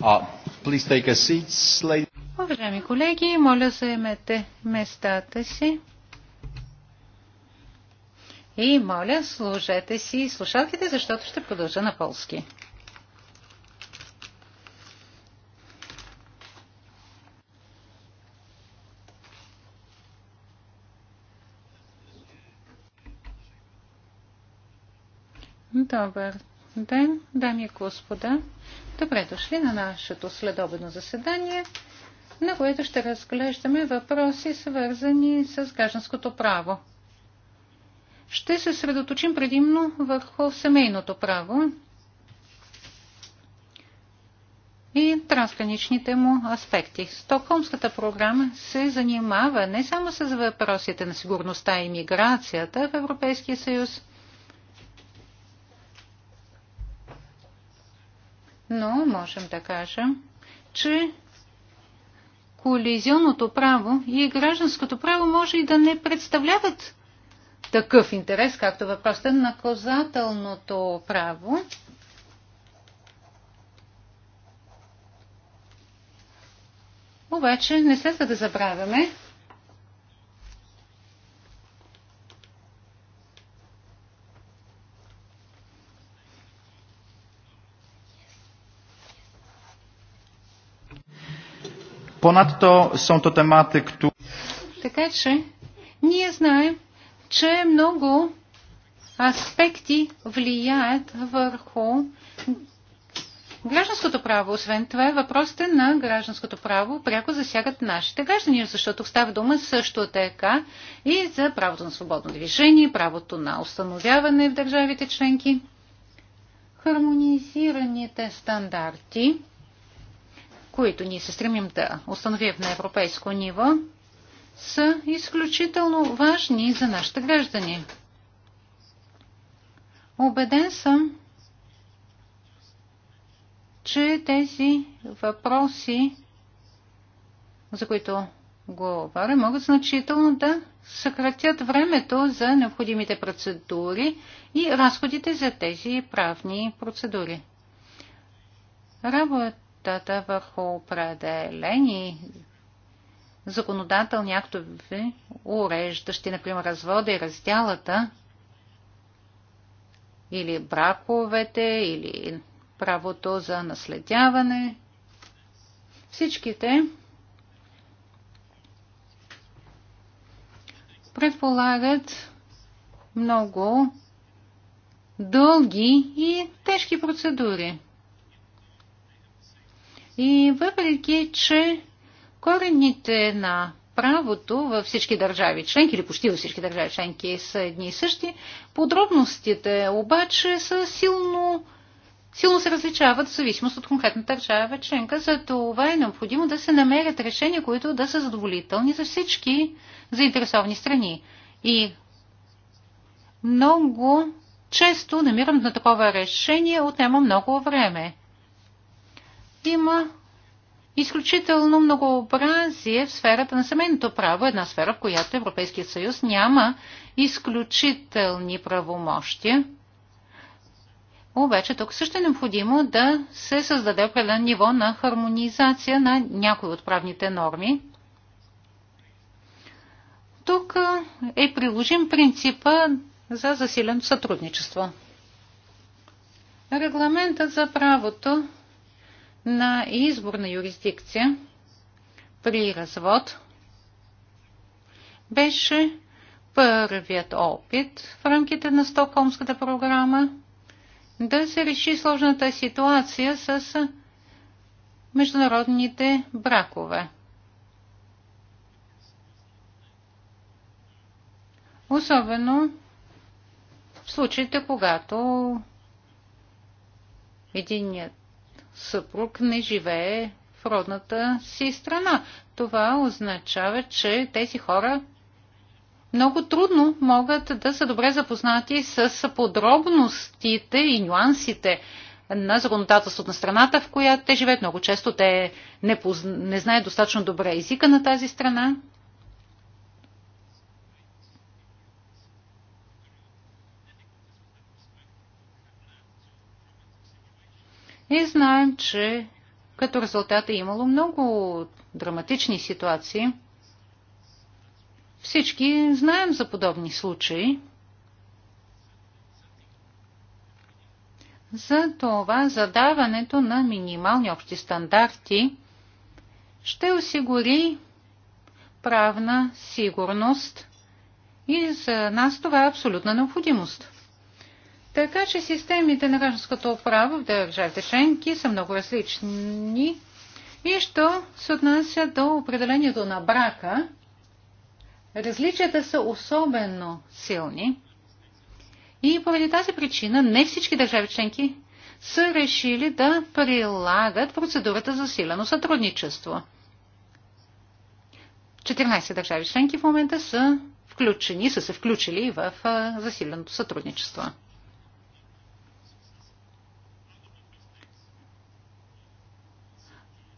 Uh, Уважаеми колеги, моля заемете местата си. И моля, служете си слушалките, защото ще продължа на полски. Добър ден, дами и господа! Добре дошли на нашето следобедно заседание, на което ще разглеждаме въпроси, свързани с гражданското право. Ще се средоточим предимно върху семейното право и трансграничните му аспекти. Стокхолмската програма се занимава не само с въпросите на сигурността и миграцията в Европейския съюз – но можем да кажем, че колизионното право и гражданското право може и да не представляват такъв интерес, както въпросът е на наказателното право. Обаче не следва да забравяме, Ponadto są to tematy, które... Така че ние знаем, че много аспекти влияят върху гражданското право. Освен това, въпросите на гражданското право пряко засягат нашите граждани, защото става дума също така и за правото на свободно движение, правото на установяване в държавите членки. Хармонизираните стандарти които ние се стремим да установим на европейско ниво, са изключително важни за нашите граждани. Обеден съм, че тези въпроси, за които говоря, могат значително да съкратят времето за необходимите процедури и разходите за тези правни процедури. Работа работата върху определени законодателни актове, уреждащи, например, развода и раздялата, или браковете, или правото за наследяване. Всичките предполагат много дълги и тежки процедури. И въпреки, че корените на правото във всички държави членки или почти във всички държави членки са едни и същи, подробностите обаче са силно силно се различават в зависимост от конкретната държава членка. За това е необходимо да се намерят решения, които да са задоволителни за всички заинтересовани страни. И много често намирам на такова решение, отнема много време има изключително многообразие в сферата на семейното право, една сфера, в която Европейския съюз няма изключителни правомощия. Обаче тук също е необходимо да се създаде определен ниво на хармонизация на някои от правните норми. Тук е приложим принципа за засилено сътрудничество. Регламентът за правото на изборна юрисдикция при развод беше първият опит в рамките на Стокхолмската програма да се реши сложната ситуация с международните бракове. Особено в случаите, когато единият съпруг не живее в родната си страна. Това означава, че тези хора много трудно могат да са добре запознати с подробностите и нюансите на законодателството на страната, в която те живеят. Много често те не, позна... не знаят достатъчно добре езика на тази страна. И знаем, че като резултат е имало много драматични ситуации. Всички знаем за подобни случаи. За това задаването на минимални общи стандарти ще осигури правна сигурност и за нас това е абсолютна необходимост. Така че системите на гражданското право в държавите членки са много различни. И що се отнася до определението на брака, различията са особено силни. И поради тази причина не всички държави членки са решили да прилагат процедурата за силено сътрудничество. 14 държави членки в момента са включени, са се включили в засиленото сътрудничество.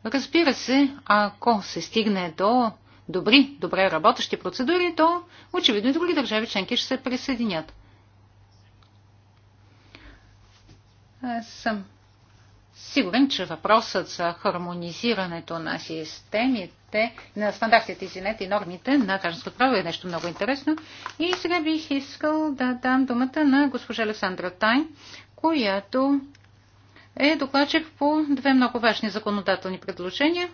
Разбира се, ако се стигне до добри, добре работещи процедури, то очевидно и други държави членки ще се присъединят. Аз съм сигурен, че въпросът за хармонизирането на системите, на стандартите, извинете, и нормите на гражданското право е нещо много интересно. И сега бих искал да дам думата на госпожа Александра Тайн, която е докладчик по две много важни законодателни предложения,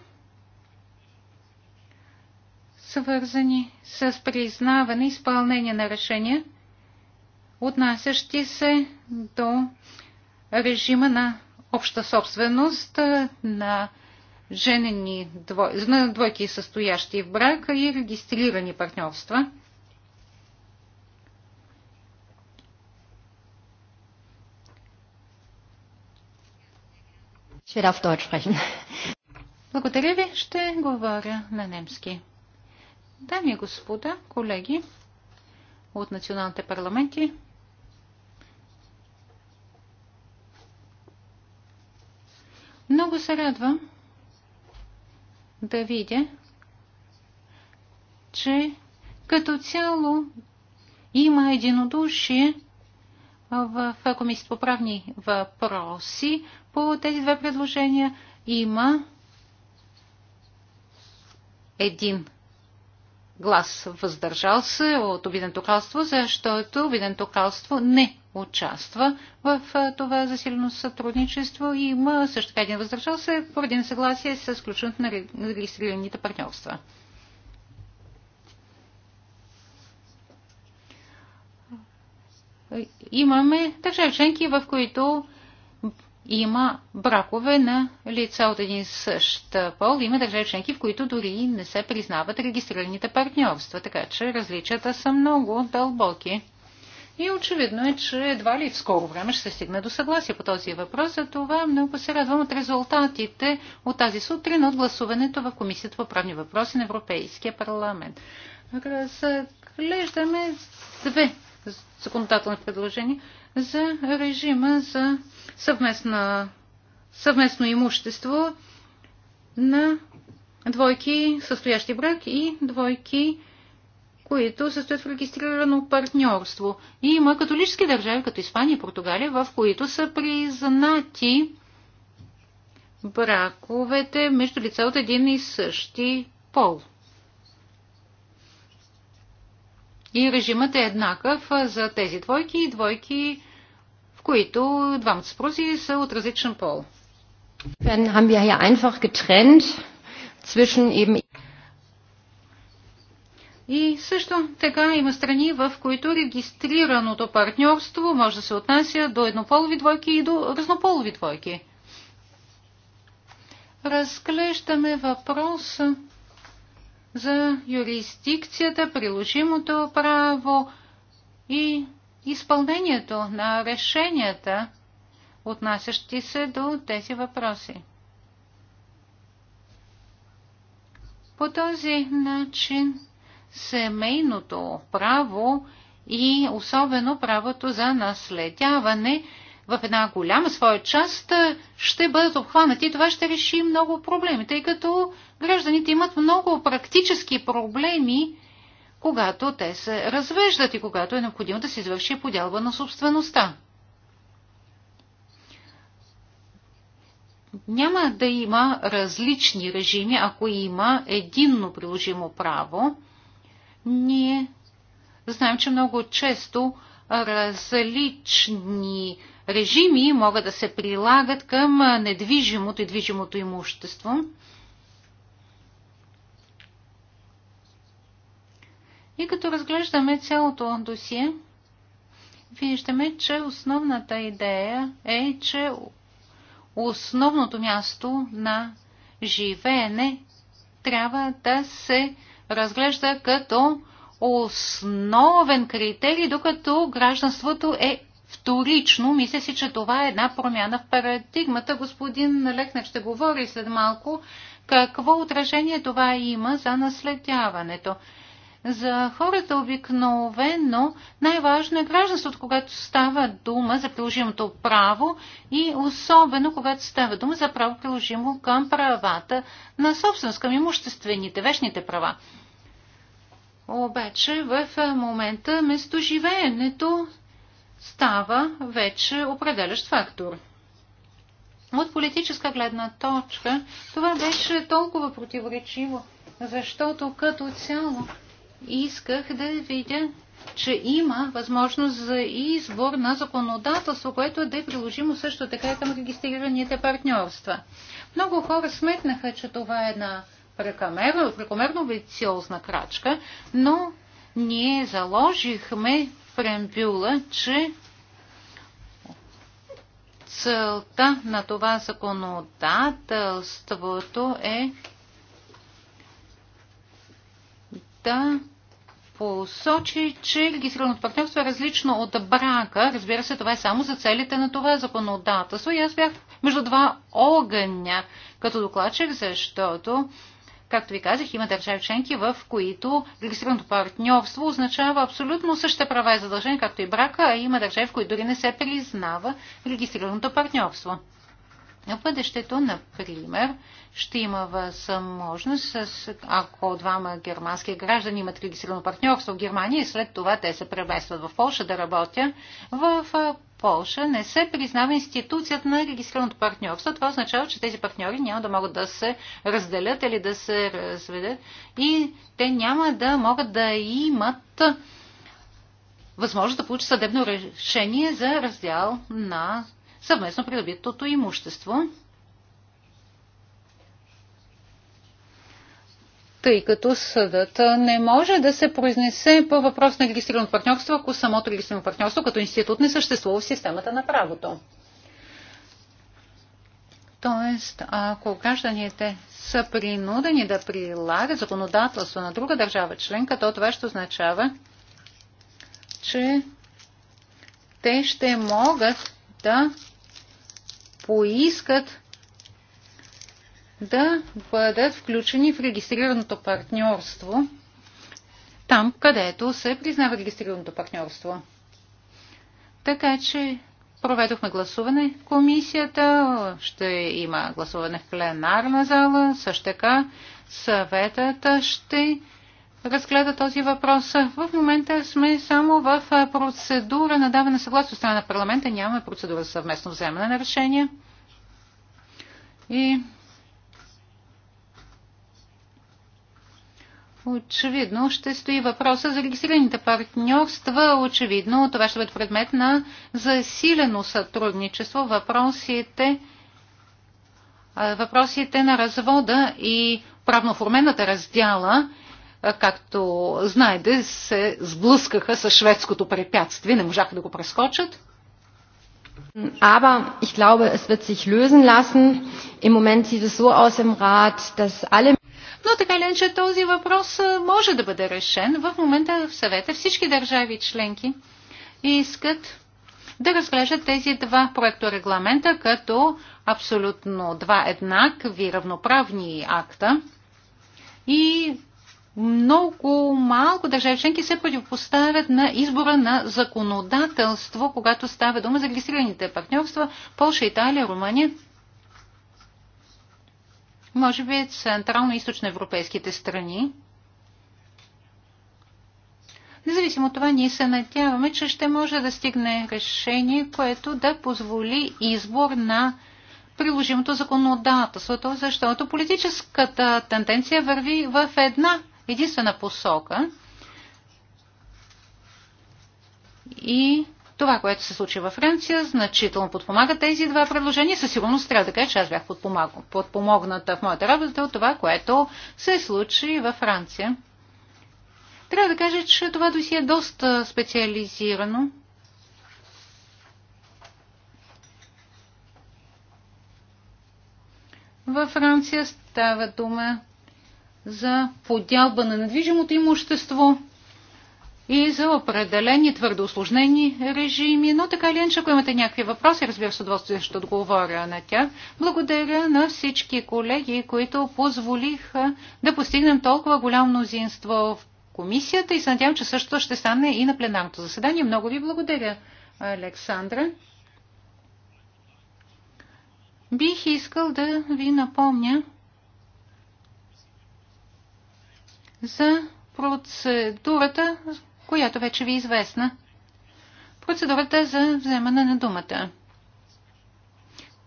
свързани с признаване и изпълнение на решения, отнасящи се до режима на обща собственост на женени двойки, състоящи в брак и регистрирани партньорства. Ще да в Deutsch sprechen. Благодаря ви, ще говоря на немски. Дами и господа, колеги от националните парламенти, много се радвам да видя, че като цяло има единодушие в Комисията по правни въпроси по тези две предложения има един глас въздържал се от Обиденто кралство, защото Обиденто кралство не участва в това засилено сътрудничество и има също така един въздържал се поради несъгласие с включването на регистрираните партньорства. Имаме държави членки, в които има бракове на лица от един същ пол. Има държави членки, в които дори не се признават регистрираните партньорства, така че различията са много дълбоки. И очевидно е, че едва ли в скоро време ще се стигне до съгласие по този въпрос. За това много се радвам от резултатите от тази сутрин от гласуването в Комисията по правни въпроси на Европейския парламент. Разглеждаме две законодателни предложения за режима за съвместна, съвместно имущество на двойки състоящи брак и двойки, които състоят в регистрирано партньорство. И има католически държави, като Испания и Португалия, в които са признати браковете между лица от един и същи пол. И режимът е еднакъв за тези двойки и двойки които двамата съпрузи са от различен пол. Haben wir hier einfach getrennt zwischen eben и също така има страни, в които регистрираното партньорство може да се отнася до еднополови двойки и до разнополови двойки. Разглеждаме въпроса за юрисдикцията, приложимото право и изпълнението на решенията, отнасящи се до тези въпроси. По този начин семейното право и особено правото за наследяване в една голяма своя част ще бъдат обхванати. Това ще реши много проблеми, тъй като гражданите имат много практически проблеми когато те се развеждат и когато е необходимо да се извърши подялба на собствеността. Няма да има различни режими, ако има единно приложимо право. Ние знаем, че много често различни режими могат да се прилагат към недвижимото и движимото имущество. И като разглеждаме цялото досие, виждаме, че основната идея е, че основното място на живеене трябва да се разглежда като основен критерий, докато гражданството е вторично. Мисля си, че това е една промяна в парадигмата. Господин Лехнер ще говори след малко какво отражение това има за наследяването. За хората обикновено най-важно е гражданството, когато става дума за приложимото право и особено когато става дума за право приложимо към правата на собственост, към имуществените, вечните права. Обаче в момента местоживеенето става вече определящ фактор. От политическа гледна точка това беше толкова противоречиво, защото като цяло исках да видя, че има възможност за избор на законодателство, което да е приложимо също така и към регистрираните партньорства. Много хора сметнаха, че това е една прекомерно, прекомерно крачка, но ние заложихме в преамбюла, че целта на това законодателството е да посочи, че регистрираното партньорство е различно от брака. Разбира се, това е само за целите на това законодателство. И аз бях между два огъня като докладчик, защото, както ви казах, има държави членки, в които регистрираното партньорство означава абсолютно същите права и задължения, както и брака, а има държави, в които дори не се признава регистрираното партньорство. В бъдещето, например, ще има възможност, ако двама германски граждани имат регистрирано партньорство в Германия и след това те се преместват в Польша да работя, в Польша не се признава институцията на регистрираното партньорство. Това означава, че тези партньори няма да могат да се разделят или да се разведат и те няма да могат да имат възможност да получат съдебно решение за раздял на съвместно придобитото имущество. тъй като съдът не може да се произнесе по въпрос на регистрирано партньорство, ако самото регистрирано партньорство като институт не съществува в системата на правото. Тоест, ако гражданите са принудени да прилагат законодателство на друга държава членка, то това ще означава, че те ще могат да поискат да бъдат включени в регистрираното партньорство, там където се признава регистрираното партньорство. Така че проведохме гласуване в комисията, ще има гласуване в пленарна зала, също така съветът ще разгледа този въпрос. В момента сме само в процедура на даване съгласно страна на парламента. Нямаме процедура за съвместно вземане на решение. И очевидно ще стои въпроса за регистрираните партньорства. Очевидно това ще бъде предмет на засилено сътрудничество. Въпросите, въпросите на развода и правноформената раздяла – както знаете, се сблъскаха с шведското препятствие, не можаха да го прескочат. Aber ich glaube, es wird sich lösen lassen. Im Moment sieht es so aus im Rat, dass alle. Но така или иначе този въпрос може да бъде решен. В момента в съвета всички държави членки искат да разглеждат тези два проекта регламента като абсолютно два еднакви равноправни акта и много малко държави членки се противопоставят на избора на законодателство, когато става дума за регистрираните партньорства. Польша, Италия, Румъния. Може би централно-источноевропейските страни. Независимо от това, ние се надяваме, че ще може да стигне решение, което да позволи избор на приложимото законодателството, защото политическата тенденция върви в една единствена посока и това, което се случи във Франция, значително подпомага тези два предложения. Със сигурност трябва да кажа, че аз бях подпомогната в моята работа от това, което се случи във Франция. Трябва да кажа, че това досие е доста специализирано. Във Франция става дума за подялба на недвижимото имущество и за определени твърдо осложнени режими. Но така или иначе, ако имате някакви въпроси, разбира се, удоволствие ще отговоря на тях. Благодаря на всички колеги, които позволиха да постигнем толкова голямо мнозинство в комисията и се надявам, че също ще стане и на пленарното заседание. Много ви благодаря, Александра. Бих искал да ви напомня, за процедурата, която вече ви е известна. Процедурата е за вземане на думата.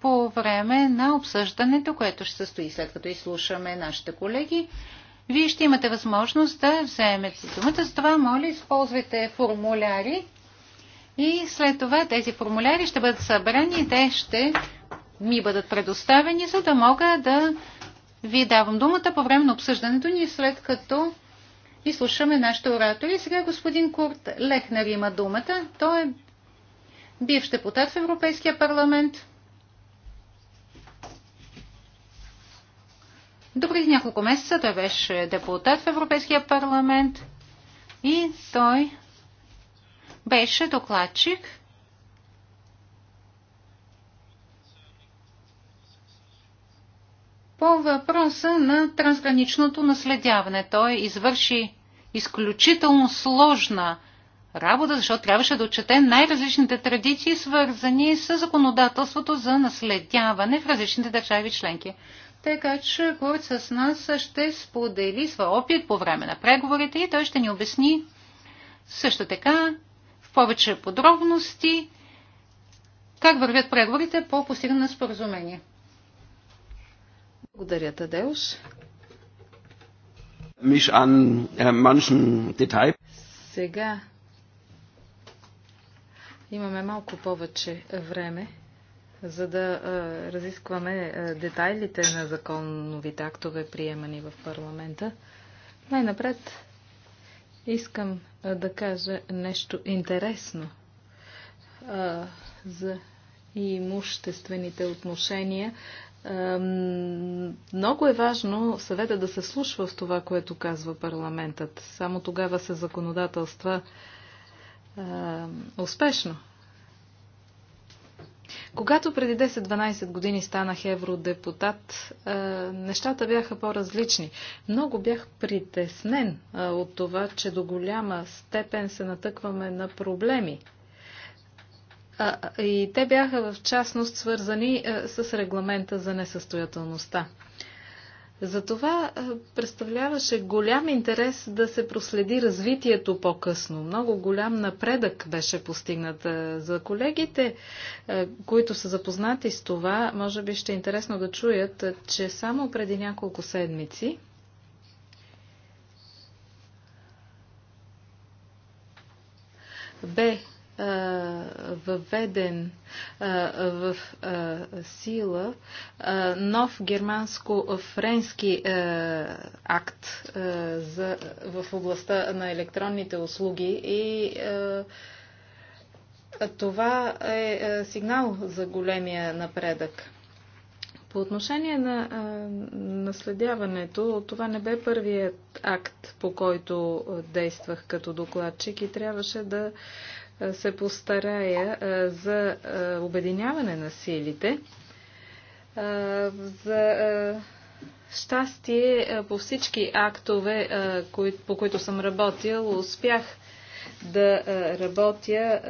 По време на обсъждането, което ще състои след като изслушаме нашите колеги, вие ще имате възможност да вземете думата. За това, моля, използвайте формуляри и след това тези формуляри ще бъдат събрани и те ще ми бъдат предоставени, за да мога да ви давам думата по време на обсъждането ни, след като изслушаме нашите оратори. Сега господин Курт Лехнер има думата. Той е бивш депутат в Европейския парламент. Добри няколко месеца той беше депутат в Европейския парламент и той беше докладчик По въпроса на трансграничното наследяване. Той извърши изключително сложна работа, защото трябваше да отчете най-различните традиции, свързани с законодателството за наследяване в различните държави членки. Така че Курт с нас ще сподели своя опит по време на преговорите и той ще ни обясни също така в повече подробности как вървят преговорите по постигане на споразумение. Благодаря, Тадеуш. Äh, Сега имаме малко повече време, за да разискваме детайлите на законовите актове, приемани в парламента. Най-напред искам да кажа нещо интересно за имуществените отношения много е важно съвета да се слушва в това, което казва парламентът. Само тогава се законодателства успешно. Когато преди 10-12 години станах евродепутат, нещата бяха по-различни. Много бях притеснен от това, че до голяма степен се натъкваме на проблеми и те бяха в частност свързани е, с регламента за несъстоятелността. Затова е, представляваше голям интерес да се проследи развитието по-късно. Много голям напредък беше постигнат е, за колегите, които са запознати с това. Може би ще е интересно да чуят, че само преди няколко седмици бе въведен в сила нов германско-френски акт в областта на електронните услуги и това е сигнал за големия напредък. По отношение на а, наследяването, това не бе първият акт, по който действах като докладчик и трябваше да се постарая за обединяване на силите. За щастие по всички актове, по които съм работил, успях да работя.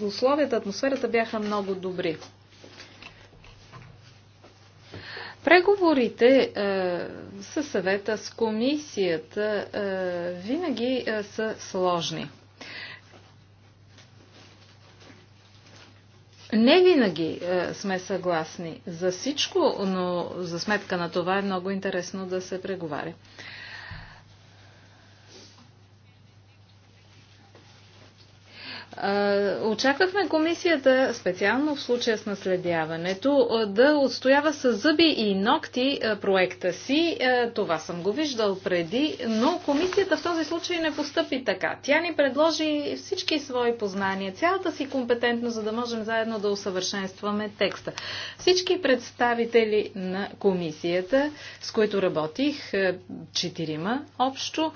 Условията, атмосферата бяха много добри. Преговорите е, със съвета, с комисията е, винаги е, са сложни. Не винаги е, сме съгласни за всичко, но за сметка на това е много интересно да се преговаря. Очаквахме комисията, специално в случая с наследяването, да отстоява с зъби и ногти проекта си. Това съм го виждал преди, но комисията в този случай не постъпи така. Тя ни предложи всички свои познания, цялата си компетентност, за да можем заедно да усъвършенстваме текста. Всички представители на комисията, с които работих, четирима общо,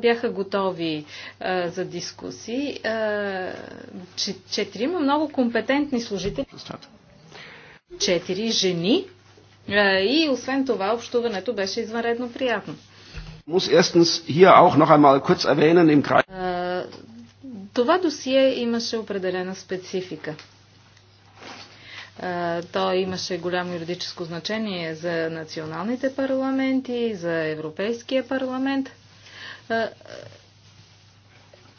бяха готови за дискусии четирима много компетентни служители. Четири жени. Е, и освен това, общуването беше извънредно приятно. Е, това досие имаше определена специфика. Е, то имаше голямо юридическо значение за националните парламенти, за Европейския парламент.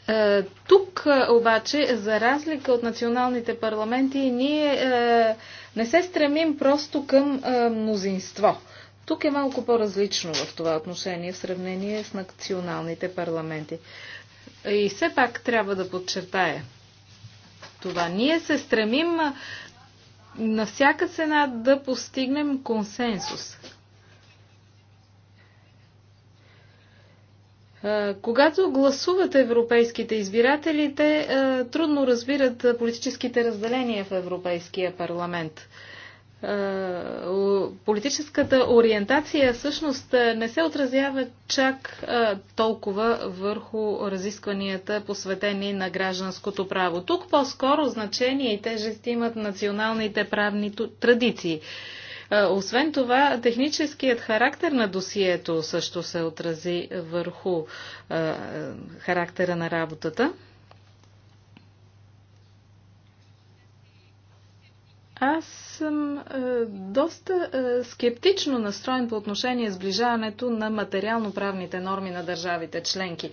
Е, тук е, обаче, за разлика от националните парламенти, ние е, не се стремим просто към мнозинство. Тук е малко по-различно в това отношение в сравнение с националните парламенти. И все пак трябва да подчертая това. Ние се стремим на всяка цена да постигнем консенсус. Когато гласуват европейските избиратели, те трудно разбират политическите разделения в Европейския парламент. Политическата ориентация всъщност не се отразява чак толкова върху разискванията, посветени на гражданското право. Тук по-скоро значение и тежест имат националните правни традиции. Освен това, техническият характер на досието също се отрази върху характера на работата. Аз съм е, доста е, скептично настроен по отношение сближаването на материално-правните норми на държавите членки.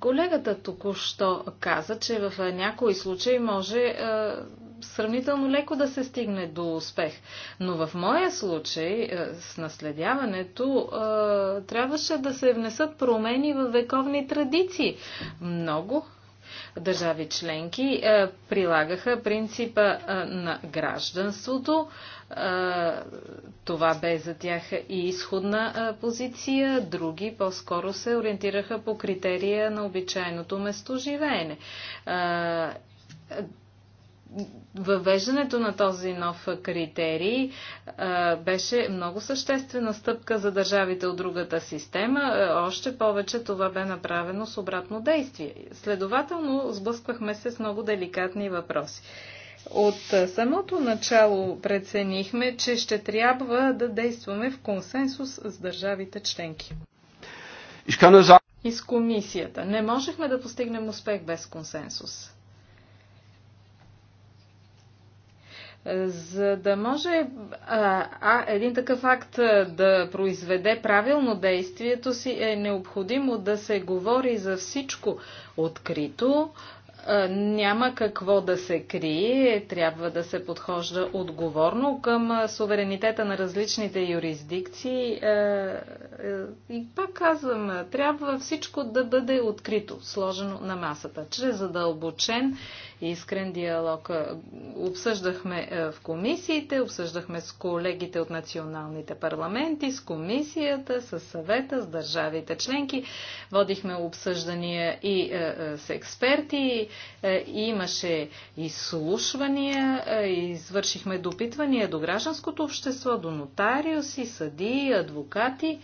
колегата току-що каза, че в някои случаи може сравнително леко да се стигне до успех. Но в моя случай е, с наследяването е, трябваше да се внесат промени в вековни традиции. Много държави членки е, прилагаха принципа на гражданството. това бе за тях и изходна позиция. Други по-скоро се ориентираха по критерия на обичайното местоживеене въвеждането на този нов критерий е, беше много съществена стъпка за държавите от другата система. Е, още повече това бе направено с обратно действие. Следователно, сблъсквахме се с много деликатни въпроси. От е, самото начало преценихме, че ще трябва да действаме в консенсус с държавите членки. И с комисията. Не можехме да постигнем успех без консенсус. За да може а, а, един такъв акт да произведе правилно действието си, е необходимо да се говори за всичко открито, няма какво да се крие, трябва да се подхожда отговорно към суверенитета на различните юрисдикции. И пак казвам, трябва всичко да бъде открито, сложено на масата, чрез задълбочен искрен диалог. Обсъждахме в комисиите, обсъждахме с колегите от националните парламенти, с комисията, с съвета, с държавите членки. Водихме обсъждания и с експерти, имаше изслушвания, извършихме допитвания до гражданското общество, до нотариуси, съдии, адвокати.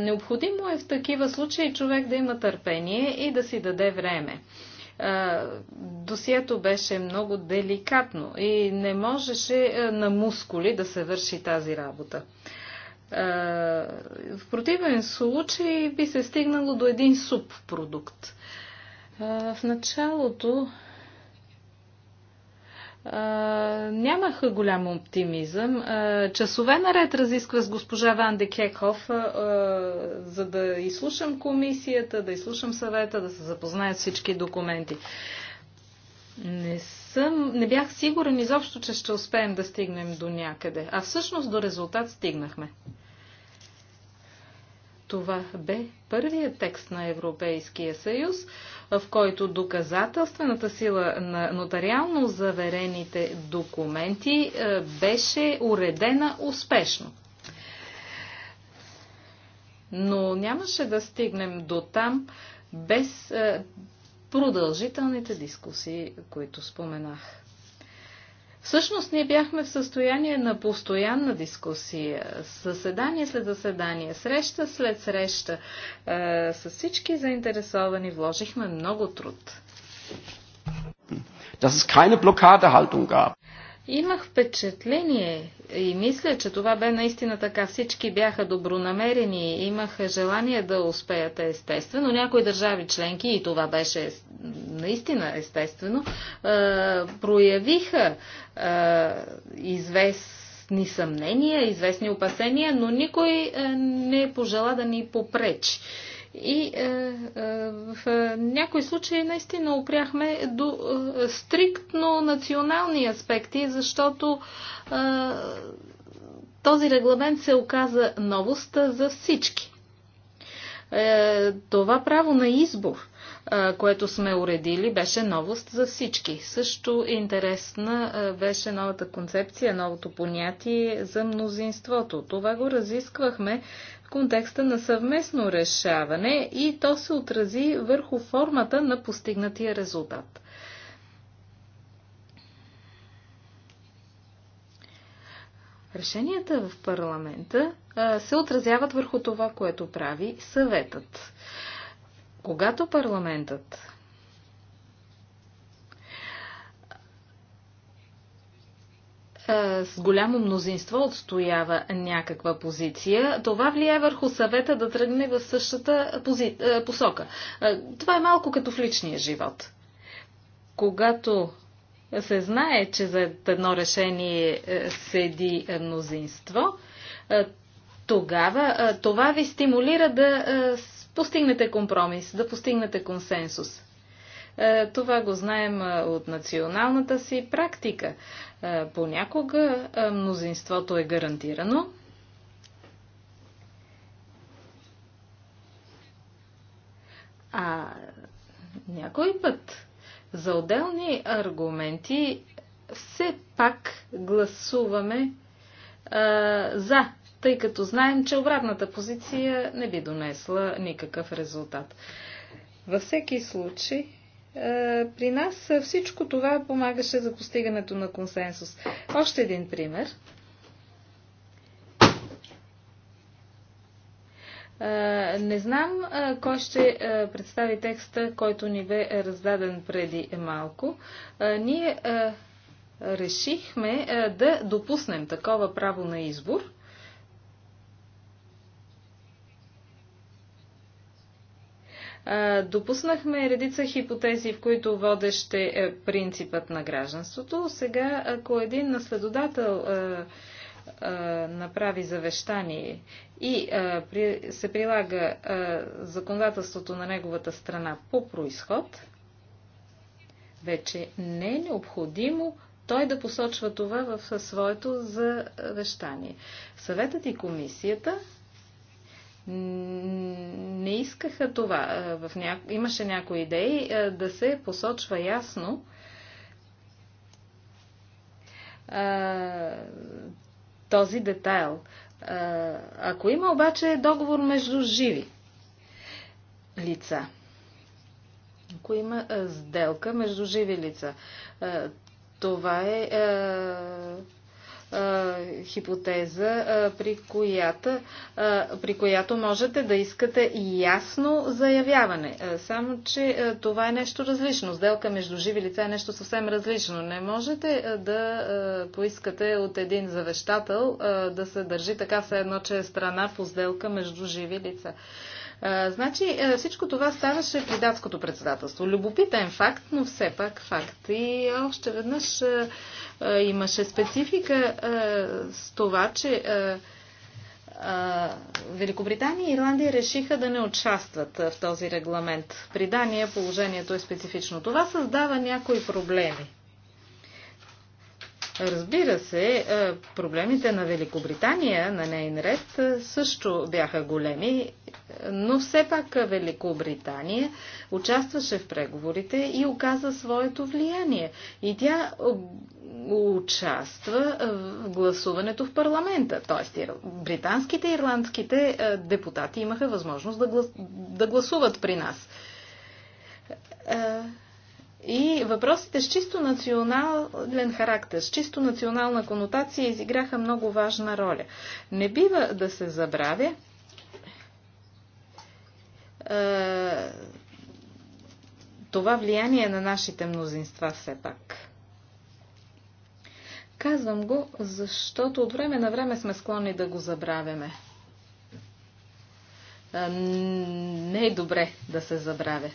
Необходимо е в такива случаи човек да има търпение и да си даде време досието беше много деликатно и не можеше на мускули да се върши тази работа. В противен случай би се стигнало до един субпродукт. В началото нямах голям оптимизъм. часове наред разисква с госпожа Ван де Кекхоф, за да изслушам комисията, да изслушам съвета, да се запознаят всички документи. Не съм, не бях сигурен изобщо, че ще успеем да стигнем до някъде. А всъщност до резултат стигнахме. Това бе първият текст на Европейския съюз, в който доказателствената сила на нотариално заверените документи е, беше уредена успешно. Но нямаше да стигнем до там без е, продължителните дискусии, които споменах. Всъщност ние бяхме в състояние на постоянна дискусия, заседание след заседание, среща след среща. Е, с всички заинтересовани вложихме много труд. Dass es keine Blockadehaltung gab. Имах впечатление и мисля, че това бе наистина така. Всички бяха добронамерени, имаха желание да успеят естествено. Някои държави членки, и това беше наистина естествено, проявиха известни съмнения, известни опасения, но никой не пожела да ни попречи. И е, е, в някои случаи наистина опряхме до е, стриктно национални аспекти, защото е, този регламент се оказа новост за всички. Е, това право на избор, е, което сме уредили, беше новост за всички. Също интересна е, беше новата концепция, новото понятие за мнозинството. Това го разисквахме контекста на съвместно решаване и то се отрази върху формата на постигнатия резултат. Решенията в парламента се отразяват върху това, което прави съветът. Когато парламентът с голямо мнозинство отстоява някаква позиция, това влияе върху съвета да тръгне в същата пози... посока. Това е малко като в личния живот. Когато се знае, че за едно решение е, седи е, мнозинство, е, тогава това ви стимулира да постигнете компромис, да постигнете консенсус. Е, това го знаем е, от националната си практика. Е, понякога мнозинството е гарантирано, А някой път за отделни аргументи все пак гласуваме а, за, тъй като знаем, че обратната позиция не би донесла никакъв резултат. Във всеки случай, е, при нас всичко това помагаше за постигането на консенсус. Още един пример. Е, не знам е, кой ще представи текста, който ни бе раздаден преди малко. Ние решихме да допуснем такова право на избор – Допуснахме редица хипотези, в които водещ е, е принципът на гражданството. Сега, ако един наследодател направи завещание и се прилага законодателството на неговата страна по происход, вече не е необходимо той да посочва това в своето завещание. Съветът и комисията не искаха това. В ня... Имаше някои идеи да се посочва ясно този детайл. Ако има обаче договор между живи лица, ако има сделка между живи лица, това е хипотеза, при която, при която можете да искате ясно заявяване. Само, че това е нещо различно. Сделка между живи лица е нещо съвсем различно. Не можете да поискате от един завещател да се държи така все едно, че е страна по сделка между живи лица. Значи всичко това ставаше при датското председателство. Любопитен факт, но все пак факт. И още веднъж имаше специфика с това, че Великобритания и Ирландия решиха да не участват в този регламент. При Дания положението е специфично. Това създава някои проблеми. Разбира се, проблемите на Великобритания на нейн ред също бяха големи но все пак Великобритания участваше в преговорите и оказа своето влияние. И тя е, участва в гласуването в парламента. Тоест, британските и ирландските е, депутати имаха възможност да, глас... да гласуват при нас. Е, и въпросите с чисто национален характер, с чисто национална конотация изиграха много важна роля. Не бива да се забравя, е, това влияние на нашите мнозинства все пак. Казвам го, защото от време на време сме склонни да го забравяме. Е, не е добре да се забравя.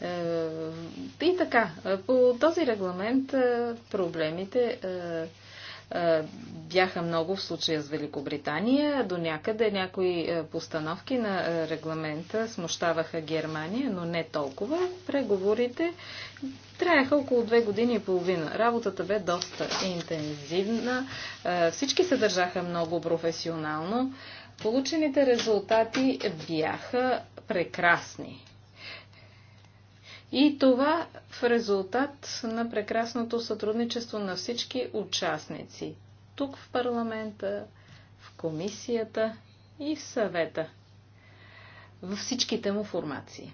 Е, и така, по този регламент проблемите е, бяха много в случая с Великобритания. До някъде някои е, постановки на е, регламента смущаваха Германия, но не толкова. Преговорите траяха около две години и половина. Работата бе доста интензивна. Всички се държаха много професионално. Получените резултати бяха прекрасни. И това в резултат на прекрасното сътрудничество на всички участници. Тук в парламента, в комисията и в съвета. Във всичките му формации.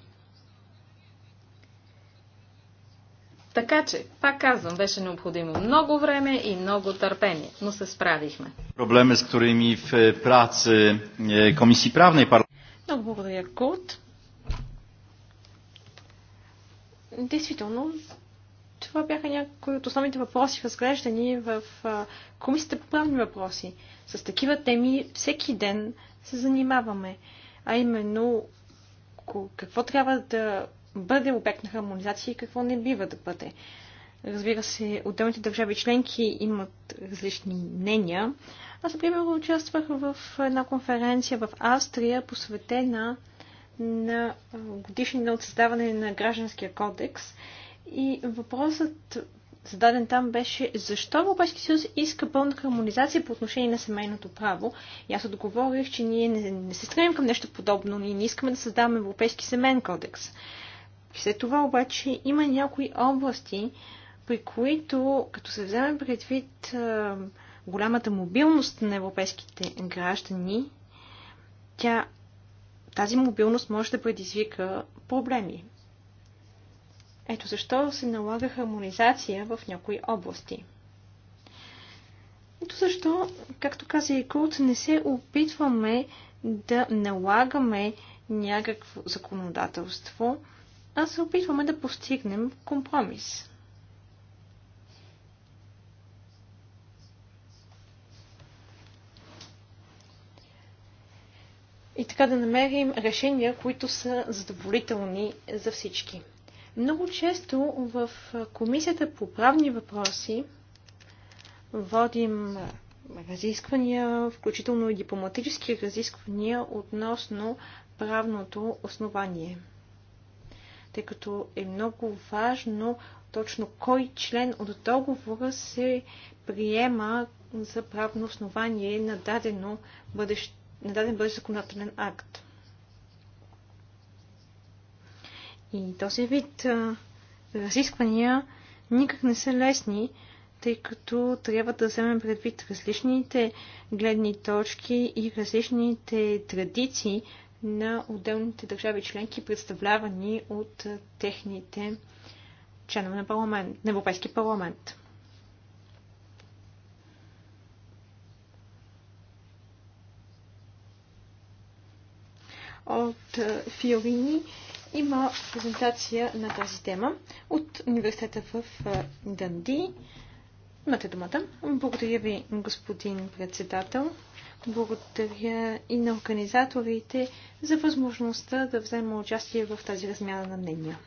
Така че, пак казвам, беше необходимо много време и много търпение, но се справихме. Проблеми, с ми в праце Комисии и парламент. Много благодаря, Курт. Действително, това бяха някои от основните въпроси, разглеждани в Комисията по правни въпроси. С такива теми всеки ден се занимаваме. А именно, какво трябва да бъде обект на хармонизация и какво не бива да бъде. Разбира се, отделните държави членки имат различни мнения. Аз, например, участвах в една конференция в Австрия, посветена на годишнина от създаване на гражданския кодекс. И въпросът зададен там беше защо Европейския съюз иска пълна хармонизация по отношение на семейното право. И аз отговорих, че ние не, не се стремим към нещо подобно, ние не искаме да създаваме Европейски семейен кодекс. След това обаче има някои области, при които, като се вземе предвид голямата мобилност на европейските граждани, тя тази мобилност може да предизвика проблеми. Ето защо се налага хармонизация в някои области. Ето защо, както каза и Курт, не се опитваме да налагаме някакво законодателство, а се опитваме да постигнем компромис. и така да намерим решения, които са задоволителни за всички. Много често в Комисията по правни въпроси водим разисквания, включително и дипломатически разисквания относно правното основание. Тъй като е много важно точно кой член от договора се приема за правно основание на дадено бъдещо на даден бъде законодателен акт. И този вид а, разисквания никак не са лесни, тъй като трябва да вземем предвид различните гледни точки и различните традиции на отделните държави членки, представлявани от техните членове на, парламент, на Европейски парламент. от е, Фиорини има презентация на тази тема от университета в Данди. Е, Имате думата. Благодаря ви, господин председател. Благодаря и на организаторите за възможността да взема участие в тази размяна на мнения.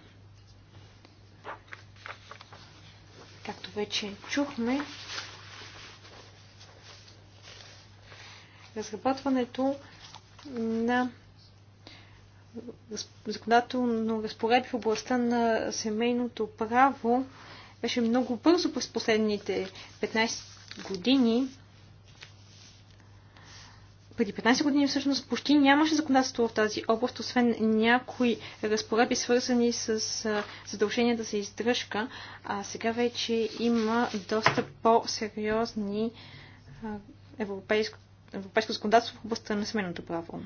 Както вече чухме, разработването на законодателно разпоредби в областта на семейното право беше много бързо през последните 15 години. Преди 15 години всъщност почти нямаше законодателство в тази област, освен някои разпореди, свързани с задълженията за издръжка, а сега вече има доста по-сериозни европейско, европейско законодателство в областта на семейното право.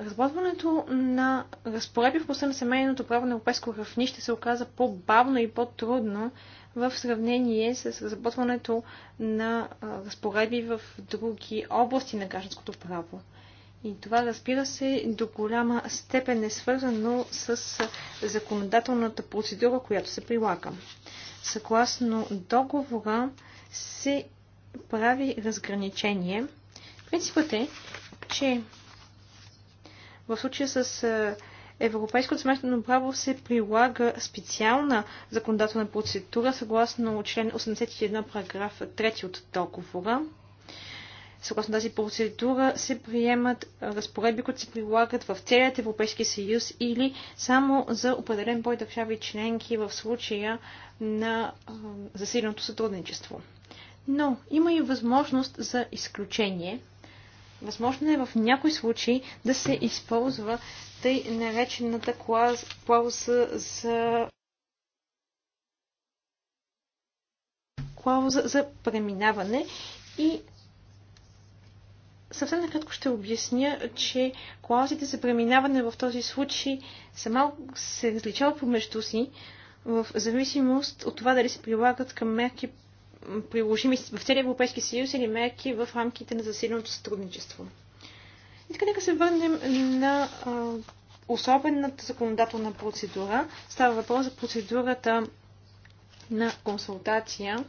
Разработването на разпореби в областта на семейното право на европейско равнище се оказа по-бавно и по-трудно в сравнение с разработването на разпореби в други области на гражданското право. И това, разбира се, до голяма степен е свързано с законодателната процедура, която се прилага. Съгласно договора се прави разграничение. Принципът е, че в случая с е, Европейското смъртно право се прилага специална законодателна процедура съгласно член 81 параграф 3 от договора. Съгласно тази процедура се приемат разпоредби, които се прилагат в целият Европейски съюз или само за определен брой държави членки в случая на е, засиленото сътрудничество. Но има и възможност за изключение – Възможно е в някои случаи да се използва тъй наречената клауза за клауза за преминаване и съвсем накратко ще обясня, че клаузите за преминаване в този случай са малко се различават помежду си в зависимост от това дали се прилагат към мерки приложими в целия Европейски съюз или мерки в рамките на засиленото сътрудничество. И така нека се върнем на а, особената законодателна процедура. Става въпрос за процедурата на консултация,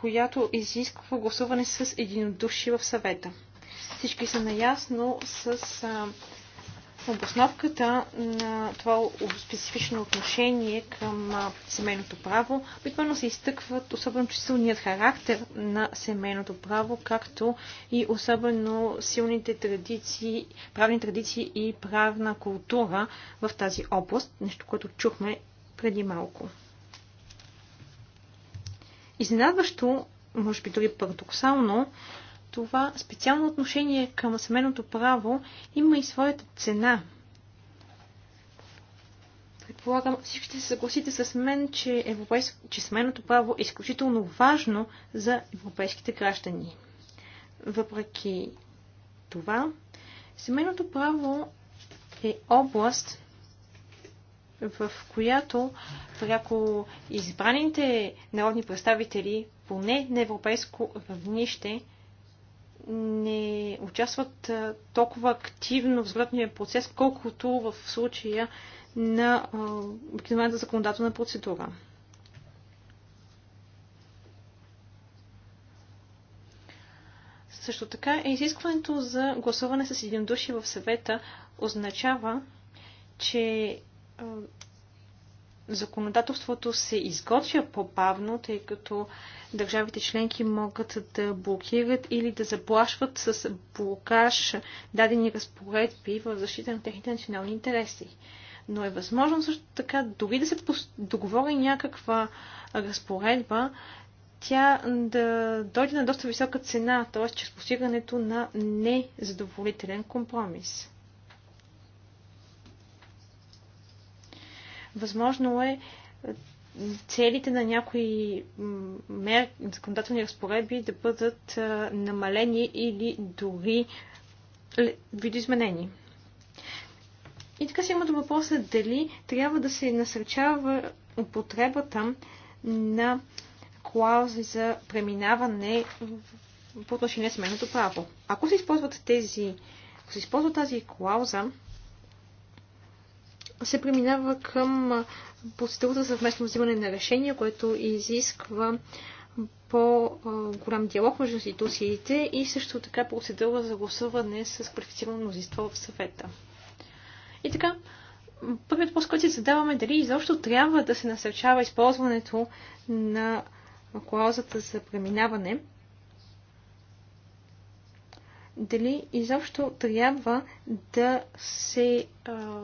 която изисква гласуване с единодушие в съвета. Всички са наясно с а, обосновката на това специфично отношение към семейното право обикновено се изтъкват особено чувствителният характер на семейното право, както и особено силните традиции, правни традиции и правна култура в тази област, нещо, което чухме преди малко. Изненадващо, може би дори парадоксално, това специално отношение към семейното право има и своята цена. Предполагам, всички ще се съгласите с мен, че, европейск... че семейното право е изключително важно за европейските граждани. Въпреки това, семейното право е област, в която пряко избраните народни представители, поне на европейско равнище, не участват толкова активно в сградния процес, колкото в случая на обикновената законодателна процедура. Също така, изискването за гласуване с един души в съвета означава, че законодателството се изготвя по-бавно, тъй като държавите членки могат да блокират или да заплашват с блокаж дадени разпоредби в защита на техните национални интереси. Но е възможно също така, дори да се договори някаква разпоредба, тя да дойде на доста висока цена, т.е. чрез постигането на незадоволителен компромис. Възможно е, е целите на някои мер... законодателни разпоредби да бъдат е, намалени или дори е, видоизменени. И така се има до въпроса дали трябва да се насърчава употребата на клаузи за преминаване по отношение на семейното право. Ако се използват тези, ако се използва тази клауза, се преминава към процедура за съвместно взимане на решения, което изисква по-голям диалог между институциите и също така процедура за гласуване с квалифицирано мнозинство в съвета. И така, първият въпрос, който си задаваме, дали изобщо трябва да се насърчава използването на клаузата за преминаване, дали изобщо трябва да се а,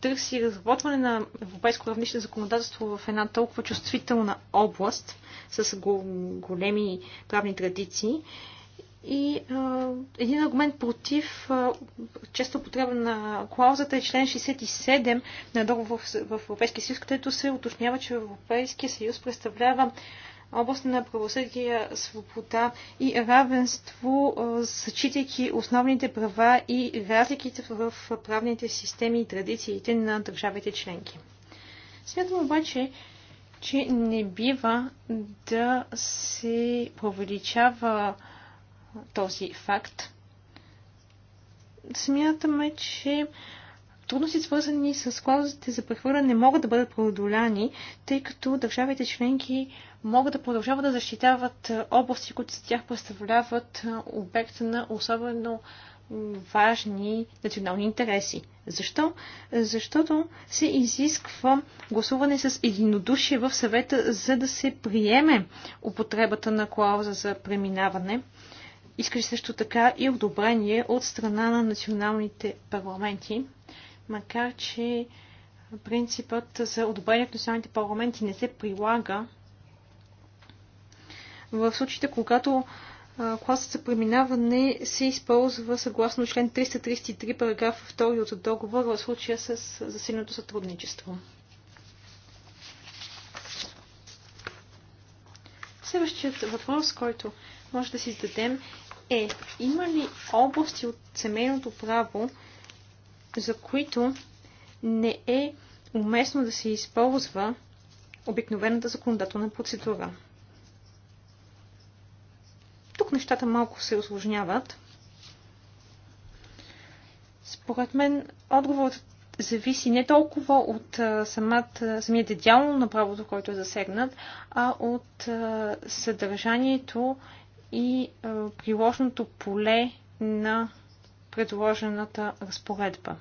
търси разработване на европейско равнище законодателство в една толкова чувствителна област с големи правни традиции. И а, един аргумент против а, често потреба на клаузата е член 67 на договор в, в Европейския съюз, където се уточнява, че Европейския съюз представлява област на правосъдие, свобода и равенство, зачитайки основните права и разликите в правните системи и традициите на държавите членки. Смятам обаче, че не бива да се повеличава този факт. Смятаме, че трудности, свързани с клаузите за прехвърляне, могат да бъдат преодоляни, тъй като държавите членки могат да продължават да защитават е, области, които за тях представляват е, обект на особено важни национални интереси. Защо? Защото се изисква гласуване с единодушие в съвета, за да се приеме употребата на клауза за преминаване. Искаш също така и одобрение от страна на националните парламенти, макар че принципът за одобрение в националните парламенти не се прилага в случаите, когато класът за преминаване се използва съгласно член 333, параграф 2 от договора в случая с засиленото сътрудничество. Следващият въпрос, който може да си зададем е има ли области от семейното право, за които не е уместно да се използва обикновената законодателна процедура. Тук нещата малко се осложняват. Според мен отговорът зависи не толкова от самият идеално на правото, който е засегнат, а от съдържанието и приложното поле на предложената разпоредба.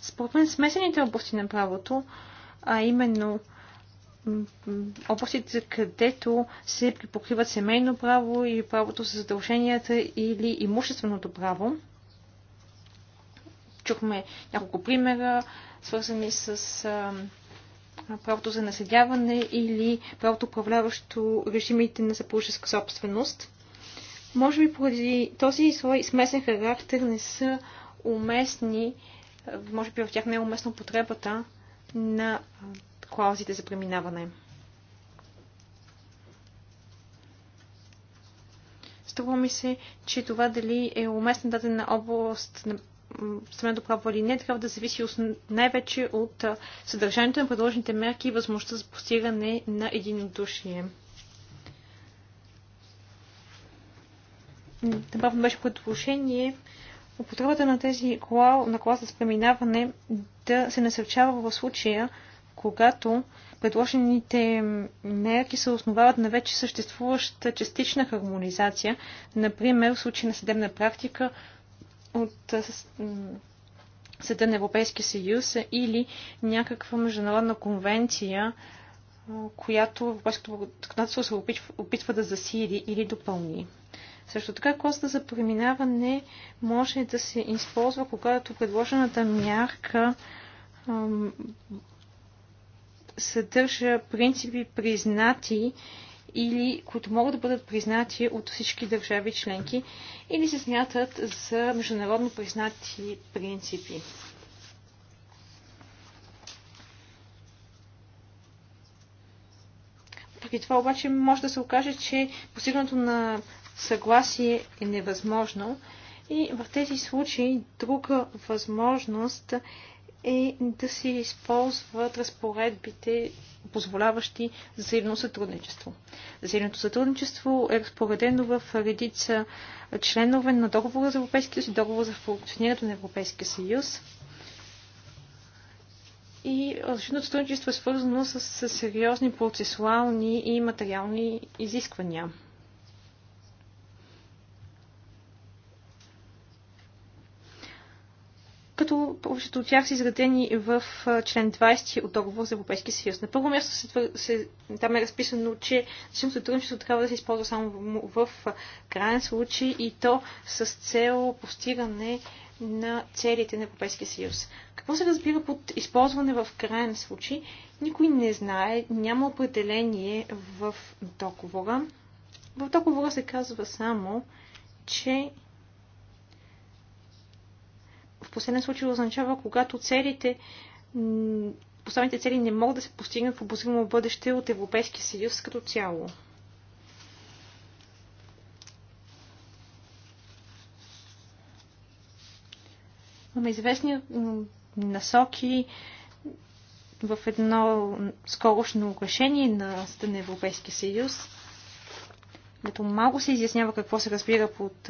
Според мен смесените области на правото, а именно областите, където се припокриват семейно право и правото за задълженията или имущественото право. Чухме няколко примера, свързани с а, правото за наследяване или правото управляващо режимите на съпружеска собственост. Може би поради този свой смесен характер не са уместни, може би в тях не е уместна потребата на клаузите за преминаване. Струва ми се, че това дали е уместна дадена област на семейното право или не, трябва да зависи най-вече от съдържанието на предложените мерки и възможността за постигане на единодушие. Направено беше предложение употребата на тези кола, на преминаване да се насърчава в случая, когато предложените мерки се основават на вече съществуваща частична хармонизация, например в случай на съдебна практика от Съда на Европейския съюз или някаква международна конвенция, която европейското законодателство се опитва, опитва да засили или допълни. Също така коста за преминаване може да се използва, когато предложената мярка съдържа принципи признати или които могат да бъдат признати от всички държави членки или се смятат за международно признати принципи. При това обаче може да се окаже, че постигнато на съгласие е невъзможно и в тези случаи друга възможност е е да се използват разпоредбите, позволяващи взаимно сътрудничество. Взаимното сътрудничество е разпоредено в редица членове на договора за Европейския съюз и договора за функционирането на Европейския съюз. И защитното сътрудничество е свързано с, с сериозни процесуални и материални изисквания. като повечето от тях са изградени в член 20 от договор за европейски съюз. На първо място се, се, там е разписано, че защитното сътрудничество трябва да се използва само в крайен случай и то с цел постигане на целите на Европейския съюз. Какво се разбира под използване в крайен случай? Никой не знае, няма определение в договора. В договора се казва само, че последен случай означава, когато целите, поставените цели не могат да се постигнат в обозримо бъдеще от Европейския съюз като цяло. Имаме известни насоки в едно скорошно решение на Съда на Европейския съюз, като малко се изяснява какво се разбира под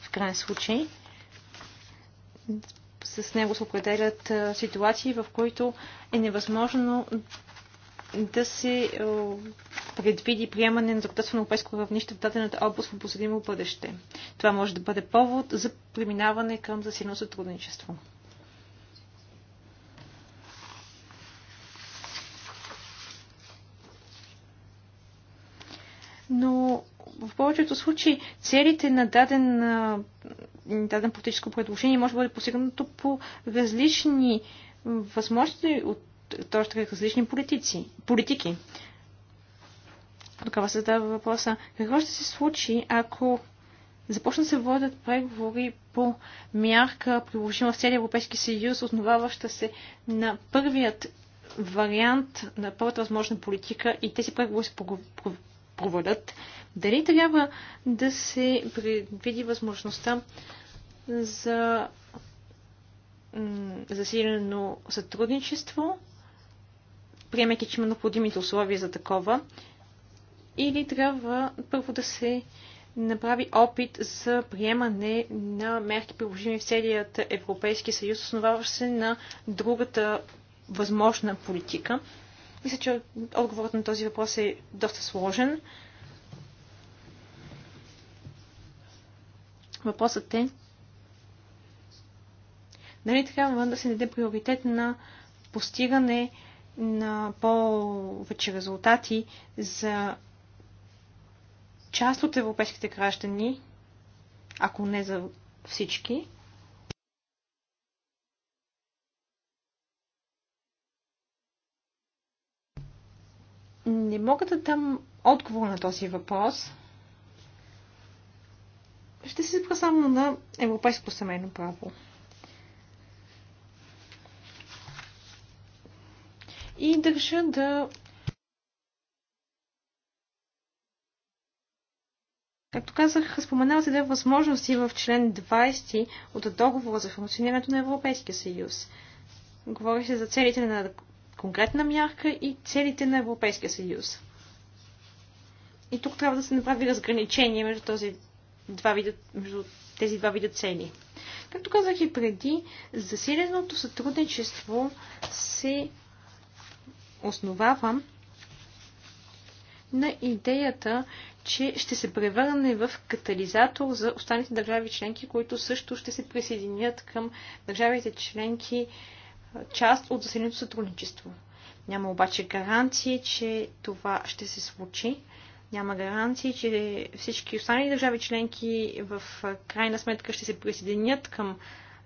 в крайен случай с него се определят ситуации, в които е невъзможно да се предвиди приемане на законодателство на европейско равнище в дадената област в посредимо бъдеще. Това може да бъде повод за преминаване към засилено сътрудничество. Но в повечето случаи целите на даден, даден политическо предложение може да бъде постигнато по различни възможности от точно така различни политици, политики. Тогава се задава въпроса, какво ще се случи, ако започна се водят преговори по мярка, приложима в целия Европейски съюз, основаваща се на първият вариант на първата възможна политика и тези преговори се проводят дали трябва да се предвиди възможността за засилено сътрудничество, приемайки, че има необходимите условия за такова, или трябва първо да се направи опит за приемане на мерки, приложими в целият Европейски съюз, основаващ се на другата възможна политика. Мисля, че отговорът на този въпрос е доста сложен. Въпросът е, дали трябва да се даде приоритет на постигане на повече резултати за част от европейските граждани, ако не за всички. Не мога да дам отговор на този въпрос. Ще се спра само на европейско семейно право. И държа да Както казах, споменава се две възможности в член 20 от договора за функционирането на Европейския съюз. Говори се за целите на конкретна мярка и целите на Европейския съюз. И тук трябва да се направи разграничение между този два вида, между тези два вида цели. Както казах и преди, засиленото сътрудничество се основава на идеята, че ще се превърне в катализатор за останалите държави членки, които също ще се присъединят към държавите членки част от заселеното сътрудничество. Няма обаче гаранции, че това ще се случи, няма гаранции, че всички останали държави членки в крайна сметка ще се присъединят към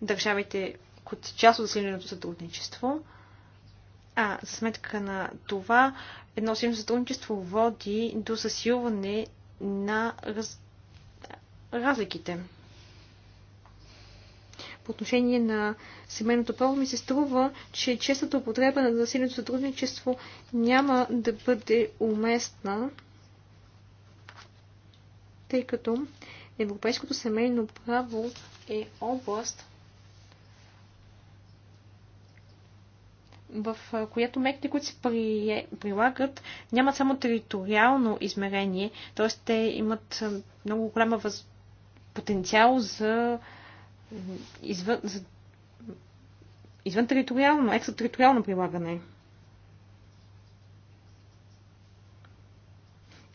държавите от част от засиленото сътрудничество. А за сметка на това, едно силно сътрудничество води до засилване на раз... разликите. По отношение на семейното право ми се струва, че честата употреба на засиленото сътрудничество няма да бъде уместна тъй като европейското семейно право е област, в която мерките, които се прилагат, нямат само териториално измерение, т.е. те имат много голяма въз... потенциал за, извън, за извън териториално, екстратериториално прилагане.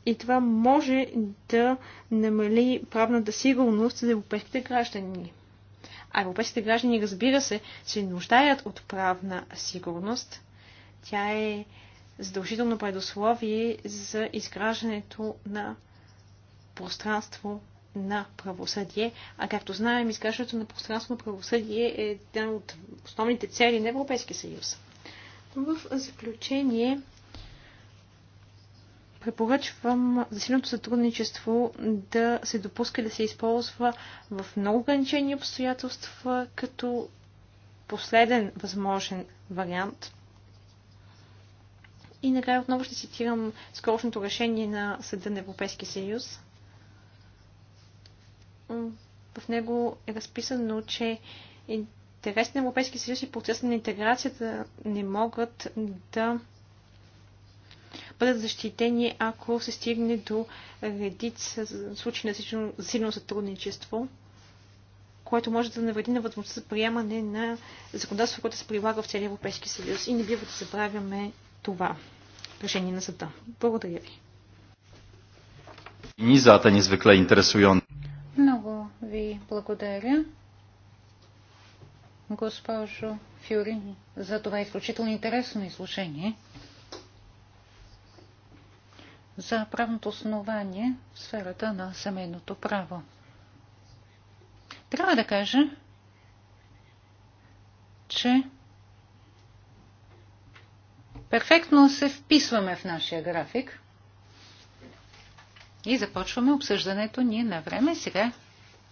и това може да намали правната сигурност за европейските граждани. А европейските граждани, разбира се, се нуждаят от правна сигурност. Тя е задължително предусловие за изграждането на пространство на правосъдие. А както знаем, изграждането на пространство на правосъдие е една от основните цели на Европейския съюз. В заключение, препоръчвам засиленото сътрудничество да се допуска да се използва в много ограничени обстоятелства като последен възможен вариант. И накрая отново ще цитирам скорошното решение на Съда на Европейския съюз. В него е разписано, че интересите на Европейския съюз и процеса на интеграцията не могат да бъдат защитени, ако се стигне до редица случаи на силно сътрудничество, което може да навреди на възможността за приемане на законодателство, което се прилага в целия Европейски съюз. И не бива да забравяме това решение на съда. Благодаря ви. Ни зата незвикле Много ви благодаря, госпожо Фюрини, за това изключително интересно изслушение за правното основание в сферата на семейното право. Трябва да кажа, че перфектно се вписваме в нашия график и започваме обсъждането ние на време. Сега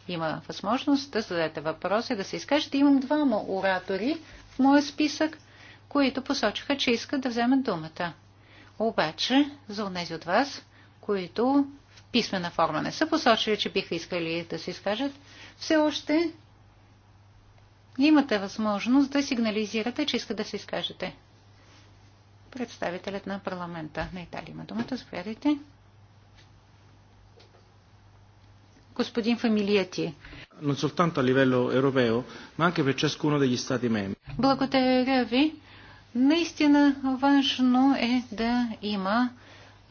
има възможност да зададете въпроси, да се изкажете. Имам двама оратори в моя списък, които посочиха, че искат да вземат думата. Обаче, за онези от вас, които в писмена форма не са посочили, че биха искали да се изкажат, все още имате възможност да сигнализирате, че искате да се изкажете. Представителят на парламента на Италия има думата. Заповядайте. Господин Фамилиети. Non soltanto a livello europeo, ma anche per ciascuno Благодаря ви. Наистина важно е да има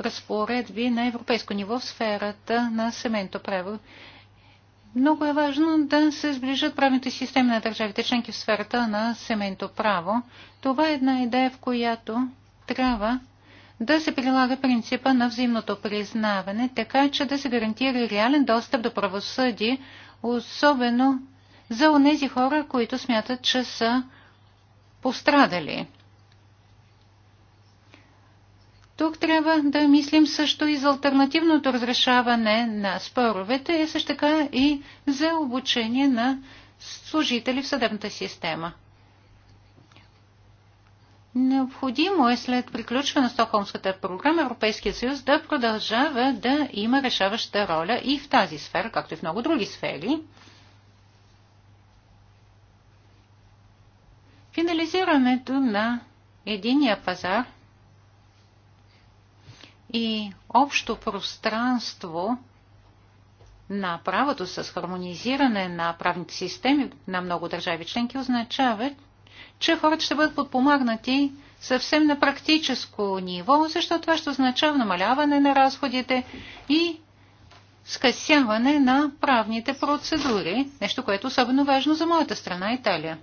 разпоредби на европейско ниво в сферата на семейното право. Много е важно да се сближат правните системи на държавите членки в сферата на семейното право. Това е една идея, в която трябва да се прилага принципа на взаимното признаване, така че да се гарантира реален достъп до правосъдие, особено за онези хора, които смятат, че са пострадали тук трябва да мислим също и за альтернативното разрешаване на споровете и също така и за обучение на служители в съдебната система. Необходимо е след приключване на Стокхолмската програма Европейския съюз да продължава да има решаваща роля и в тази сфера, както и в много други сфери. Финализирането на единия пазар – и общо пространство на правото с хармонизиране на правните системи на много държави членки означава, че хората ще бъдат подпомагнати съвсем на практическо ниво, защото това ще означава намаляване на разходите и скъсяване на правните процедури, нещо, което е особено важно за моята страна Италия.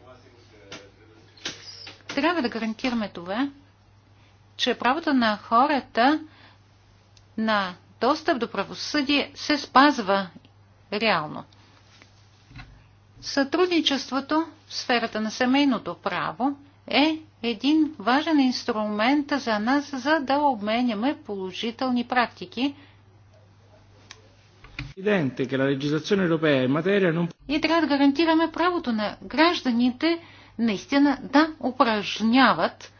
Трябва да гарантираме това, че правото на хората на достъп до правосъдие се спазва реално. Сътрудничеството в сферата на семейното право е един важен инструмент за нас, за да обменяме положителни практики. И трябва да гарантираме правото на гражданите наистина да упражняват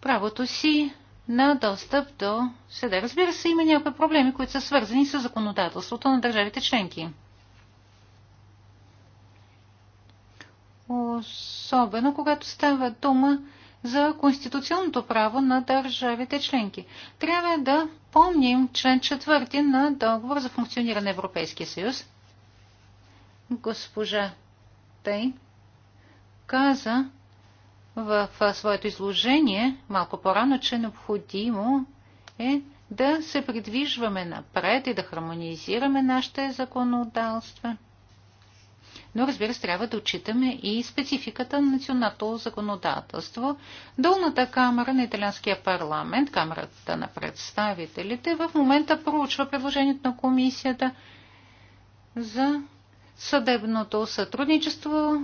правото си на достъп до съда. Разбира се, има някои проблеми, които са свързани с законодателството на държавите членки. Особено когато става дума за конституционното право на държавите членки. Трябва да помним член 4 на договор за функциониране на Европейския съюз. Госпожа Тейн каза, в своето изложение малко по-рано, че е необходимо е да се придвижваме напред и да хармонизираме нашите законодателства. Но, разбира се, трябва да отчитаме и спецификата на националното законодателство. Долната камера на Италианския парламент, камерата на представителите, в момента проучва предложението на комисията за съдебното сътрудничество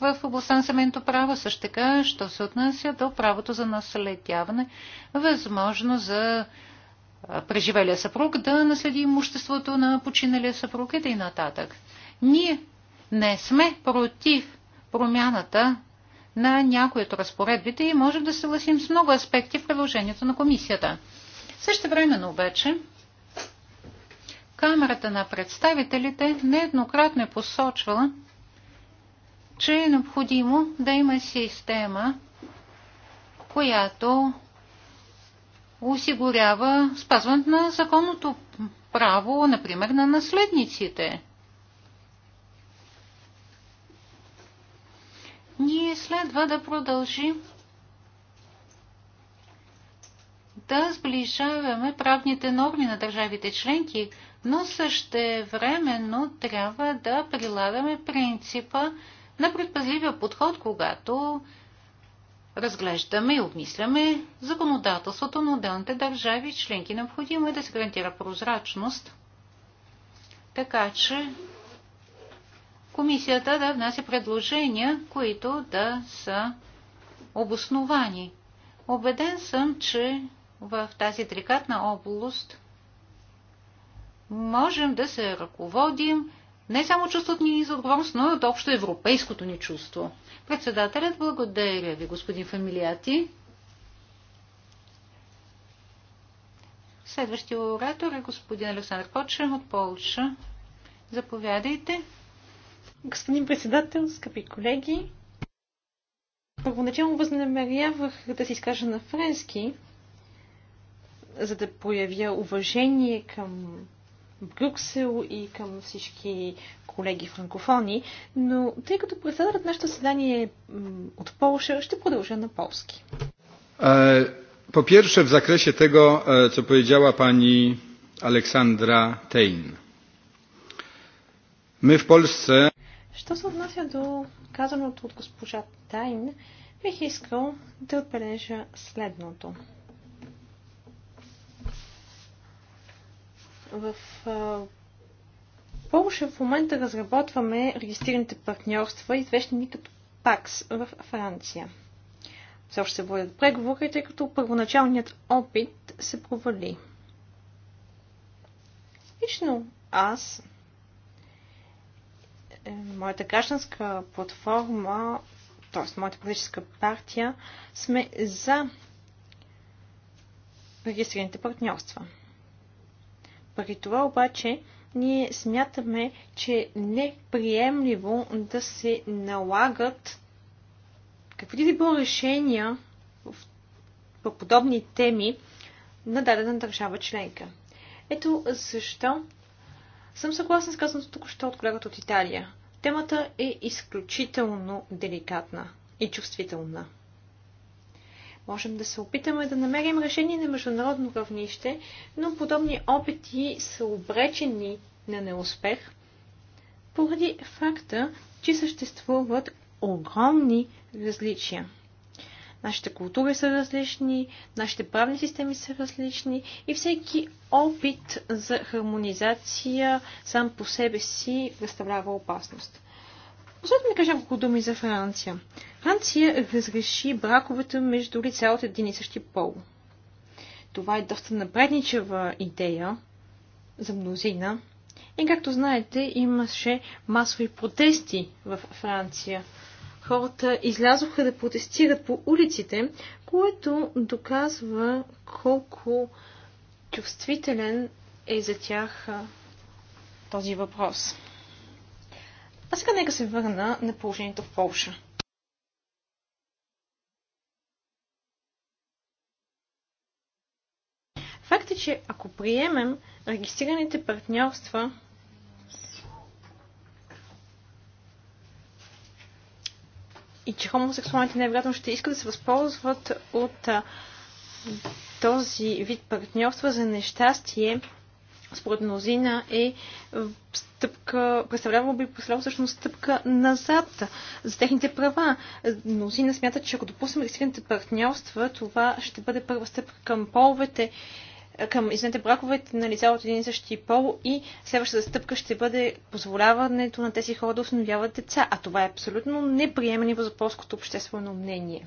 в областта на семейното право, също така, що се отнася до правото за наследяване, възможно за преживелия съпруг да наследи имуществото на починалия съпруг и да нататък. Ние не сме против промяната на някои от разпоредбите и можем да се съгласим с много аспекти в предложението на комисията. Също времено обаче, Камерата на представителите нееднократно е посочвала, че е необходимо да има система, която осигурява спазването на законното право, например, на наследниците. Ние следва да продължим да сближаваме правните норми на държавите членки, но същевременно трябва да прилагаме принципа на предпазливия подход, когато разглеждаме и обмисляме законодателството на отделните държави и членки. Необходимо е да се гарантира прозрачност, така че комисията да внася предложения, които да са обосновани. Обеден съм, че в тази трикатна област можем да се ръководим не само чувството ни за отговорност, но и от общо европейското ни чувство. Председателят, благодаря ви, господин Фамилиати. Следващия оратор е господин Александър Коча от Полша. Заповядайте. Господин председател, скъпи колеги, първоначално възнамерявах да се изкажа на френски, за да проявя уважение към Брюксел и към всички колеги франкофони, но тъй като председателят на нашето съседание е, от Полша, ще продължа на полски. Е, по pierwsze в закресе tego, e, co powiedziała pani Александра Тейн. Ми в Polsce... Що се отнася до казаното от госпожа Тайн, бих искал да отбележа следното. В Полша в момента разработваме регистрираните партньорства, известни като ПАКС в Франция. Все още се водят преговори, тъй като първоначалният опит се провали. Лично аз, е, моята гражданска платформа, т.е. моята политическа партия, сме за регистрираните партньорства. При това обаче ние смятаме, че е неприемливо да се налагат каквито би било решения по подобни теми на дадена държава членка. Ето защо съм съгласна с казаното току-що от колегата от Италия. Темата е изключително деликатна и чувствителна. Можем да се опитаме да намерим решение на международно равнище, но подобни опити са обречени на неуспех поради факта, че съществуват огромни различия. Нашите култури са различни, нашите правни системи са различни и всеки опит за хармонизация сам по себе си представлява опасност. Позволете ми кажа няколко думи за Франция. Франция разреши браковете между лица от един и същи пол. Това е доста напредничева идея за мнозина. И както знаете, имаше масови протести в Франция. Хората излязоха да протестират по улиците, което доказва колко чувствителен е за тях този въпрос. А сега нека се върна на положението в Польша. Факт е, че ако приемем регистрираните партньорства и че хомосексуалните невероятно ще искат да се възползват от този вид партньорства за нещастие, според мнозина е стъпка, представлява би представлява всъщност стъпка назад за техните права. Мнозина смятат, че ако допуснем регистрираните партньорства, това ще бъде първа стъпка към половете, към извинете, браковете на лица от един и същи пол и следващата стъпка ще бъде позволяването на тези хора да установяват деца. А това е абсолютно неприемливо за полското обществено мнение.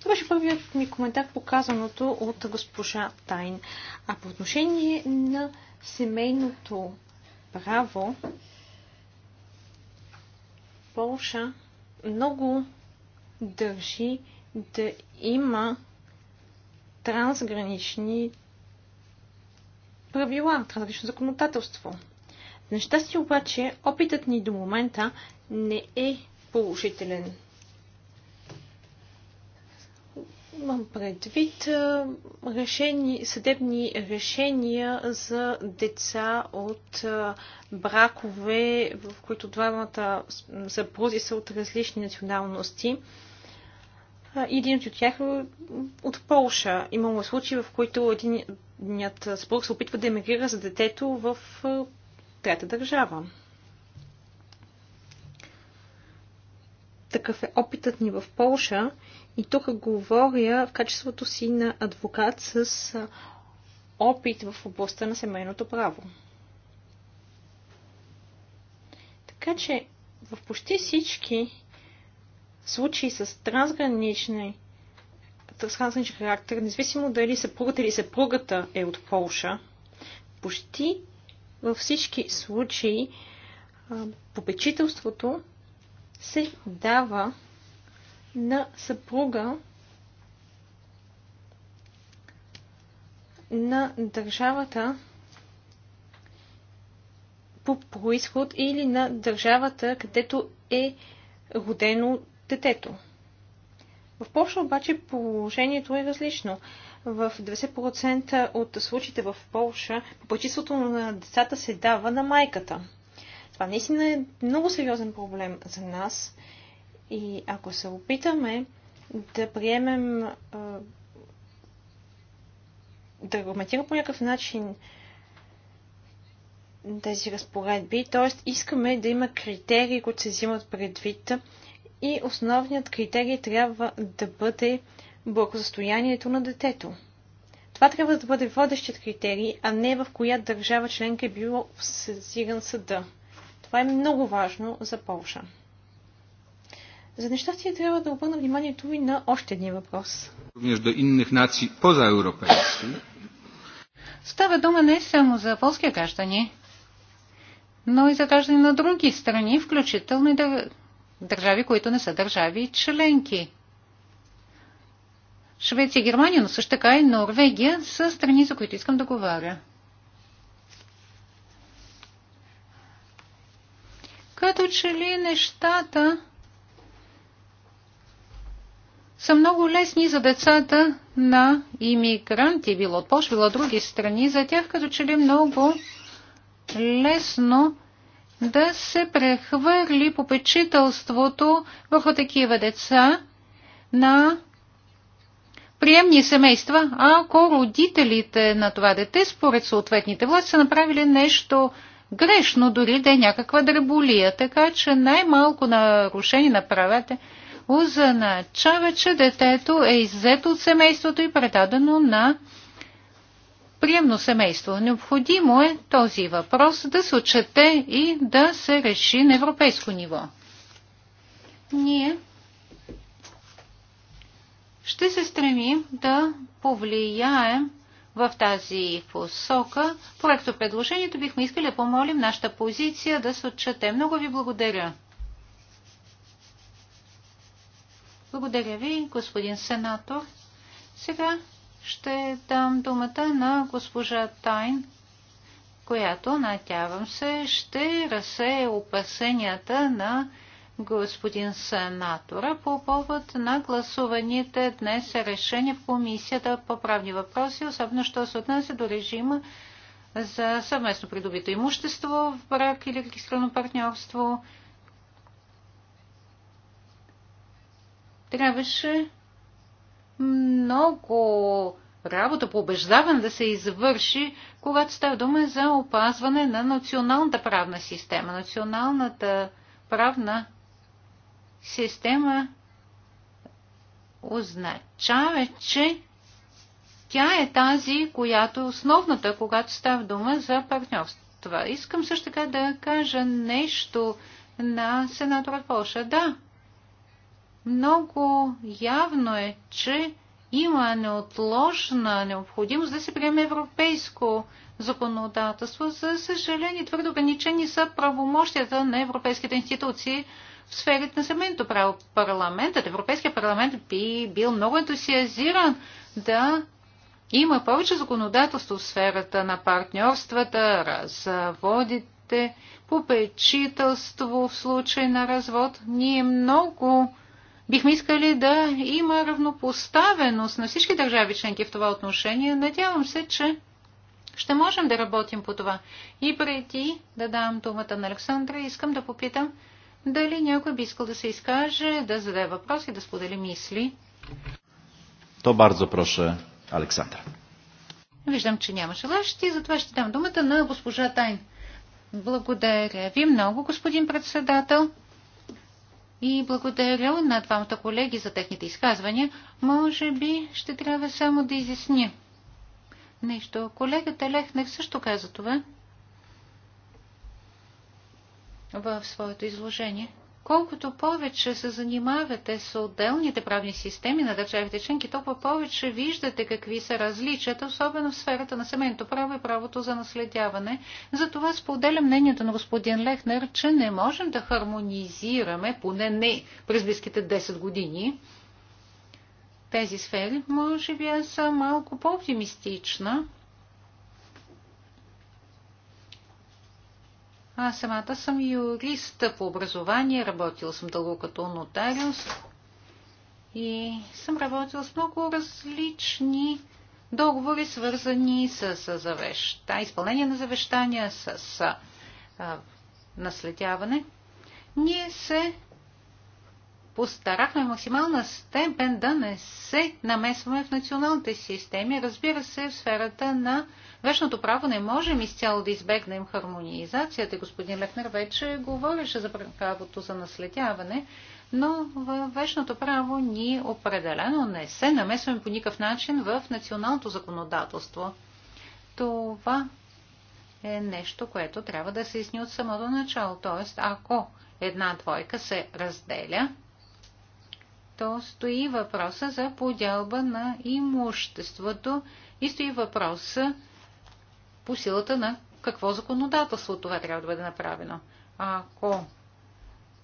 Това беше първият ми коментар показаното от госпожа Тайн. А по отношение на семейното право, Полша много държи да има трансгранични правила, трансгранично законодателство. За нещастие обаче, опитът ни до момента не е положителен. Имам предвид решени, съдебни решения за деца от бракове, в които двамата съпрузи са от различни националности. Един от тях е от Полша. Имало случаи, в които един съпруг се опитва да емигрира за детето в трета държава. Такъв е опитът ни в Полша и тук говоря в качеството си на адвокат с опит в областта на семейното право. Така че в почти всички случаи с трансгранични трансграничен характер, независимо дали съпругата или съпругата е от Полша, почти във всички случаи попечителството се дава на съпруга на държавата по происход или на държавата, където е родено детето. В Польша обаче положението е различно. В 90% от случаите в Польша попечеството на децата се дава на майката. Това наистина е много сериозен проблем за нас и ако се опитаме да приемем, да регламентираме по някакъв начин тези разпоредби, т.е. искаме да има критерии, които се взимат предвид и основният критерий трябва да бъде благосостоянието на детето. Това трябва да бъде водещият критерий, а не в коя държава членка е било сезиран съда. Това е много важно за Полша. За нещастие трябва да обърна вниманието ви на още един въпрос. Между до innych поза европейски. Става дума не само за полския граждани, но и за граждани на други страни, включително и дър... държави, които не са държави членки. Швеция, Германия, но също така и Норвегия са страни, за които искам да говоря. Като че ли нещата са много лесни за децата на иммигранти, било от Польша, било от други страни. За тях като че ли е много лесно да се прехвърли попечителството върху такива деца на приемни семейства, ако родителите на това дете, според съответните власти, са направили нещо грешно, дори да е някаква дреболия. Така че най-малко нарушение на правете означава, че детето е иззето от семейството и предадено на приемно семейство. Необходимо е този въпрос да се отчете и да се реши на европейско ниво. Ние ще се стремим да повлияем в тази посока. Проекто предложението бихме искали да помолим нашата позиция да се отчете. Много ви благодаря. Благодаря ви, господин сенатор. Сега ще дам думата на госпожа Тайн, която, надявам се, ще разсее опасенията на господин сенатора по повод на гласуваните днес решения в Комисията по правни въпроси, особено що се отнася до режима за съвместно придобито имущество в брак или регистрирано партньорство. Трябваше много работа по убеждаване да се извърши, когато става дума за опазване на националната правна система. Националната правна система означава, че тя е тази, която е основната, когато става дума за партньорства. Искам също така да кажа нещо на сенатора Полша. Да, много явно е, че има неотложна необходимост да се приеме европейско законодателство. За съжаление, твърдо ограничени са правомощията на европейските институции в сферите на семейното право. Парламентът, Европейския парламент би бил много ентусиазиран да има повече законодателство в сферата на партньорствата, разводите, попечителство в случай на развод. Ние много бихме искали да има равнопоставеност на всички държави членки в това отношение. Надявам се, че ще можем да работим по това. И преди да дам думата на Александра, искам да попитам дали някой би искал да се изкаже, да зададе въпроси, да сподели мисли? То бързо проше, Александра. Виждам, че няма желащи, затова ще дам думата на госпожа Тайн. Благодаря ви много, господин председател. И благодаря на двамата колеги за техните изказвания. Може би ще трябва само да изясня нещо. Колегата Лехнер също каза това в своето изложение. Колкото повече се занимавате с отделните правни системи на държавите членки, толкова повече виждате какви са различията, особено в сферата на семейното право и правото за наследяване. Затова споделя мнението на господин Лехнер, че не можем да хармонизираме, поне не през близките 10 години, тези сфери. Може би аз съм малко по-оптимистична Аз самата съм юрист по образование, работил съм дълго като нотариус и съм работил с много различни договори, свързани с, с изпълнение на завещания, с, с а, наследяване. Ние се постарахме максимална степен да не се намесваме в националните системи. Разбира се, в сферата на вечното право не можем изцяло да избегнем хармонизацията. Господин Лехнер вече говореше за правото за наследяване, но в вечното право ние определено не се намесваме по никакъв начин в националното законодателство. Това е нещо, което трябва да се изни от самото начало. Тоест, ако една двойка се разделя, то стои въпроса за подялба на имуществото и стои въпроса по силата на какво законодателство това трябва да бъде направено. Ако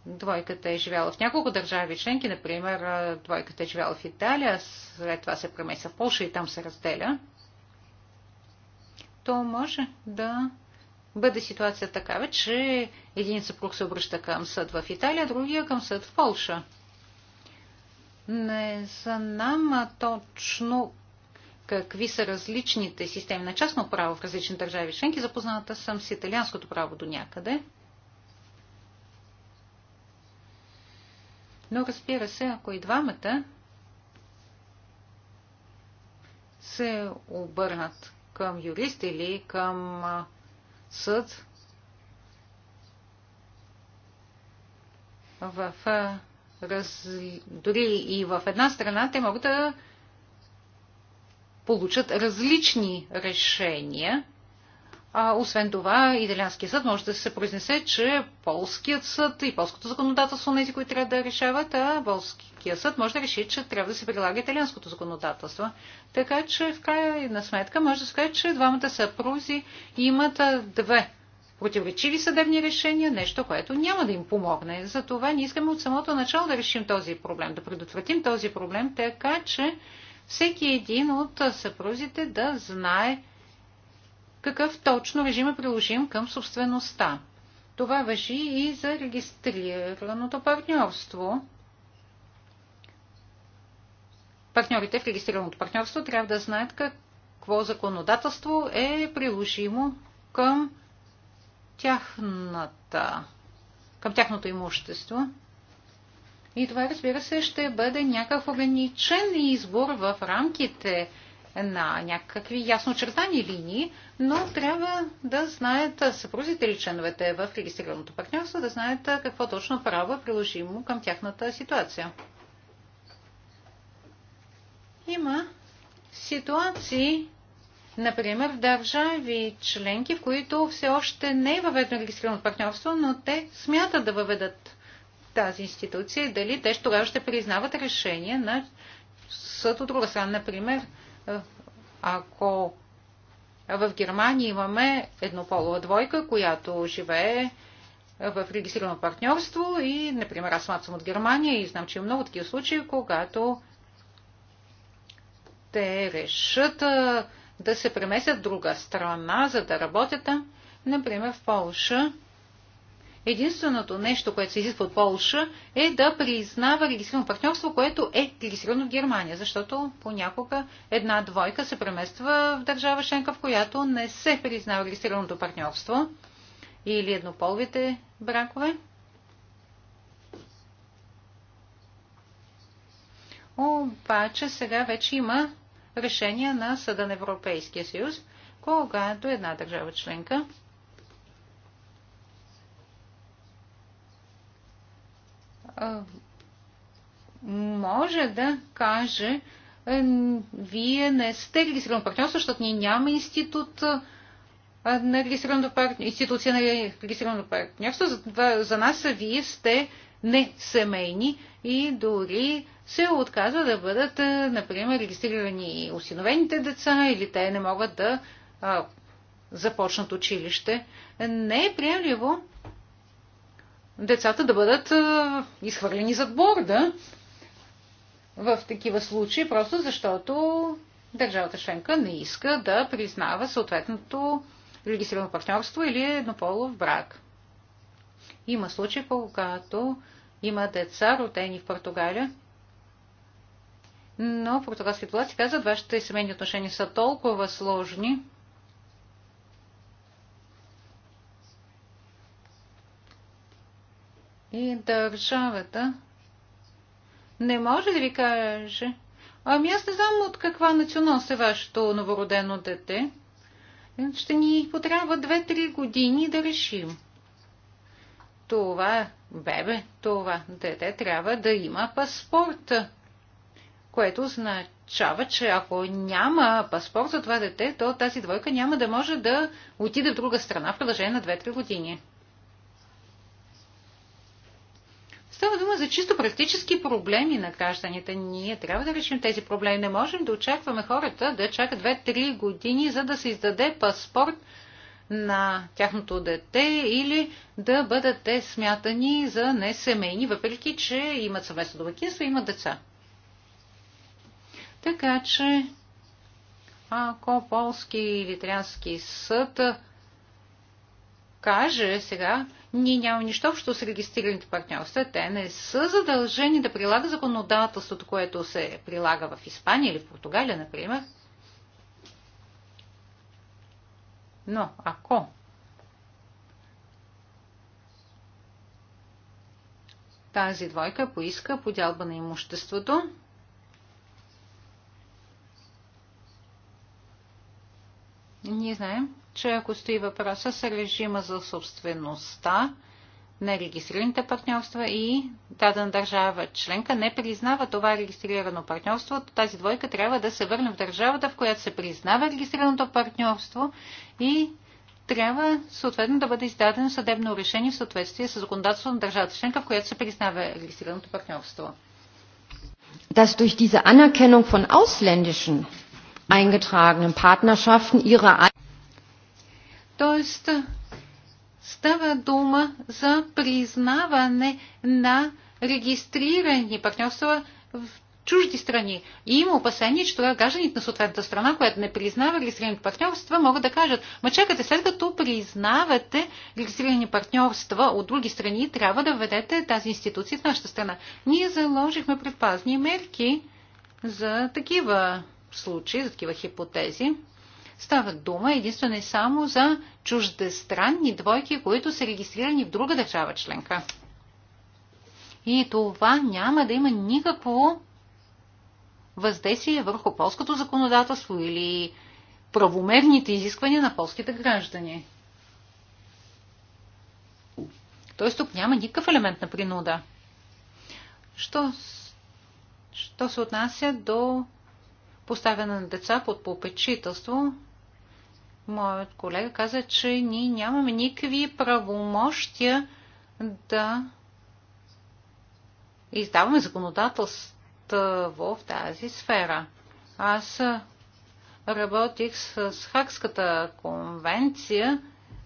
двойката е живяла в няколко държави членки, например, двойката е живяла в Италия, след това се премеса в Польша и там се разделя, то може да бъде ситуация такава, че един съпруг се обръща към съд в Италия, другия към съд в Польша не знам точно какви са различните системи на частно право в различни държави членки. Запозната съм с италианското право до някъде. Но разбира се, ако и двамата се обърнат към юрист или към съд в раз... дори и в една страна те могат да получат различни решения. А, освен това, италианският съд може да се произнесе, че полският съд и полското законодателство на е тези, които трябва да решават, а полският съд може да реши, че трябва да се прилага италианското законодателство. Така че, в крайна сметка, може да се каже, че двамата съпрузи имат две противоречиви съдебни решения, нещо, което няма да им помогне. Затова ние искаме от самото начало да решим този проблем, да предотвратим този проблем, така че всеки един от съпрузите да знае какъв точно режим е приложим към собствеността. Това въжи и за регистрираното партньорство. Партньорите в регистрираното партньорство трябва да знаят какво законодателство е приложимо към тяхната, към тяхното имущество. И това, разбира се, ще бъде някакъв ограничен избор в рамките на някакви ясно очертани линии, но трябва да знаят съпрузите или членовете в регистрираното партньорство, да знаят какво точно право е приложимо към тяхната ситуация. Има ситуации, Например, в държави членки, в които все още не е въведено регистрирано партньорство, но те смятат да въведат тази институция и дали те тогава ще признават решение на съд от друга страна. Например, ако в Германия имаме еднополова двойка, която живее в регистрирано партньорство и, например, аз самата съм от Германия и знам, че има много такива случаи, когато те решат да се преместят в друга страна, за да работят. Например, в Полша единственото нещо, което се изисква от Полша, е да признава регистрирано партньорство, което е регистрирано в Германия, защото понякога една двойка се премества в държава членка, в която не се признава регистрираното партньорство или еднополвите бракове. Обаче сега вече има решение на Съда на Европейския съюз, когато една държава членка може да каже, е, вие не сте регистрирано партньорство, защото ние няма институт на регистрирано партньорство, институция на регистрирано партньорство. За, за нас вие сте не семейни и дори се отказва да бъдат, е, например, регистрирани осиновените деца или те не могат да а, започнат училище. Не е приемливо децата да бъдат а, е, изхвърлени зад борда в такива случаи, просто защото държавата членка не иска да признава съответното регистрирано партньорство или еднополов брак. Има случаи, когато има деца, родени в Португалия, но португалските власти казват, вашите семейни отношения са толкова сложни, И държавата не може да ви каже, ами аз не знам от каква националност е вашето новородено дете. Ще ни потрябва 2-3 години да решим. Това бебе, това дете трябва да има паспорт което означава, че ако няма паспорт за това дете, то тази двойка няма да може да отиде в друга страна в продължение на 2-3 години. Става дума за чисто практически проблеми на гражданите. Ние трябва да решим тези проблеми. Не можем да очакваме хората да чакат 2-3 години, за да се издаде паспорт на тяхното дете или да бъдат те смятани за несемейни, въпреки че имат съвместно домакинство и имат деца. Така че, ако полски или италиански съд каже сега, ние няма нищо общо с регистрираните партньорства, те не са задължени да прилага законодателството, което се прилага в Испания или в Португалия, например. Но ако тази двойка поиска подялба на имуществото, Ние знаем, че ако стои въпроса с режима за собствеността, на регистрираните партньорства и дадена държава членка не признава това регистрирано партньорство, тази двойка трябва да се върне в държавата, в която се признава регистрираното партньорство и трябва съответно да бъде издадено съдебно решение в съответствие с законодателството на държавата членка, в която се признава регистрираното партньорство. Dass durch diese Anerkennung von ausländischen eingetragenen Partnerschaften ihre Тоест, става дума за признаване на регистрирани партньорства в чужди страни. И има опасение, че тогава гражданите на съответната страна, която не признава регистрирани партньорства, могат да кажат, ма чакате, след като признавате регистрирани партньорства от други страни, трябва да введете тази институция в нашата страна. Ние заложихме предпазни мерки за такива случаи, за такива хипотези, става дума единствено и само за чуждестранни двойки, които са регистрирани в друга държава членка. И това няма да има никакво въздействие върху полското законодателство или правомерните изисквания на полските граждани. Т.е. тук няма никакъв елемент на принуда. Що, що се отнася до поставяне на деца под попечителство, моят колега каза, че ние нямаме никакви правомощия да издаваме законодателство в тази сфера. Аз работих с Хакската конвенция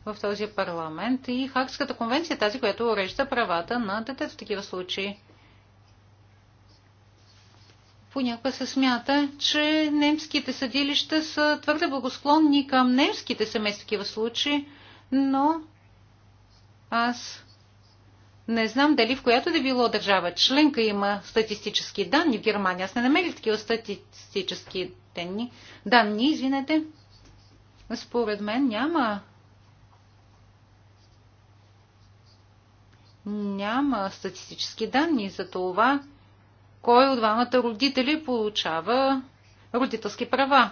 в този парламент и Хакската конвенция е тази, която урежда правата на детето в такива случаи понякога се смята, че немските съдилища са твърде благосклонни към немските семейства такива случаи, но аз не знам дали в която да било държава членка има статистически данни в Германия. Аз не намерих такива статистически данни. Данни, извинете. Според мен няма няма статистически данни за това, кой от двамата родители получава родителски права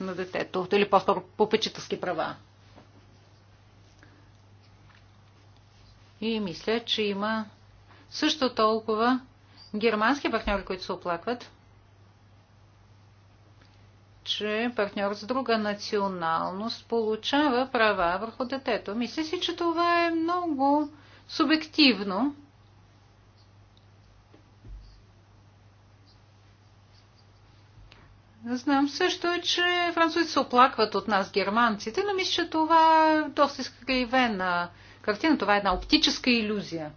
на детето, или по-скоро попечителски права. И мисля, че има също толкова германски партньори, които се оплакват, че партньор с друга националност получава права върху детето. Мисля си, че това е много субективно Знам също, че французите се оплакват от нас, германците, но мисля, че това е доста изкривена картина. Това е една оптическа иллюзия.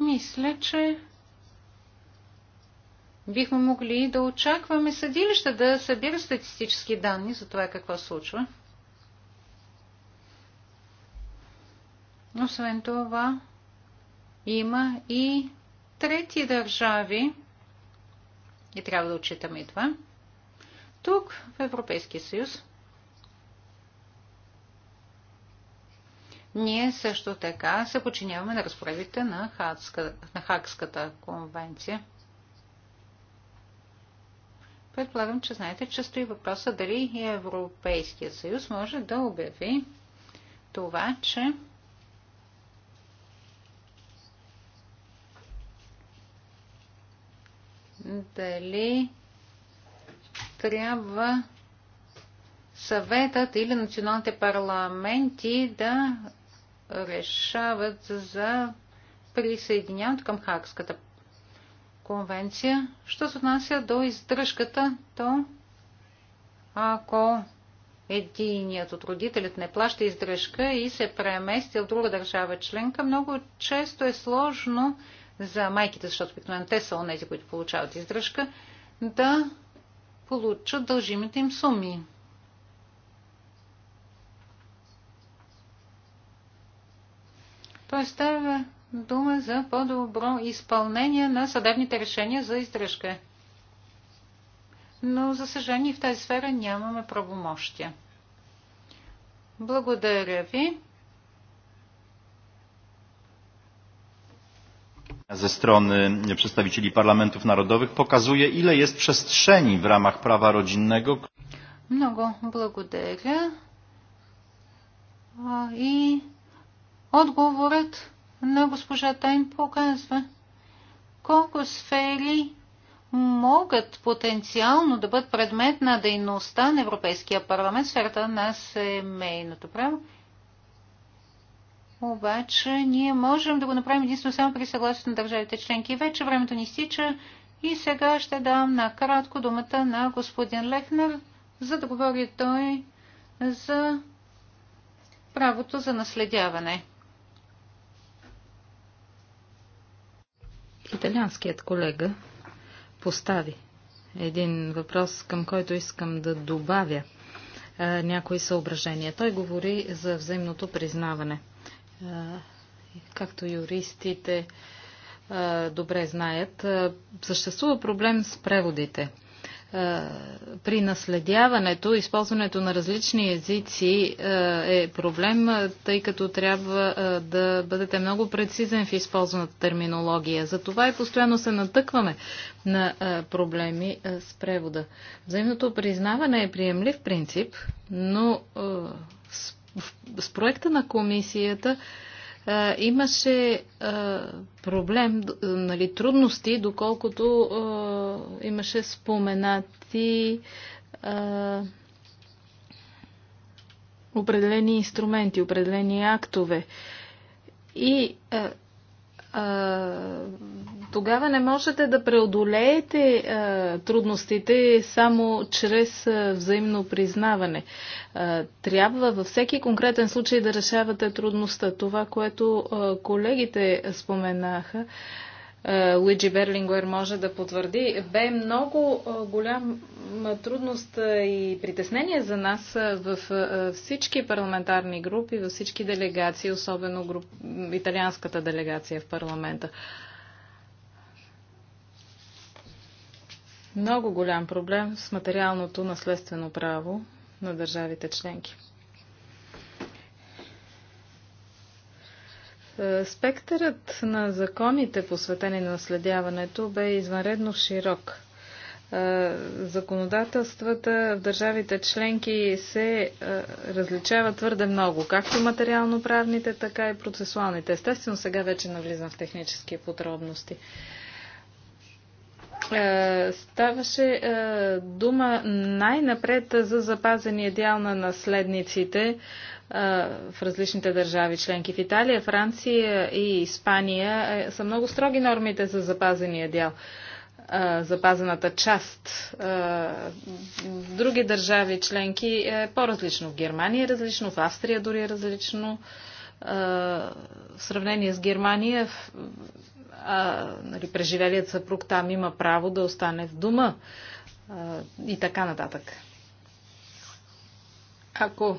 Мисля, че бихме могли да очакваме съдилища да събира статистически данни за това какво случва. Освен това, има и трети държави, и трябва да отчитаме и това, тук в Европейския съюз ние също така се подчиняваме на разпоредбите на, Хакска, на Хакската конвенция. Предполагам, че знаете, че стои въпроса дали Европейския съюз може да обяви това, че дали трябва съветът или националните парламенти да решават за присъединяването към ХАКската конвенция. Що се отнася до издръжката, то ако единият от родителят не плаща издръжка и се премести в друга държава членка, много често е сложно за майките, защото обикновено те са онези, които получават издръжка, да получат дължимите им суми. Тоест става дума за по-добро изпълнение на съдебните решения за издръжка. Но, за съжаление, в тази сфера нямаме правомощия. Благодаря ви. ze strony przedstawicieli parlamentów narodowych pokazuje, ile jest przestrzeni w ramach prawa rodzinnego. Много благодаря. И отговорът на госпожа Тайн показва колко сфери могат потенциално да бъдат предмет на дейността на Европейския парламент в сферата на семейното право. Обаче ние можем да го направим единствено само при съгласието на държавите членки. Вече времето ни стича и сега ще дам накратко думата на господин Лехнер, за да говори той за правото за наследяване. Италианският колега постави един въпрос, към който искам да добавя някои съображения. Той говори за взаимното признаване – както юристите добре знаят, съществува проблем с преводите при наследяването, използването на различни езици е проблем, тъй като трябва да бъдете много прецизен в използваната терминология. Затова и постоянно се натъкваме на проблеми с превода. Взаимното признаване е приемлив принцип, но с проекта на комисията а, е, имаше а, е, проблем, е, нали, трудности, доколкото а, имаше споменати а, определени инструменти, определени актове. И а, а, тогава не можете да преодолеете а, е, трудностите само чрез а, е, взаимно признаване. А, е, трябва във всеки конкретен случай да решавате трудността. Това, което а, колегите споменаха, Луиджи Берлингуер може да потвърди, бе много голяма голям трудност и притеснение за нас в всички парламентарни групи, във всички делегации, особено груп... италианската делегация в парламента. много голям проблем с материалното наследствено право на държавите членки. Е, спектърът на законите, посветени на наследяването, бе извънредно широк. Е, законодателствата в държавите членки се е, различават твърде много, както материално-правните, така и процесуалните. Естествено, сега вече навлизам в технически подробности. Е, ставаше е, дума най-напред за запазения дял на наследниците е, в различните държави членки. В Италия, Франция и Испания са много строги нормите за запазения дял запазената част. В други държави членки е по-различно. В Германия е различно, в Австрия дори е различно. В сравнение с Германия а, нали, преживелият съпруг там има право да остане в дома а, и така нататък. Ако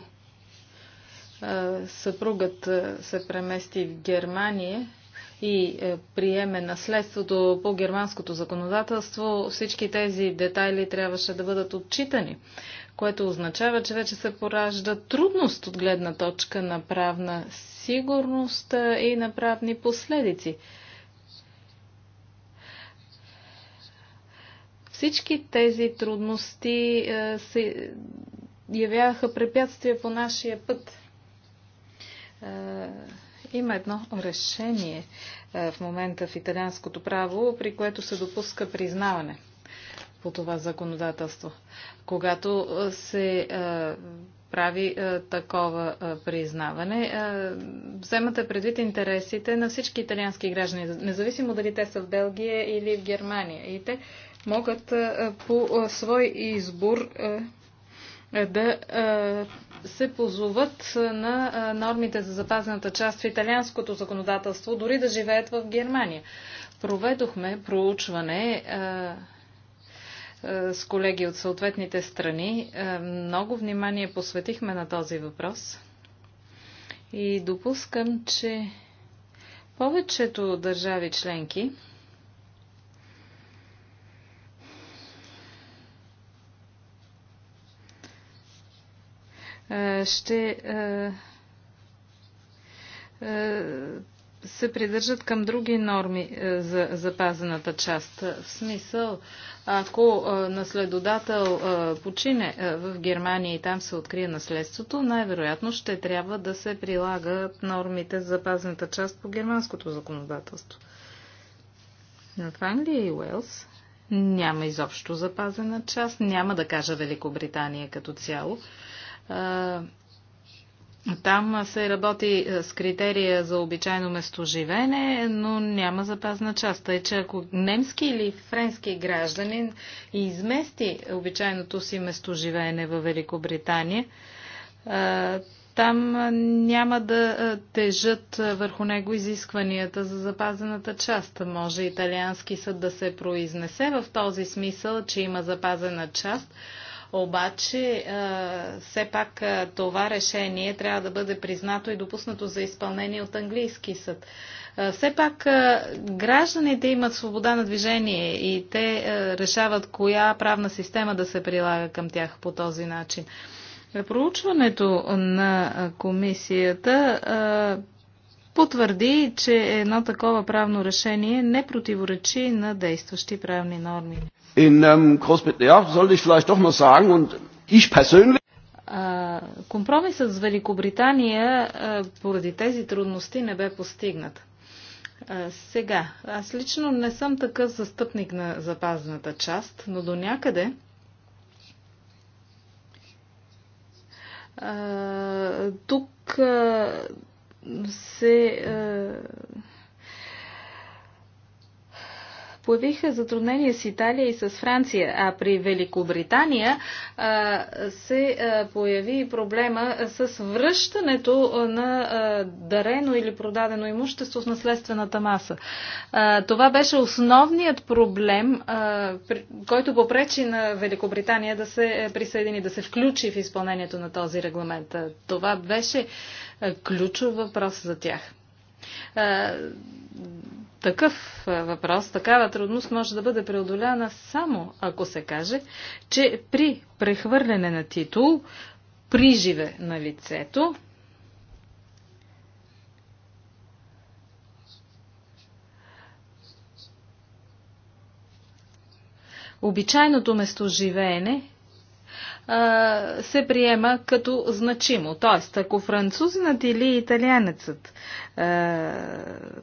а, съпругът се премести в Германия, и е, приеме наследството по германското законодателство, всички тези детайли трябваше да бъдат отчитани, което означава, че вече се поражда трудност от гледна точка на правна сигурност и на правни последици. Всички тези трудности е, се явяваха препятствия по нашия път. Е, има едно решение е, в момента в италианското право, при което се допуска признаване по това законодателство. Когато се прави е, такова е, признаване. Е, вземате предвид интересите на всички италиански граждани, независимо дали те са в Белгия или в Германия. И те могат по свой избор да се позоват на нормите за запазената част в италианското законодателство, дори да живеят в Германия. Проведохме проучване с колеги от съответните страни. Много внимание посветихме на този въпрос и допускам, че повечето държави членки Е, ще е, е, се придържат към други норми за запазената част. В смисъл, ако наследодател почине в Германия и там се открие наследството, най-вероятно ще трябва да се прилагат нормите за запазената част по германското законодателство. Но в Англия и Уелс няма изобщо запазена част, няма да кажа Великобритания като цяло. Там се работи с критерия за обичайно местоживене, но няма запазна част. Тъй, че ако немски или френски гражданин измести обичайното си местоживеене в Великобритания, там няма да тежат върху него изискванията за запазената част. Може италиански съд да се произнесе в този смисъл, че има запазена част, обаче, все пак това решение трябва да бъде признато и допуснато за изпълнение от английски съд. Все пак гражданите имат свобода на движение и те решават коя правна система да се прилага към тях по този начин. Проучването на комисията потвърди, че едно такова правно решение не противоречи на действащи правни норми. In, um, ich vielleicht doch sagen und ich persönlich компромисът с Великобритания поради тези трудности не бе постигнат. Сега, аз лично не съм такъв застъпник на запазната част, но до някъде тук се е, появиха затруднения с Италия и с Франция, а при Великобритания а, се а, появи проблема с връщането на а, дарено или продадено имущество в наследствената маса. А, това беше основният проблем, а, при, който попречи на Великобритания да се присъедини, да се включи в изпълнението на този регламент. А, това беше а, ключов въпрос за тях. А, такъв въпрос, такава трудност може да бъде преодоляна само ако се каже, че при прехвърляне на титул при живе на лицето обичайното местоживеене се приема като значимо. Тоест, ако французинът или италианецът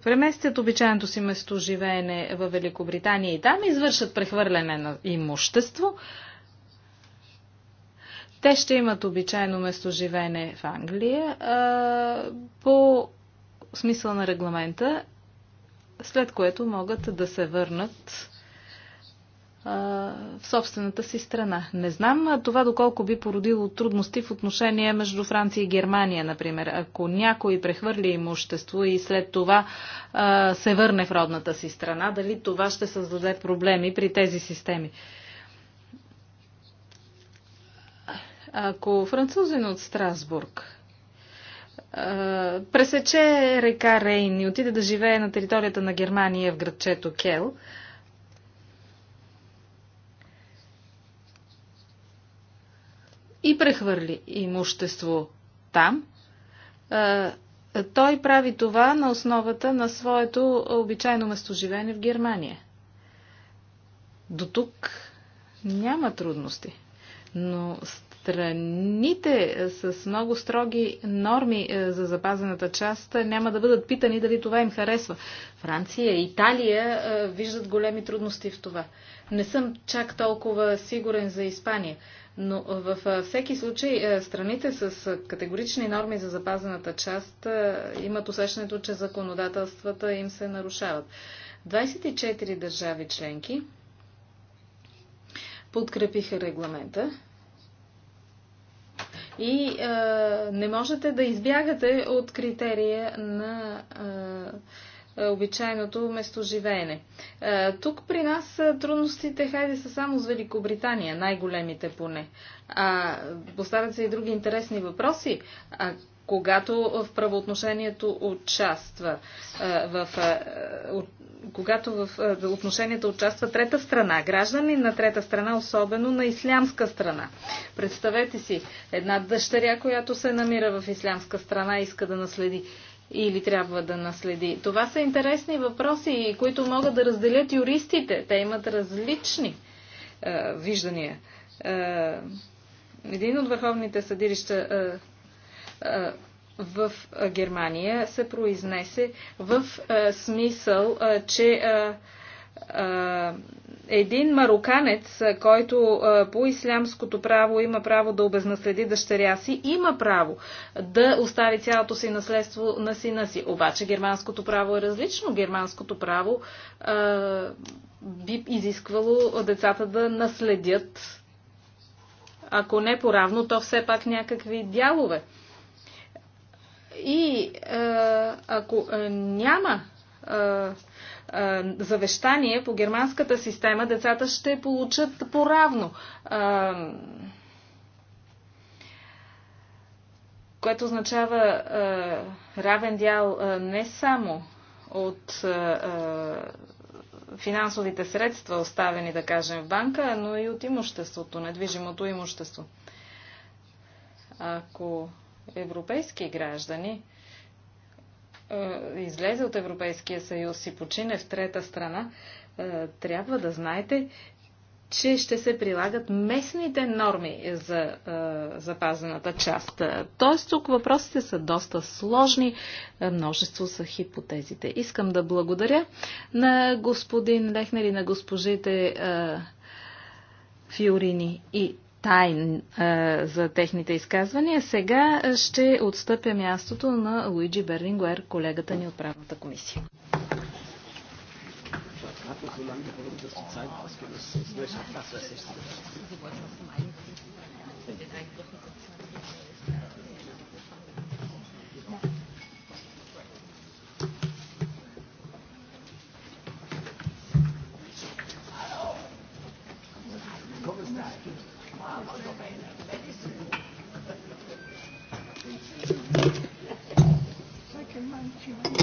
преместят обичайното си местоживеене в Великобритания и там извършат прехвърляне на имущество, те ще имат обичайно местоживеене в Англия по смисъл на регламента, след което могат да се върнат в собствената си страна. Не знам това доколко би породило трудности в отношения между Франция и Германия, например. Ако някой прехвърли имущество и след това а, се върне в родната си страна, дали това ще създаде проблеми при тези системи? Ако французин от Страсбург а, пресече река Рейн и отиде да живее на територията на Германия в градчето Кел, а, и прехвърли имущество там, е, той прави това на основата на своето обичайно местоживение в Германия. До тук няма трудности, но страните с много строги норми е, за запазената част е, няма да бъдат питани дали това им харесва. Франция и Италия виждат големи трудности в това. Не съм чак толкова сигурен за Испания. Но в всеки случай страните с категорични норми за запазената част имат усещането, че законодателствата им се нарушават. 24 държави членки подкрепиха регламента и а, не можете да избягате от критерия на а, е, обичайното местоживеене. Е, тук при нас е, трудностите, хайде, са само с Великобритания, най-големите поне. А, поставят се и други интересни въпроси. А, когато в правоотношението участва, в, когато в отношенията участва трета страна, граждани на трета страна, особено на ислямска страна. Представете си, една дъщеря, която се намира в ислямска страна, иска да наследи или трябва да наследи? Това са интересни въпроси, които могат да разделят юристите. Те имат различни е, виждания. Е, един от върховните съдилища е, е, в Германия се произнесе в е, смисъл, е, че е, е един мароканец, който по ислямското право има право да обезнаследи дъщеря си, има право да остави цялото си наследство на сина си. Обаче германското право е различно. Германското право а, би изисквало децата да наследят, ако не поравно, то все пак някакви дялове. И а, ако а, няма а, е, завещание по германската система децата ще получат по-равно, е, Което означава е, равен дял не само от финансовите средства, оставени, да кажем, в банка, но и от имуществото, недвижимото имущество. Ако европейски граждани е, излезе от Европейския съюз и почине в трета страна, е, трябва да знаете, че ще се прилагат местните норми за е, запазената част. Тоест тук въпросите са доста сложни, множество са хипотезите. Искам да благодаря на господин Лехнер и на госпожите Фиорини и тайн а, за техните изказвания. Сега ще отстъпя мястото на Луиджи Берлингуер, колегата ни от правната комисия. Thank you.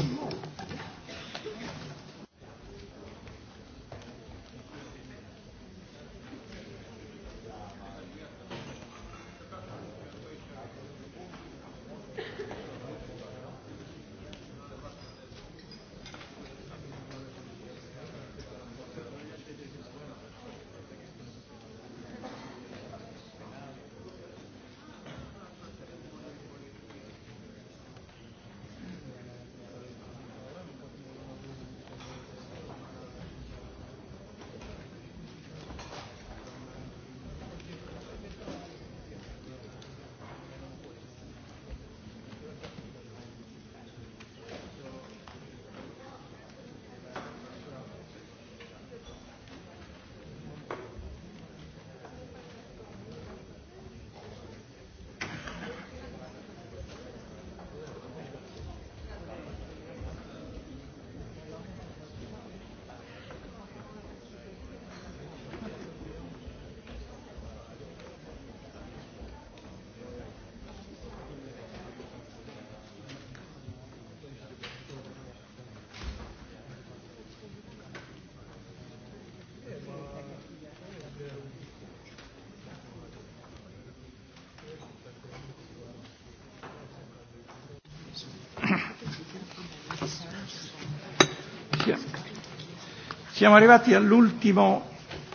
Siamo arrivati all'ultimo,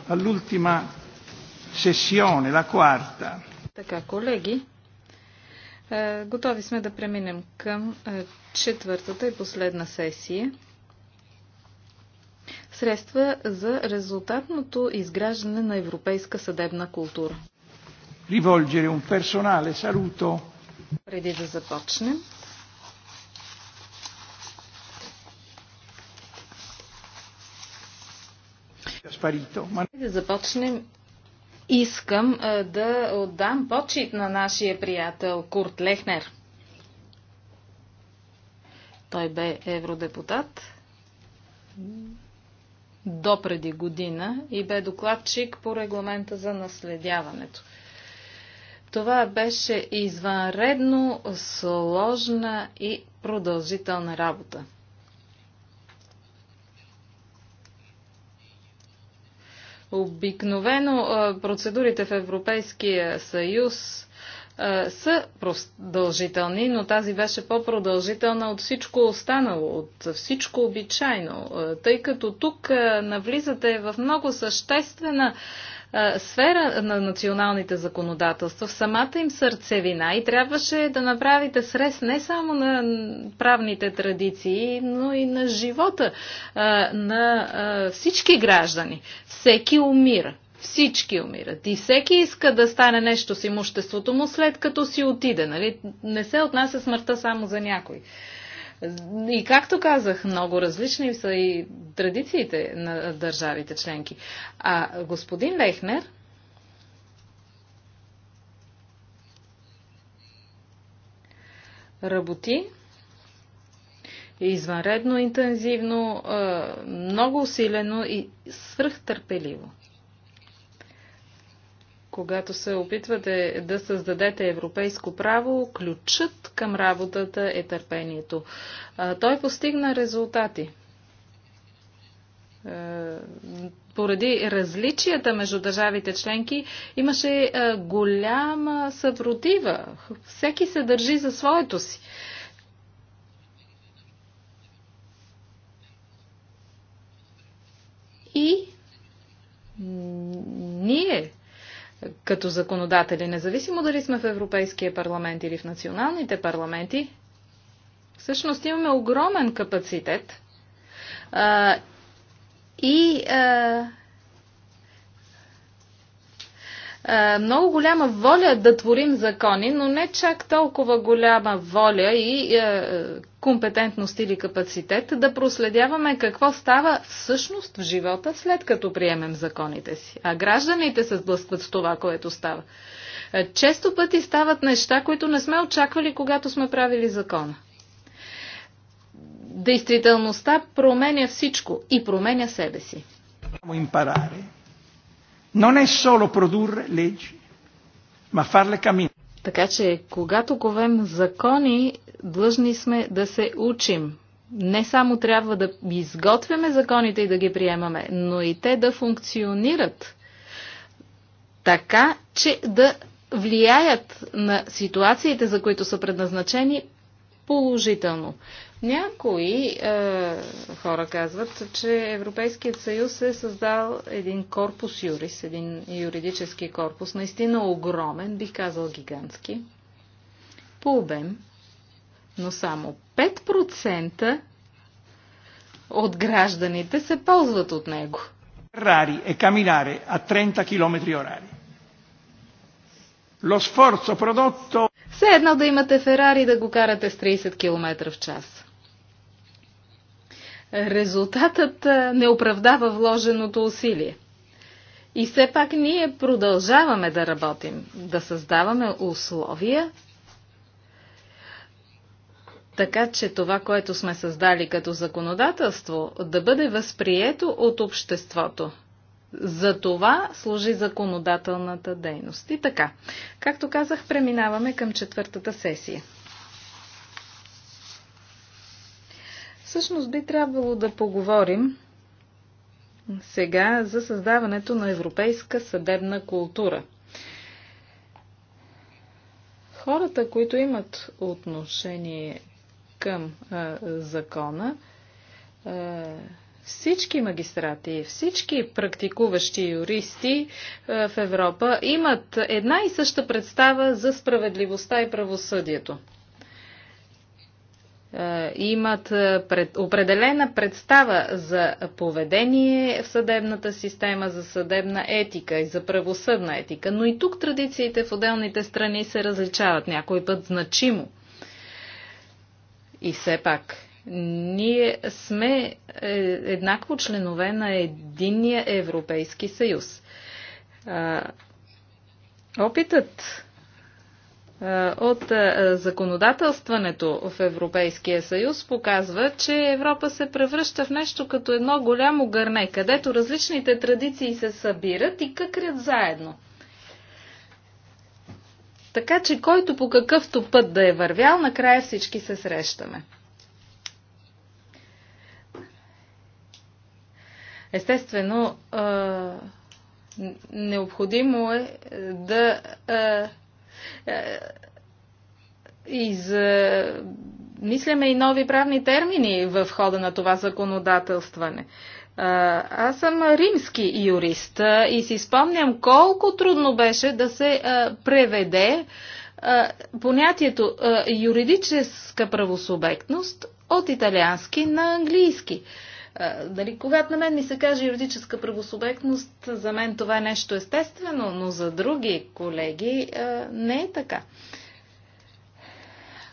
all'ultima sessione, la quarta. Така, колеги, е, готови сме да преминем към е, четвъртата и последна сесия. Средства за резултатното изграждане на европейска съдебна култура. Rivolgere un personale saluto. Преди да започнем, парито. Да започнем. Искам е, да отдам почет на нашия приятел Курт Лехнер. Той бе евродепутат до преди година и бе докладчик по регламента за наследяването. Това беше извънредно сложна и продължителна работа. Обикновено процедурите в Европейския съюз са продължителни, но тази беше по-продължителна от всичко останало, от всичко обичайно, тъй като тук навлизате в много съществена сфера на националните законодателства, в самата им сърцевина и трябваше да направите срез не само на правните традиции, но и на живота на всички граждани. Всеки умира. Всички умират и всеки иска да стане нещо с имуществото му след като си отиде. Нали? Не се отнася смъртта само за някой. И както казах, много различни са и традициите на държавите членки. А господин Лехнер работи извънредно интензивно, много усилено и свръхтърпеливо. Когато се опитвате да създадете европейско право, ключът към работата е търпението. Той постигна резултати е, поради различията между държавите членки, имаше е, голяма съпротива. Всеки се държи за своето си. И ние като законодатели, независимо дали сме в Европейския парламент или в националните парламенти, всъщност имаме огромен капацитет а, и а, е, много голяма воля да творим закони, но не чак толкова голяма воля и е, компетентност или капацитет да проследяваме какво става всъщност в живота след като приемем законите си. А гражданите се сблъскват с това, което става. Е, често пъти стават неща, които не сме очаквали, когато сме правили закона. Действителността променя всичко и променя себе си. Non è solo produrre leggi, ma farle camminare. Така че, когато говорим закони, длъжни сме да се учим. Не само трябва да изготвяме законите и да ги приемаме, но и те да функционират така, че да влияят на ситуациите, за които са предназначени, положително. Някои е, хора казват, че Европейският съюз е създал един корпус юрис, един юридически корпус, наистина огромен, бих казал гигантски, по обем, но само 5% от гражданите се ползват от него. Рари е каминаре а 30 км орари. Лосфорцо sforzo Все едно да имате Ферари да го карате с 30 км в час резултатът не оправдава вложеното усилие. И все пак ние продължаваме да работим, да създаваме условия, така че това, което сме създали като законодателство, да бъде възприето от обществото. За това служи законодателната дейност. И така, както казах, преминаваме към четвъртата сесия. Всъщност би трябвало да поговорим сега за създаването на европейска съдебна култура. Хората, които имат отношение към а, закона, а, всички магистрати, всички практикуващи юристи в Европа имат една и съща представа за справедливостта и правосъдието. Е, имат е, пред, определена представа за поведение в съдебната система, за съдебна етика и за правосъдна етика. Но и тук традициите в отделните страни се различават някой път значимо. И все пак, ние сме е, еднакво членове на единния Европейски съюз. Опитът е, от е, законодателстването в Европейския съюз показва, че Европа се превръща в нещо като едно голямо гърне, където различните традиции се събират и къкрят заедно. Така че който по какъвто път да е вървял, накрая всички се срещаме. Естествено, е, необходимо е да е, Мисляме и нови правни термини в хода на това законодателстване. Е, аз съм римски юрист е, и си спомням колко трудно беше да се преведе понятието юридическа правосубектност от италиански на английски. Дали, когато на мен ми се каже юридическа правосубектност, за мен това е нещо естествено, но за други колеги не е така.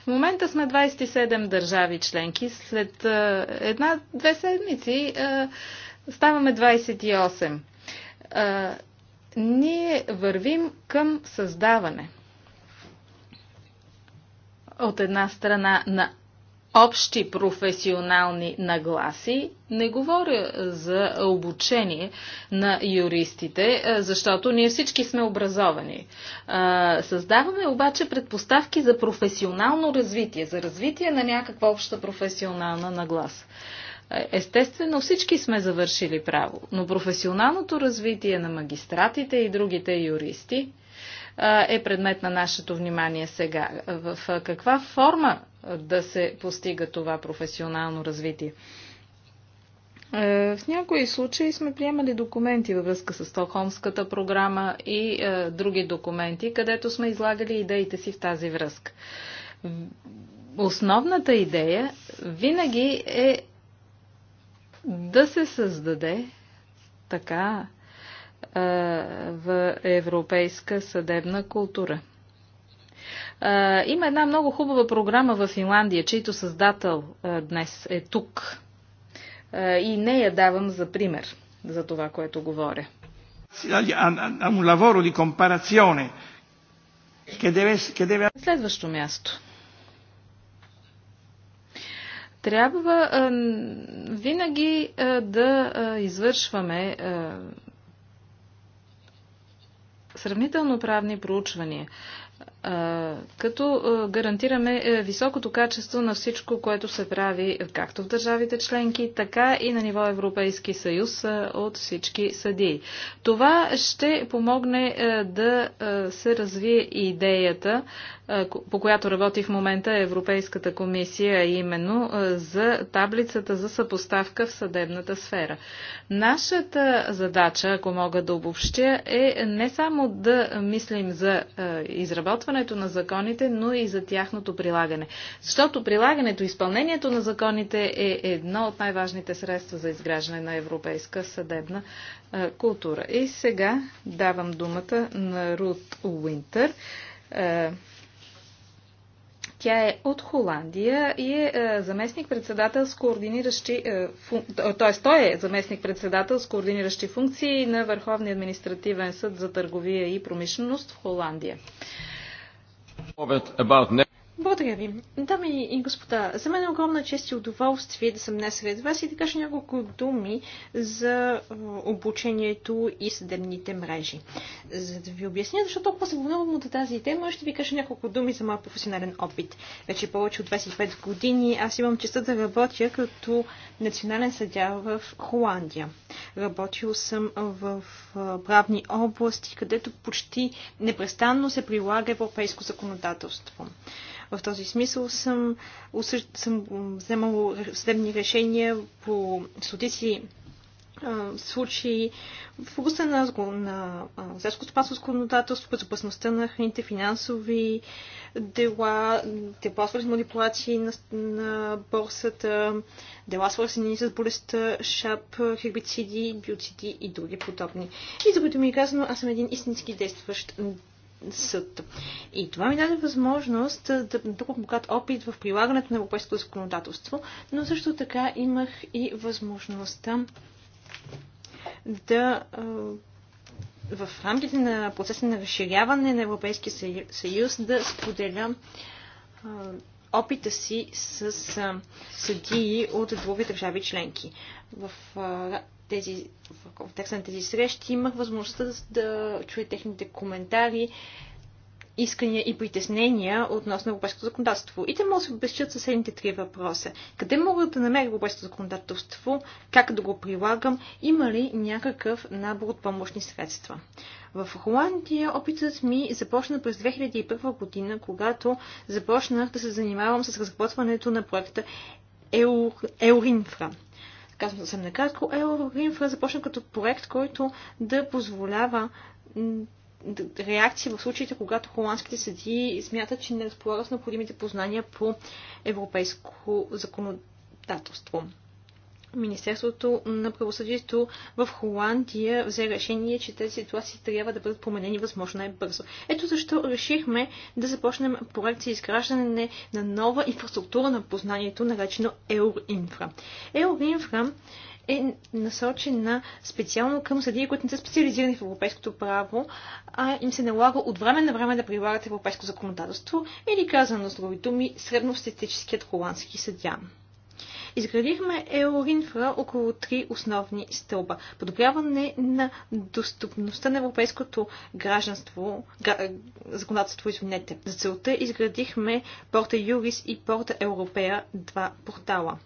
В момента сме 27 държави членки. След една-две седмици ставаме 28. Ние вървим към създаване от една страна на общи професионални нагласи. Не говоря за обучение на юристите, защото ние всички сме образовани. Създаваме обаче предпоставки за професионално развитие, за развитие на някаква обща професионална нагласа. Естествено, всички сме завършили право, но професионалното развитие на магистратите и другите юристи е предмет на нашето внимание сега. В каква форма да се постига това професионално развитие. Е, в някои случаи сме приемали документи във връзка с Стокхолмската програма и е, други документи, където сме излагали идеите си в тази връзка. Основната идея винаги е да се създаде така е, в европейска съдебна култура – има една много хубава програма в Финландия, чийто създател днес е тук. И не я давам за пример за това, което говоря. Следващо място трябва винаги да извършваме сравнително правни проучвания като гарантираме е, високото качество на всичко, което се прави е, както в държавите членки, така и на ниво Европейски съюз е, от всички съдии. Това ще помогне да се развие идеята, по която работи в момента Европейската комисия, именно за таблицата за съпоставка в съдебната сфера. Нашата задача, ако мога да обобщя, е не само да мислим за изработване изчерпването на законите, но и за тяхното прилагане. Защото прилагането и изпълнението на законите е едно от най-важните средства за изграждане на европейска съдебна култура. И сега давам думата на Рут Уинтер. Тя е от Холандия и е заместник-председател с координиращи, т.е. той е заместник-председател с координиращи функции на Върховния административен съд за търговия и промишленост в Холандия. About... Благодаря ви. Дами и господа, за мен е огромна чест и удоволствие да съм днес сред вас и да кажа няколко думи за обучението и съдебните мрежи. За да ви обясня защо толкова се вълнувам от тази тема, ще ви кажа няколко думи за моя професионален опит. Вече повече от 25 години аз имам честа да работя като национален съдя в Холандия. Работил съм в правни области, където почти непрестанно се прилага европейско законодателство. В този смисъл съм, съм вземал съдебни решения по стотици случаи в областта на, на селско-стопанско законодателство, безопасността на храните, финансови дела, дела свързани с манипулации на, на борсата, дела свързани с болестта, шап, хербициди, биоциди и други подобни. И за което ми е казано, аз съм един истински действащ съд. И това ми даде възможност да натрупам богат опит в прилагането на европейското законодателство, но също така имах и възможността да в рамките на процеса на разширяване на Европейския съюз да споделя опита си с съдии от други държави членки. В тези, в контекста на тези срещи имах възможността да, да чуя техните коментари, искания и притеснения относно европейското законодателство. И те могат да се обещат със следните три въпроса. Къде могат да намеря европейското законодателство? Как да го прилагам? Има ли някакъв набор от помощни средства? В Холандия опитът ми започна през 2001 година, когато започнах да се занимавам с разработването на проекта Еуринфра казвам съвсем накратко, Euroinfra започна като проект, който да позволява реакции в случаите, когато холандските съди смятат, че не разполагат с необходимите познания по европейско законодателство. Министерството на правосъдието в Холандия взе решение, че тези ситуации трябва да бъдат променени възможно най-бързо. Ето защо решихме да започнем проект за изграждане на нова инфраструктура на познанието, наречено Еуринфра. Еуринфра е насочена специално към съдии, които не са специализирани в европейското право, а им се налага от време на време да прилагат европейско законодателство или казано с други думи средностатистическият холандски съдя изградихме Еоринфра около три основни стълба. Подобряване на достъпността на европейското гражданство, гра, е, законодателство, извинете. За целта изградихме порта Юрис и порта Европея, два портала.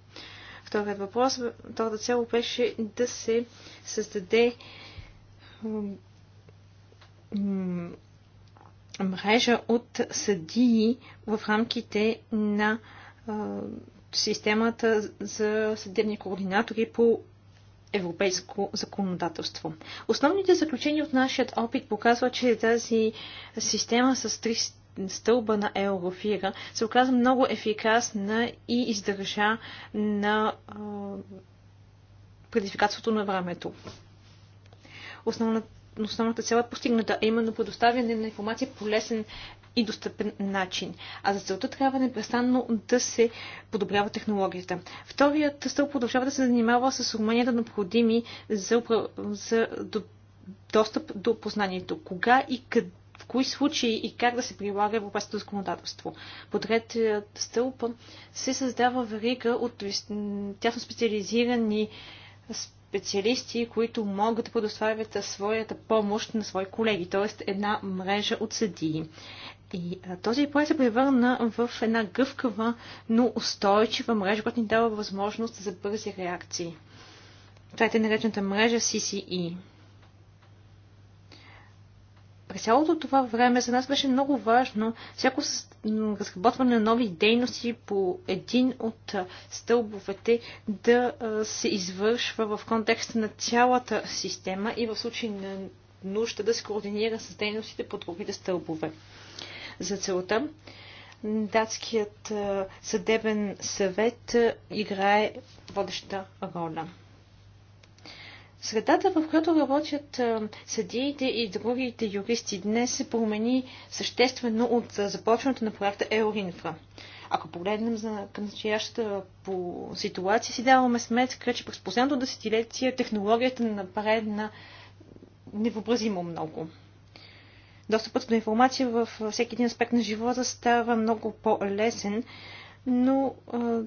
Вторият въпрос, втората цел беше да се създаде мрежа от съдии в рамките на системата за съдебни координатори по европейско законодателство. Основните заключения от нашият опит показват, че тази система с три стълба на Еурофира се оказа много ефикасна и издържа на а, предизвикателството на времето. основната цел е постигната, а именно предоставяне на информация по лесен и достъпен начин. А за целта трябва непрестанно да се подобрява технологията. Вторият стълб продължава да се занимава с уменията необходими за, за до, достъп до познанието. Кога и къде в кои случаи и как да се прилага европейското законодателство. По третият стълб се създава верига от тясно специализирани специалисти, които могат да предоставят своята помощ на свои колеги, т.е. една мрежа от съдии. И а, този проект се превърна в една гъвкава, но устойчива мрежа, която ни дава възможност за бързи реакции. Това е наречената мрежа CCE. През цялото това време за нас беше много важно всяко разработване на нови дейности по един от стълбовете да се извършва в контекста на цялата система и в случай на нужда да се координира с дейностите по другите стълбове за целта. Датският съдебен съвет играе водеща роля. Средата, в която работят съдиите и другите юристи днес се промени съществено от започването на проекта Еоринфра. Ако погледнем за, настоящата по ситуация, си даваме сметка, че през последното десетилетие технологията напредна невъобразимо много достъпът до информация във всеки един аспект на живота става много по-лесен, но а,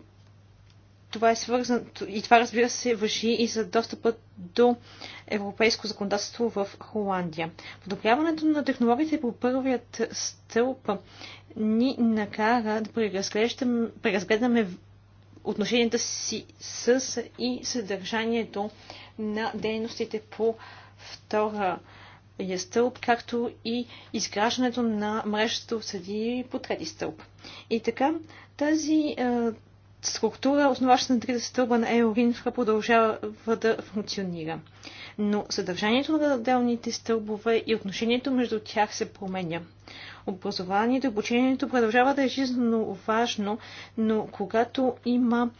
това е свързано и това разбира се въжи и за достъпът до европейско законодателство в Холандия. Подобряването на технологиите по първият стълб ни накара да преразгледаме отношенията си с и съдържанието на дейностите по втора е стълб, както и изграждането на мрежата от съди по трети стълб. И така, тази е, структура, основаща на трите стълба на Еоринфра, продължава да функционира. Но съдържанието на отделните стълбове и отношението между тях се променя. Образованието и обучението продължава да е жизненно важно, но когато има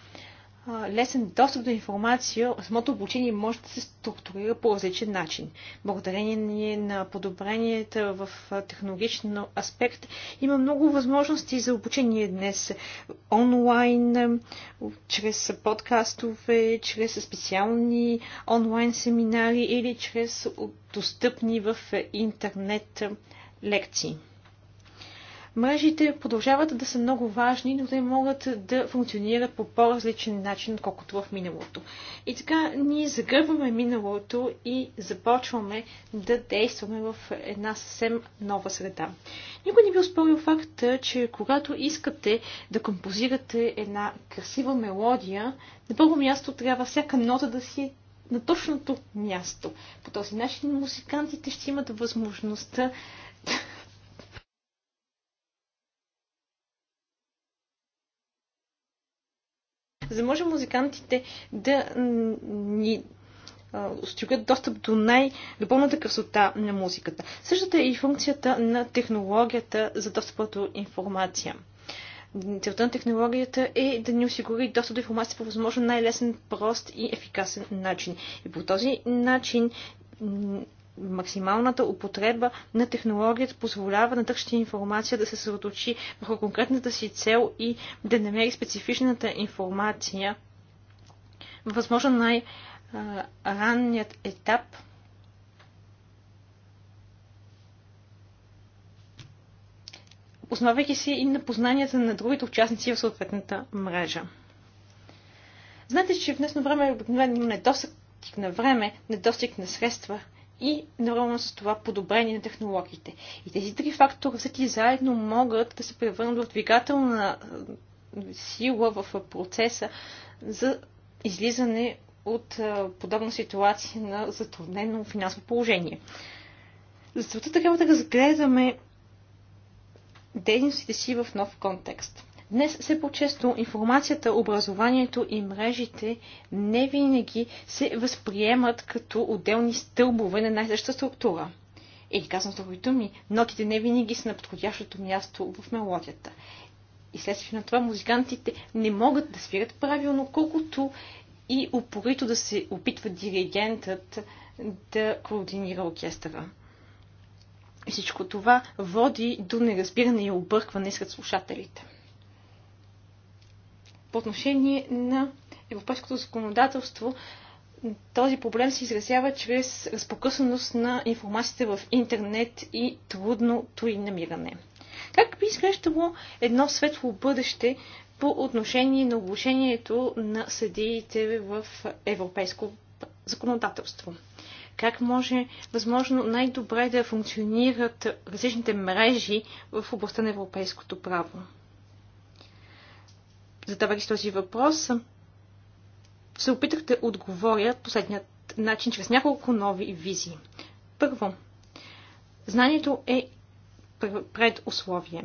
лесен достъп до информация, самото обучение може да се структурира по различен начин. Благодарение е на подобренията в технологичен аспект има много възможности за обучение днес. Онлайн, чрез подкастове, чрез специални онлайн семинари или чрез достъпни в интернет лекции. Мрежите продължават да са много важни, но те могат да функционират по по-различен начин, отколкото в миналото. И така ние загърбваме миналото и започваме да действаме в една съвсем нова среда. Никой не би успорил факта, че когато искате да композирате една красива мелодия, на първо място трябва всяка нота да си е на точното място. По този начин музикантите ще имат възможността за да може музикантите да ни осигурят достъп до най допълната красота на музиката. Същата е и функцията на технологията за достъп до информация. Целта на технологията е да ни осигури достъп до информация по възможно най-лесен, прост и ефикасен начин. И по този начин максималната употреба на технологията позволява на тъкща информация да се съсредоточи върху конкретната си цел и да намери специфичната информация възможно най-ранният етап основайки се и на познанията на другите участници в съответната мрежа. Знаете, че в днесно време е обикновено има недостиг на време, недостиг на средства – и наравно с това подобрение на технологиите. И тези три фактора взети заедно могат да се превърнат в двигателна сила в процеса за излизане от подобна ситуация на затруднено финансово положение. За целта трябва да разгледаме дейностите си в нов контекст. Днес все по-често информацията, образованието и мрежите не винаги се възприемат като отделни стълбове на най-съща структура. Или казвам с други думи, нотите не винаги са на подходящото място в мелодията. И следствие на това музикантите не могат да свирят правилно, колкото и упорито да се опитва диригентът да координира оркестъра. всичко това води до неразбиране и объркване сред слушателите по отношение на европейското законодателство този проблем се изразява чрез разпокъсаност на информацията в интернет и трудното и намиране. Как би изглеждало едно светло бъдеще по отношение на оглушението на съдиите в европейско законодателство? Как може възможно най-добре да функционират различните мрежи в областта на европейското право? задавайки този въпрос, се опитах да отговоря последният начин, чрез няколко нови визии. Първо, знанието е предусловие.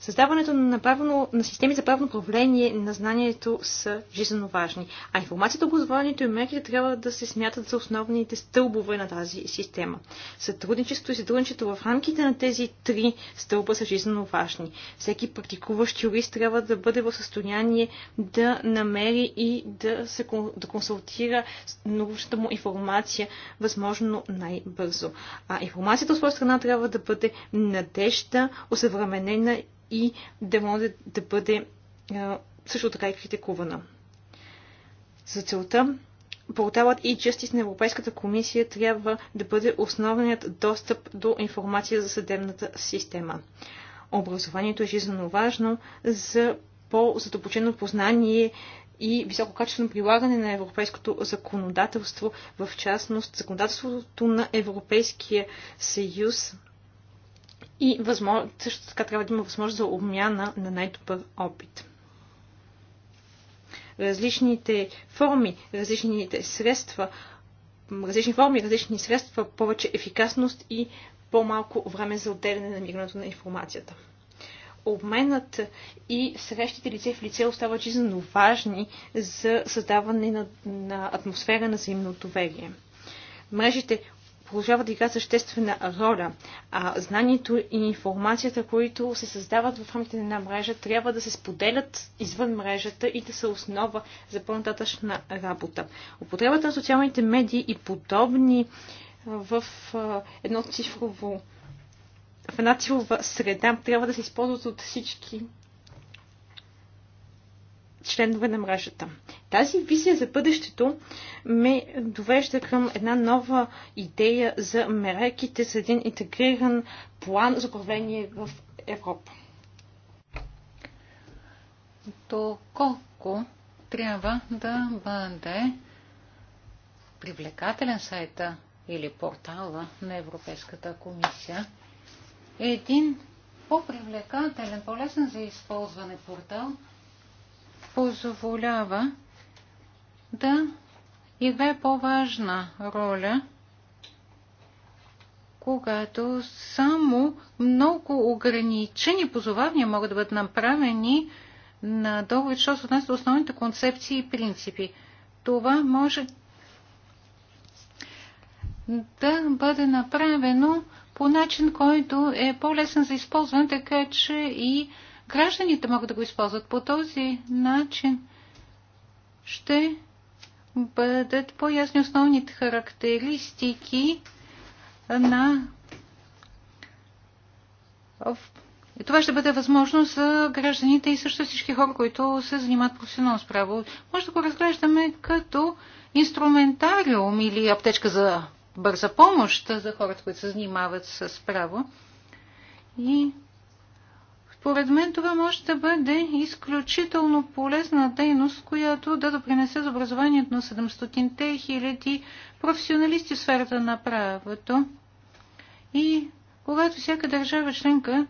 Създаването на, правилно, на системи за правно управление на знанието са жизненно важни, а информацията, образованието и мерките трябва да се смятат за основните стълбове на тази система. Сътрудничество и сътрудничеството в рамките на тези три стълба са жизненно важни. Всеки практикуващ юрист трябва да бъде в състояние да намери и да, се, да консултира научната му информация възможно най-бързо. А информацията от своя страна трябва да бъде надежда, осъвременена и да може да бъде също така и критикувана. За целта порталът и justice на Европейската комисия трябва да бъде основният достъп до информация за съдебната система. Образованието е жизненно важно за по-задълбочено познание и висококачествено прилагане на европейското законодателство, в частност законодателството на Европейския съюз и възможно, също така трябва да има възможност за обмяна на най-добър опит. Различните форми, различните средства, различни форми, различни средства, повече ефикасност и по-малко време за отделяне на мигрането на информацията. Обменът и срещите лице в лице остават жизненно важни за създаване на, на атмосфера на взаимно доверие. Мрежите продължават да играят съществена роля. А знанието и информацията, които се създават в рамките на една мрежа, трябва да се споделят извън мрежата и да са основа за по-нататъчна работа. Употребата на социалните медии и подобни в едно цифрово в една цифрова среда трябва да се използват от всички членове на мрежата. Тази визия за бъдещето ме довежда към една нова идея за мереките с един интегриран план за управление в Европа. колко трябва да бъде привлекателен сайта или портала на Европейската комисия. Един по-привлекателен, по-лесен за използване портал позволява да играе по-важна роля, когато само много ограничени позовавания могат да бъдат направени на долу, що се отнася до основните концепции и принципи. Това може да бъде направено по начин, който е по-лесен за използване, така че и гражданите могат да го използват. По този начин ще бъдат по-ясни основните характеристики на и това ще бъде възможно за гражданите и също всички хора, които се занимават професионално с право. Може да го разглеждаме като инструментариум или аптечка за бърза помощ за хората, които се занимават с право. И Поред мен това може да бъде изключително полезна дейност, която да допринесе за образованието на 700-те хиляди професионалисти в сферата на правото. И когато всяка държава членка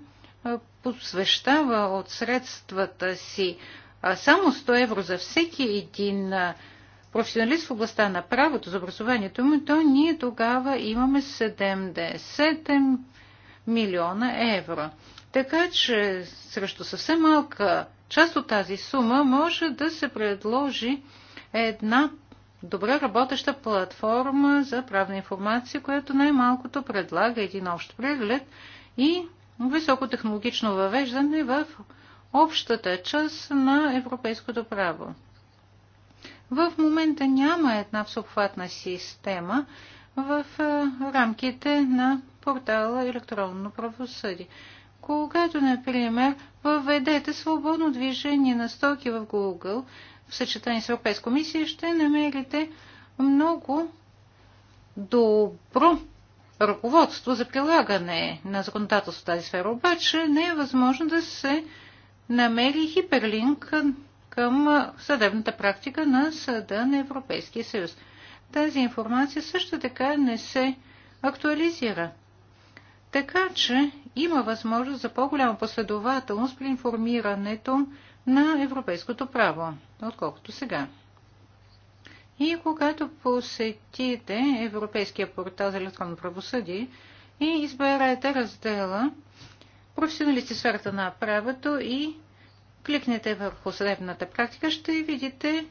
посвещава от средствата си само 100 евро за всеки един професионалист в областта на правото за образованието му, то ние тогава имаме 77 милиона евро. Така че срещу съвсем малка част от тази сума може да се предложи една добре работеща платформа за правна информация, която най-малкото предлага един общ преглед и високотехнологично въвеждане в общата част на европейското право. В момента няма една всеобхватна система в рамките на портала електронно правосъдие. Когато, например, въведете свободно движение на стоки в Google, в съчетание с Европейска комисия, ще намерите много добро ръководство за прилагане на законодателство в тази сфера. Обаче не е възможно да се намери хиперлинк към съдебната практика на Съда на Европейския съюз. Тази информация също така не се актуализира. Така че има възможност за по-голяма последователност при информирането на европейското право, отколкото сега. И когато посетите Европейския портал за електронно правосъдие и изберете раздела професионалисти сферата на правото и кликнете върху съдебната практика, ще видите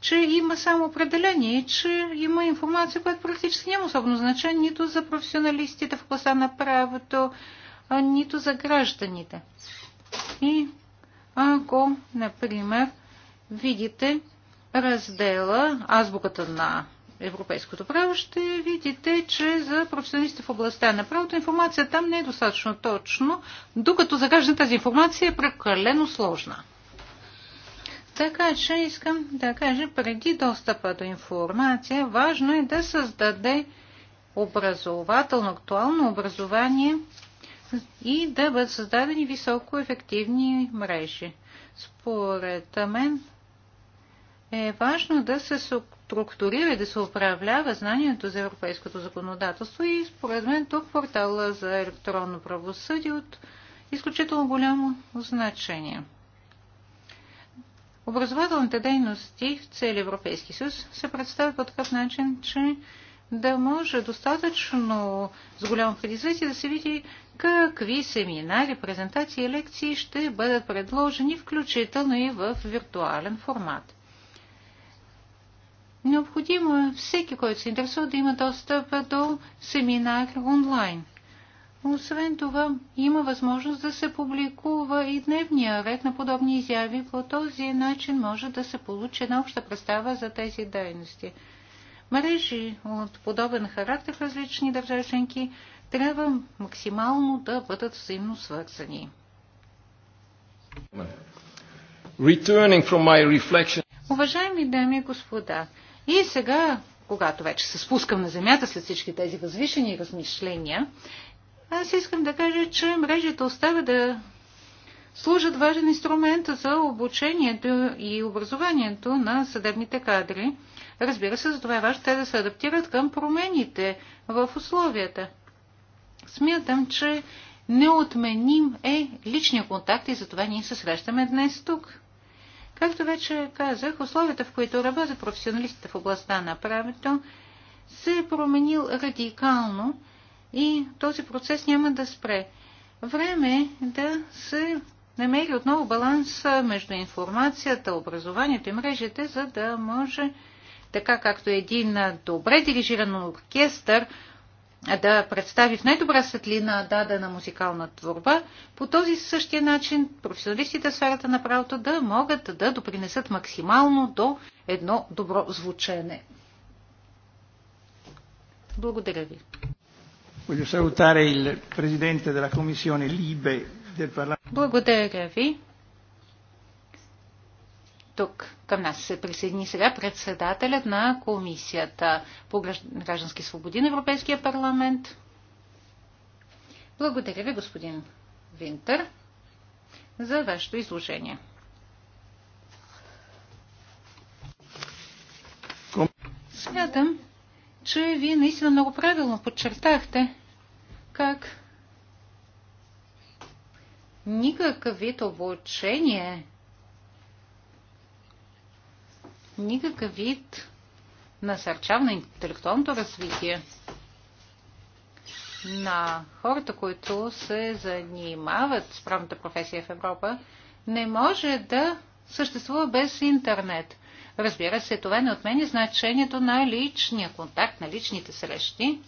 че има само определение, че има информация, която практически няма особено значение нито за професионалистите в класа на правото, нито за гражданите. И ако, например, видите раздела Азбуката на европейското право, ще видите, че за професионалистите в областта на правото информация там не е достатъчно точно, докато за гражданите тази информация е прекалено сложна. Така че искам да кажа, преди достъпа до информация, важно е да създаде образователно, актуално образование и да бъдат създадени високоефективни мрежи. Според мен е важно да се структурира и да се управлява знанието за европейското законодателство и според мен тук портала за електронно правосъдие е от изключително голямо значение. Образователните дейности в целия Европейски съюз се представят по такъв начин, че да може достатъчно с голямо предизвестие да се види какви семинари, презентации и лекции ще бъдат предложени, включително и в виртуален формат. Необходимо е всеки, който се интересува, да има достъп до семинари онлайн – освен това, има възможност да се публикува и дневния ред на подобни изяви. По този начин може да се получи една обща представа за тези дейности. Мрежи от подобен характер в различни държави членки трябва максимално да бъдат взаимно свързани. Reflection... Уважаеми дами и господа, и сега, когато вече се спускам на земята след всички тези възвишени размишления, аз искам да кажа, че мрежите остават да служат важен инструмент за обучението и образованието на съдебните кадри. Разбира се, за това е важно те да се адаптират към промените в условията. Смятам, че неотменим е личния контакт и затова ние се срещаме днес тук. Както вече казах, условията, в които работят професионалистите в областта на правото, се е променил радикално и този процес няма да спре. Време е да се намери отново баланс между информацията, образованието и мрежите, за да може, така както един добре дирижиран оркестър, да представи в най-добра светлина дадена музикална творба, по този същия начин професионалистите в сферата на правото да могат да допринесат максимално до едно добро звучене. Благодаря ви. Voglio salutare il Presidente della Commissione Libe del Parlamento. Благодаря ви. Тук към нас се присъедини сега председателят на Комисията по граждански свободи на Европейския парламент. Благодаря ви, господин Винтер, за вашето изложение. Смятам, че вие наистина много правилно подчертахте, как никакъв вид обучение, никакъв вид насърчава на интелектуалното развитие на хората, които се занимават с правната професия в Европа, не може да съществува без интернет. Разбира се, това не отменя значението на личния контакт, на личните срещи.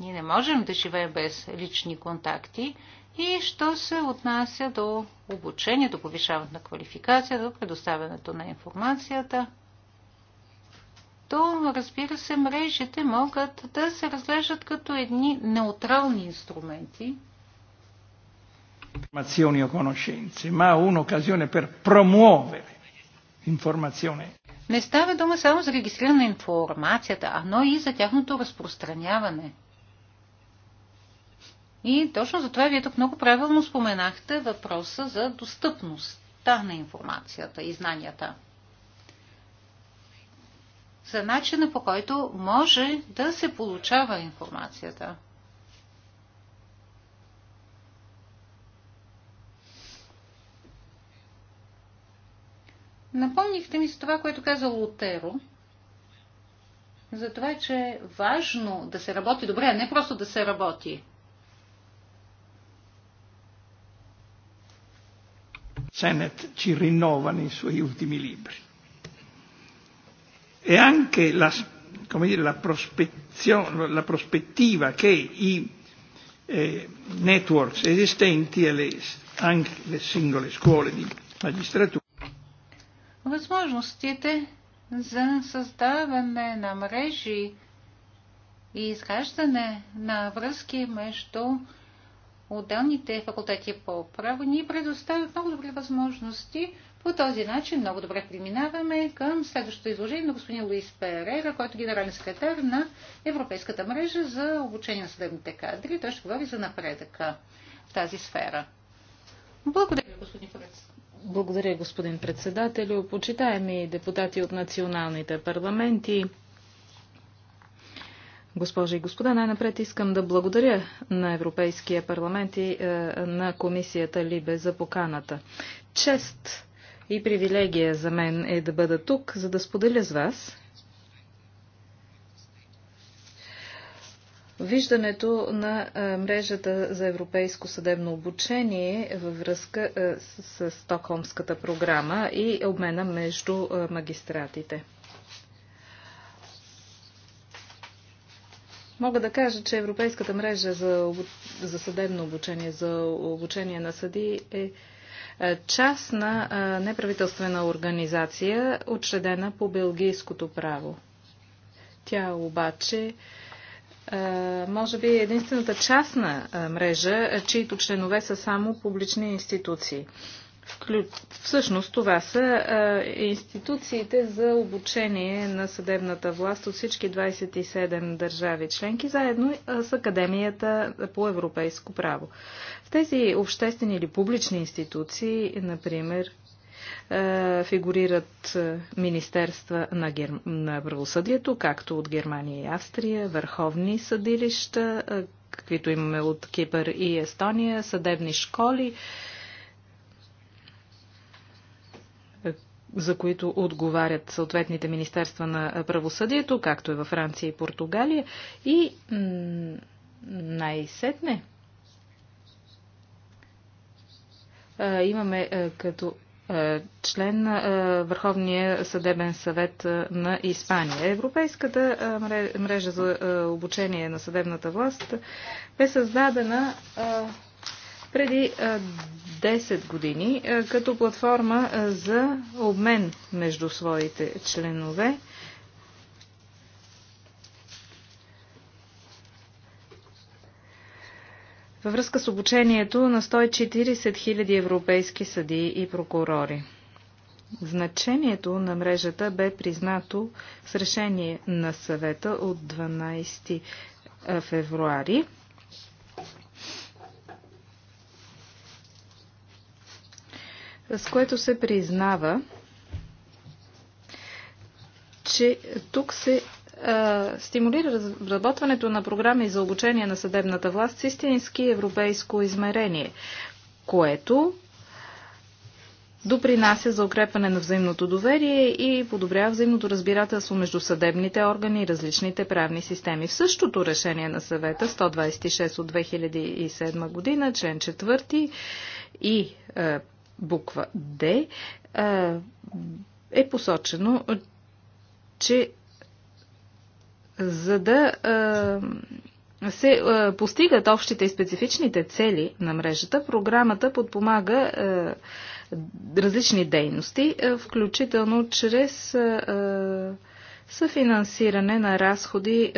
Ние не можем да живеем без лични контакти. И що се отнася до обучението, повишаването на квалификацията, до предоставянето на информацията, то, разбира се, мрежите могат да се разглеждат като едни неутрални инструменти. Информационни оконошенци, ма un'occasione per promuovere informazione. Не става дума само за регистриране на информацията, а но и за тяхното разпространяване – и точно за това вие тук много правилно споменахте въпроса за достъпността на информацията и знанията. За начина по който може да се получава информацията. Напомнихте ми за това, което каза Лутеро, за това, че е важно да се работи добре, а не просто да се работи. Sennett ci rinnova nei suoi ultimi libri. E anche la, come dire, la, la prospettiva che i eh, networks esistenti e le, anche le singole scuole di magistratura Възможностите за създаване на мрежи и изграждане на връзки между отделните факултети по право ни предоставят много добри възможности. По този начин много добре преминаваме към следващото изложение на господин Луис Перера, който е генерален секретар на Европейската мрежа за обучение на съдебните кадри. Той ще говори за напредъка в тази сфера. Благодаря, господин председател. Благодаря, господин председателю. Почитаеми депутати от националните парламенти, Госпожи и господа, най-напред искам да благодаря на Европейския парламент и е, на комисията Либе за поканата. Чест и привилегия за мен е да бъда тук, за да споделя с вас виждането на е, мрежата за европейско съдебно обучение във връзка е, с Стокхолмската програма и обмена между е, магистратите. Мога да кажа, че Европейската мрежа за, обу... за съдебно обучение, за обучение на съди е, е частна е, неправителствена организация, учредена по белгийското право. Тя обаче е, може би е единствената частна мрежа, чието членове са само публични институции. Всъщност това са а, институциите за обучение на съдебната власт от всички 27 държави членки, заедно с Академията по европейско право. В тези обществени или публични институции, например, фигурират Министерства на, Гер... на правосъдието, както от Германия и Австрия, върховни съдилища, каквито имаме от Кипър и Естония, съдебни школи, за които отговарят съответните министерства на правосъдието, както е във Франция и Португалия. И най-сетне имаме като член на Върховния съдебен съвет на Испания. Европейската мрежа за обучение на съдебната власт бе създадена преди 10 години като платформа за обмен между своите членове. Във връзка с обучението на 140 000 европейски съди и прокурори. Значението на мрежата бе признато с решение на съвета от 12 февруари с което се признава, че тук се а, стимулира разработването на програми за обучение на съдебната власт с истински европейско измерение, което допринася за укрепване на взаимното доверие и подобрява взаимното разбирателство между съдебните органи и различните правни системи. В същото решение на съвета 126 от 2007 година, член 4 и е, буква Д е посочено, че за да се постигат общите и специфичните цели на мрежата, програмата подпомага различни дейности, включително чрез съфинансиране на разходи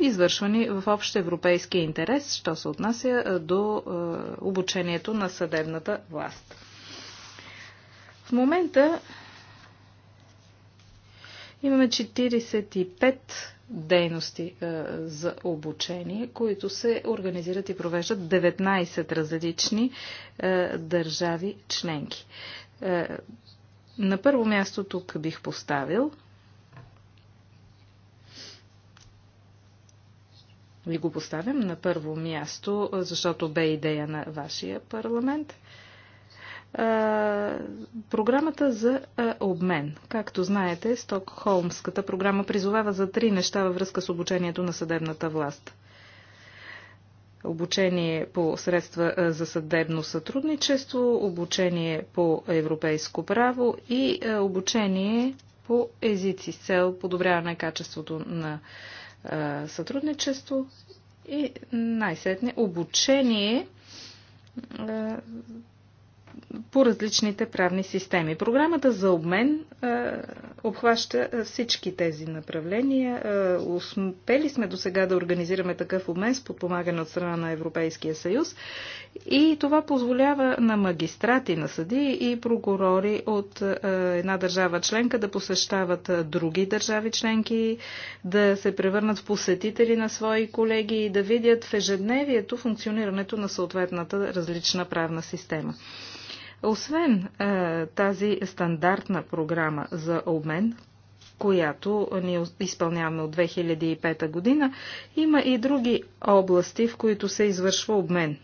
извършвани в общ европейски интерес, що се отнася до обучението на съдебната власт. В момента имаме 45 дейности за обучение, които се организират и провеждат 19 различни държави членки. На първо място тук бих поставил – Ви го поставям на първо място, защото бе идея на вашия парламент. Програмата за обмен. Както знаете, Стокхолмската програма призовава за три неща във връзка с обучението на съдебната власт обучение по средства за съдебно сътрудничество, обучение по европейско право и обучение по езици с цел подобряване на качеството на сътрудничество и най-сетне обучение по различните правни системи. Програмата за обмен а, е, обхваща е, всички тези направления. А, е, успели сме до сега да организираме такъв обмен с подпомагане от страна на Европейския съюз и това позволява на магистрати, на съди и прокурори от а, една държава членка да посещават други държави членки, да се превърнат в посетители на свои колеги и да видят в ежедневието функционирането на съответната различна правна система. Освен е, тази стандартна програма за обмен, която ние изпълняваме от 2005 година, има и други области, в които се извършва обмен.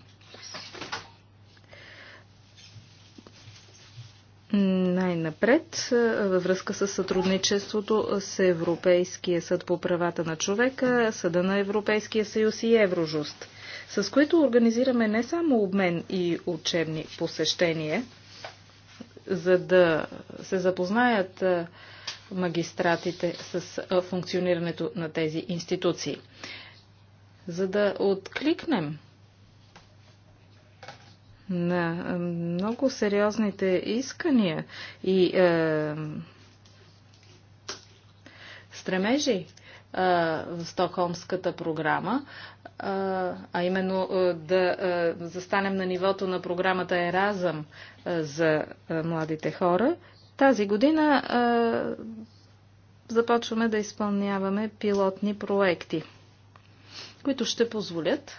Най-напред, е, във връзка с сътрудничеството с Европейския съд по правата на човека, Съда на Европейския съюз и Еврожуст с които организираме не само обмен и учебни посещения, за да се запознаят магистратите с функционирането на тези институции. За да откликнем на много сериозните искания и е, стремежи в Стокхолмската програма, а именно да застанем на нивото на програмата Еразъм за младите хора. Тази година започваме да изпълняваме пилотни проекти, които ще позволят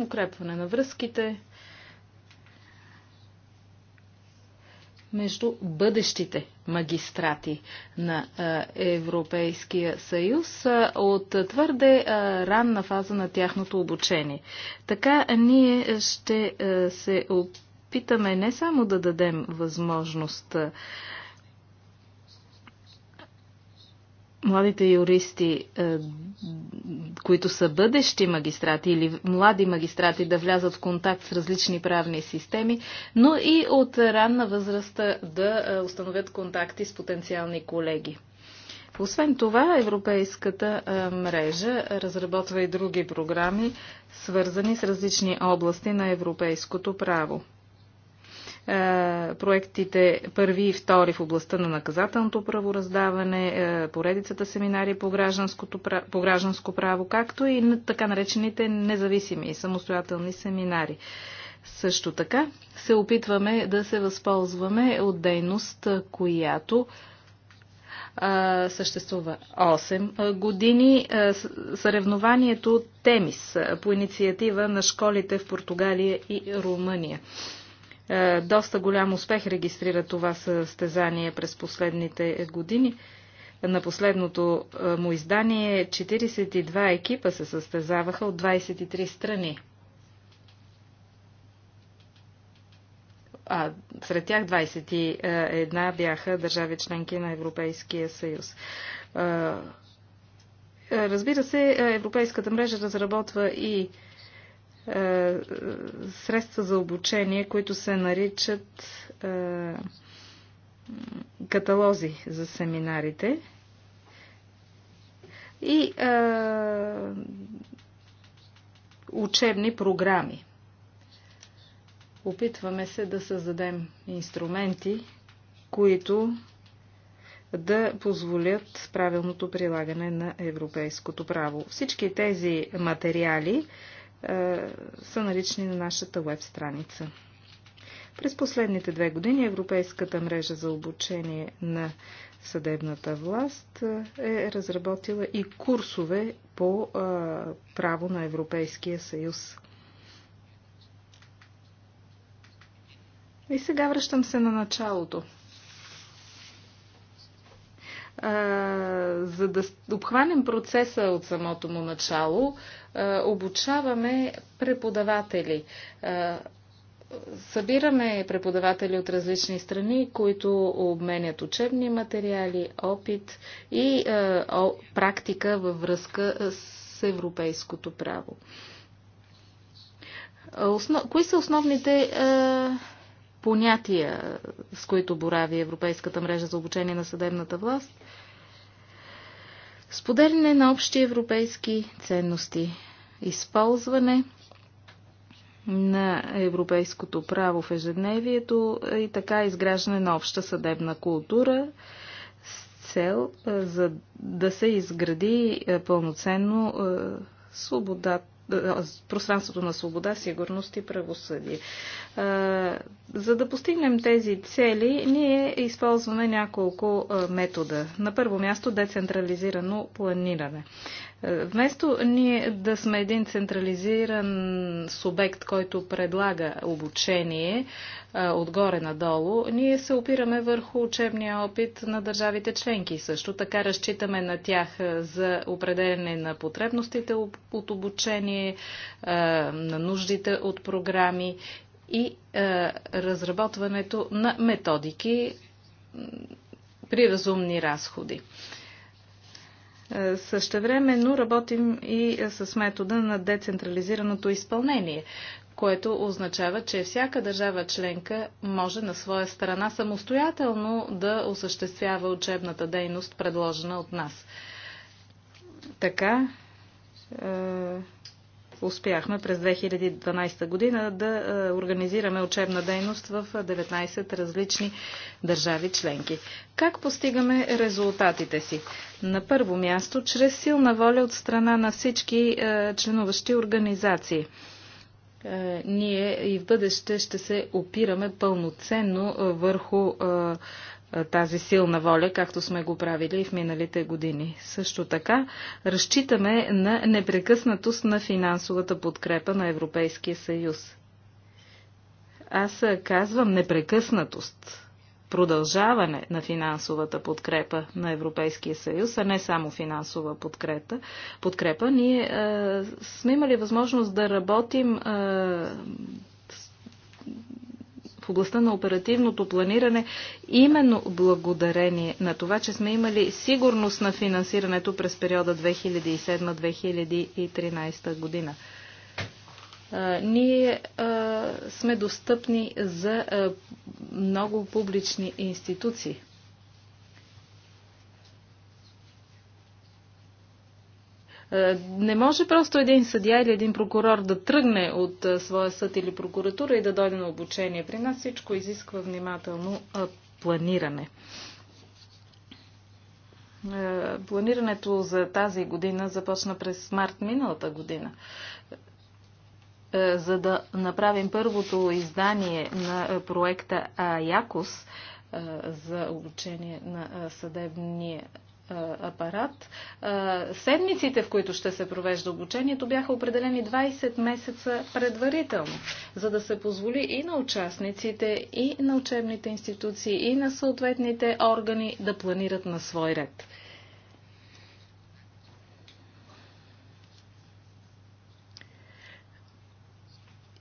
укрепване на връзките, между бъдещите магистрати на Европейския съюз от твърде ранна фаза на тяхното обучение. Така ние ще се опитаме не само да дадем възможност младите юристи, е, които са бъдещи магистрати или млади магистрати да влязат в контакт с различни правни системи, но и от ранна възраст да е, установят контакти с потенциални колеги. Освен това, Европейската е, мрежа разработва и други програми, свързани с различни области на европейското право. Е, проектите първи и втори в областта на наказателното правораздаване, е, поредицата семинари по, по гражданско право, както и така наречените независими и самостоятелни семинари. Също така се опитваме да се възползваме от дейност, която съществува 8 години. съревнованието Темис по инициатива на школите в Португалия и Румъния. Е, доста голям успех регистрира това състезание през последните години. На последното е, му издание 42 е екипа се състезаваха от 23 страни. а сред тях 21 бяха държави членки на Европейския съюз. Разбира се, Европейската мрежа разработва и е, средства за обучение, които се наричат е, каталози за семинарите. И е, учебни програми. Опитваме се да създадем инструменти, които да позволят правилното прилагане на европейското право. Всички тези материали е, са налични на нашата веб страница. През последните две години Европейската мрежа за обучение на съдебната власт е, е разработила и курсове по е, право на Европейския съюз. И сега връщам се на началото. За да обхванем процеса от самото му начало, е, обучаваме преподаватели. Е, събираме преподаватели от различни страни, които обменят учебни материали, опит и е, практика във връзка с европейското право. Кои са основните понятия, с които борави Европейската мрежа за обучение на съдебната власт? Споделяне на общи европейски ценности, използване на европейското право в ежедневието и така изграждане на обща съдебна култура с цел за да се изгради пълноценно свобода, пространството на свобода, сигурност и правосъдие. За да постигнем тези цели, ние използваме няколко метода. На първо място децентрализирано планиране. Вместо ние да сме един централизиран субект, който предлага обучение отгоре надолу, ние се опираме върху учебния опит на държавите членки. Също така разчитаме на тях за определене на потребностите от обучение, на нуждите от програми и е, разработването на методики при разумни разходи. Е, същевременно работим и е, с метода на децентрализираното изпълнение, което означава, че всяка държава членка може на своя страна самостоятелно да осъществява учебната дейност, предложена от нас. Така, е, успяхме през 2012 година да е, организираме учебна дейност в 19 различни държави членки. Как постигаме резултатите си? На първо място, чрез силна воля от страна на всички е, членуващи организации е, ние и в бъдеще ще се опираме пълноценно върху е, тази силна воля, както сме го правили и в миналите години. Също така, разчитаме на непрекъснатост на финансовата подкрепа на Европейския съюз. Аз казвам непрекъснатост, продължаване на финансовата подкрепа на Европейския съюз, а не само финансова подкрепа. подкрепа. Ние а, е, сме имали възможност да работим А, е, в областта на оперативното планиране, именно благодарение на това, че сме имали сигурност на финансирането през периода 2007-2013 година. Ние сме достъпни за много публични институции. Е, не може просто един съдия или един прокурор да тръгне от е, своя съд или прокуратура и да дойде на обучение. При нас всичко изисква внимателно е, планиране. Планирането за тази година започна през март миналата година. За да направим първото издание на проекта Якос за обучение на съдебния апарат. Седмиците, в които ще се провежда обучението, бяха определени 20 месеца предварително, за да се позволи и на участниците, и на учебните институции, и на съответните органи да планират на свой ред.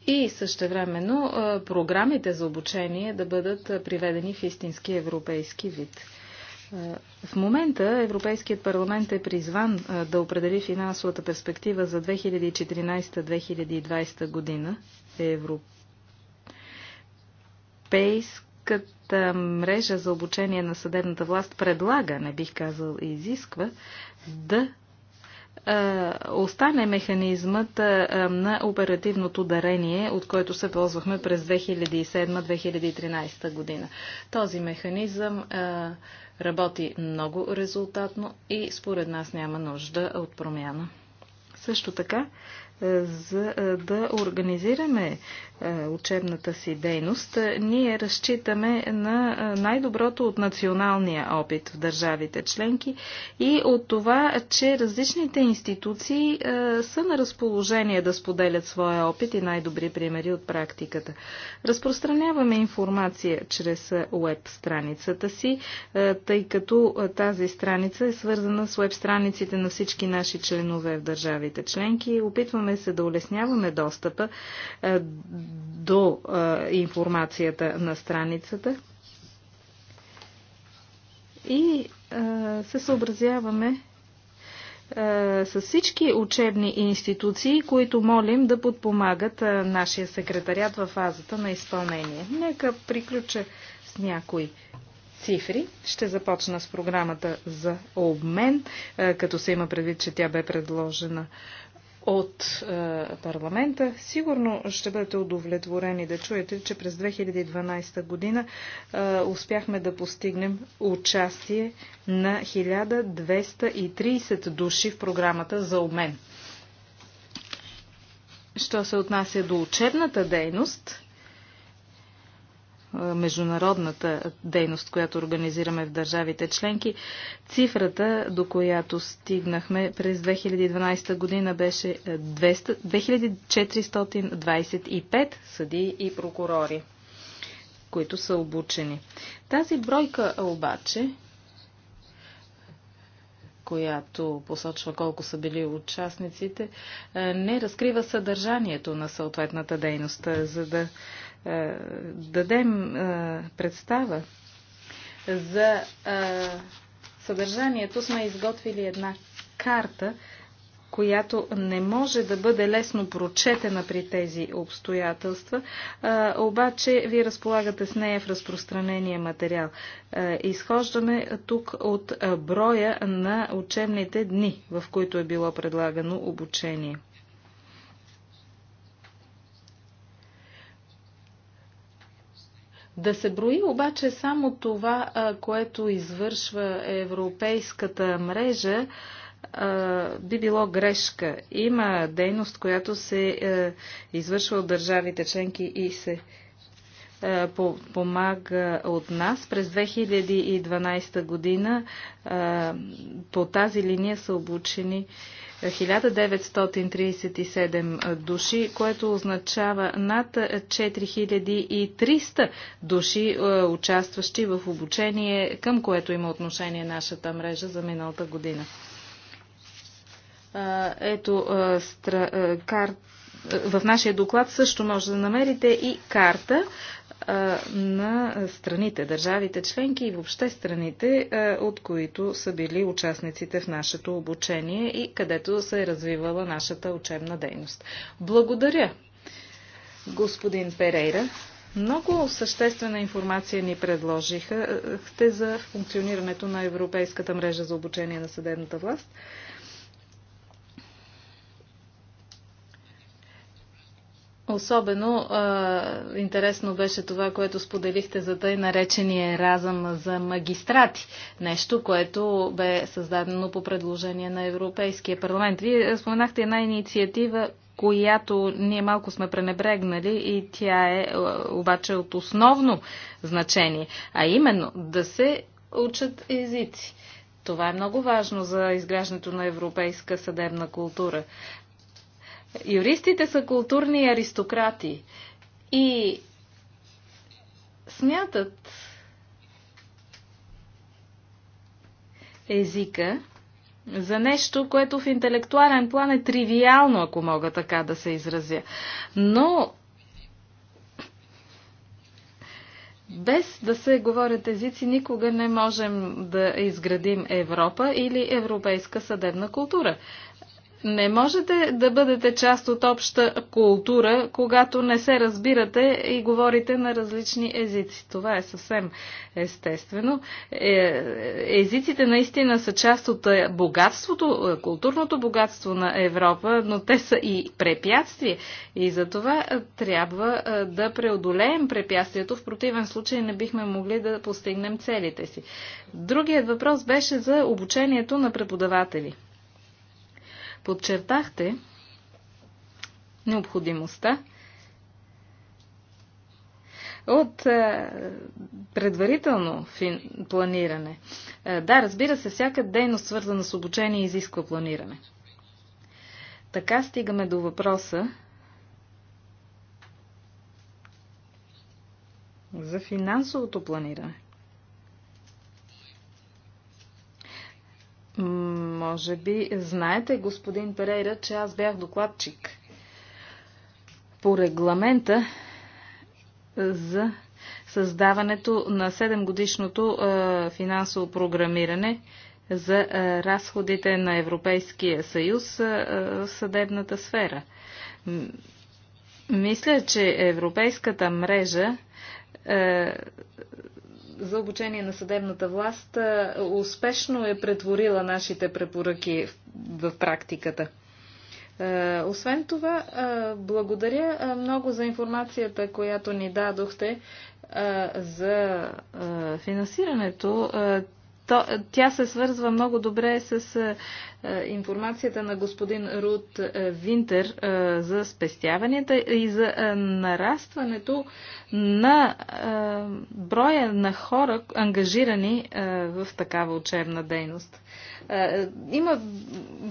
и същевременно програмите за обучение да бъдат приведени в истински европейски вид. Е, в момента Европейският парламент е призван е, да определи финансовата перспектива за 2014-2020 година. Европейската мрежа за обучение на съдебната власт предлага, не бих казал и изисква, да е, остане механизмът е, е, на оперативното дарение, от който се ползвахме през 2007-2013 година. Този механизъм работи много резултатно и според нас няма нужда от промяна. Също така, за да организираме е, учебната си дейност, е, ние разчитаме на е, най-доброто от националния опит в държавите членки и от това, че различните институции са на разположение да споделят своя опит и най-добри примери от практиката. Разпространяваме информация чрез веб страницата си, тъй като тази страница е свързана с веб страниците на всички наши членове в държавите членки. Опитваме се да улесняваме достъпа до информацията на страницата и се съобразяваме с всички учебни институции, които молим да подпомагат нашия секретарят в фазата на изпълнение. Нека приключа с някои цифри. Ще започна с програмата за обмен, като се има предвид, че тя бе предложена от е, парламента. Сигурно ще бъдете удовлетворени да чуете, че през 2012 година е, успяхме да постигнем участие на 1230 души в програмата за обмен. Що се отнася до учебната дейност, международната дейност, която организираме в държавите членки. Цифрата, до която стигнахме през 2012 година, беше 200, 2425 съди и прокурори, които са обучени. Тази бройка обаче която посочва колко са били участниците, е, не разкрива съдържанието на съответната дейност. Е, за да е, дадем е, представа за е, съдържанието, сме изготвили една карта, която не може да бъде лесно прочетена при тези обстоятелства, а, обаче вие разполагате с нея в разпространение материал. А, изхождаме тук от броя на учебните дни, в които е било предлагано обучение. Да се брои обаче само това, което извършва европейската мрежа, би било грешка. Има дейност, която се извършва от държавите членки и се помага от нас. През 2012 година по тази линия са обучени 1937 души, което означава над 4300 души, е, участващи в обучение, към което има отношение нашата мрежа за миналата година. Е, ето, е, карта в нашия доклад също може да намерите и карта на страните, държавите членки и въобще страните, от които са били участниците в нашето обучение и където се е развивала нашата учебна дейност. Благодаря, господин Перейра. Много съществена информация ни предложиха за функционирането на Европейската мрежа за обучение на съдебната власт. Особено а, интересно беше това, което споделихте за тъй наречения разъм за магистрати. Нещо, което бе създадено по предложение на Европейския парламент. Вие споменахте една инициатива, която ние малко сме пренебрегнали и тя е обаче от основно значение, а именно да се учат езици. Това е много важно за изграждането на европейска съдебна култура. Юристите са културни аристократи и смятат езика за нещо, което в интелектуален план е тривиално, ако мога така да се изразя. Но без да се говорят езици, никога не можем да изградим Европа или европейска съдебна култура не можете да бъдете част от обща култура, когато не се разбирате и говорите на различни езици. Това е съвсем естествено. Е, езиците наистина са част от е, богатството, е, културното богатство на Европа, но те са и препятствие. И за това трябва да преодолеем препятствието. В противен случай не бихме могли да постигнем целите си. Другият въпрос беше за обучението на преподаватели. Подчертахте необходимостта от е, предварително планиране. Е, да, разбира се, всяка дейност, свързана с обучение, изисква планиране. Така стигаме до въпроса за финансовото планиране. Може би знаете, господин Перейра, че аз бях докладчик по регламента за създаването на 7-годишното финансово програмиране за разходите на Европейския съюз в съдебната сфера. Мисля, че Европейската мрежа за обучение на съдебната власт успешно е претворила нашите препоръки в практиката. Освен това, благодаря много за информацията, която ни дадохте за финансирането то, тя се свързва много добре с е, е информацията на господин Рут е, Винтер е, за спестяванията и за е, нарастването на е, броя на хора, ангажирани е, в такава учебна дейност. Е, е има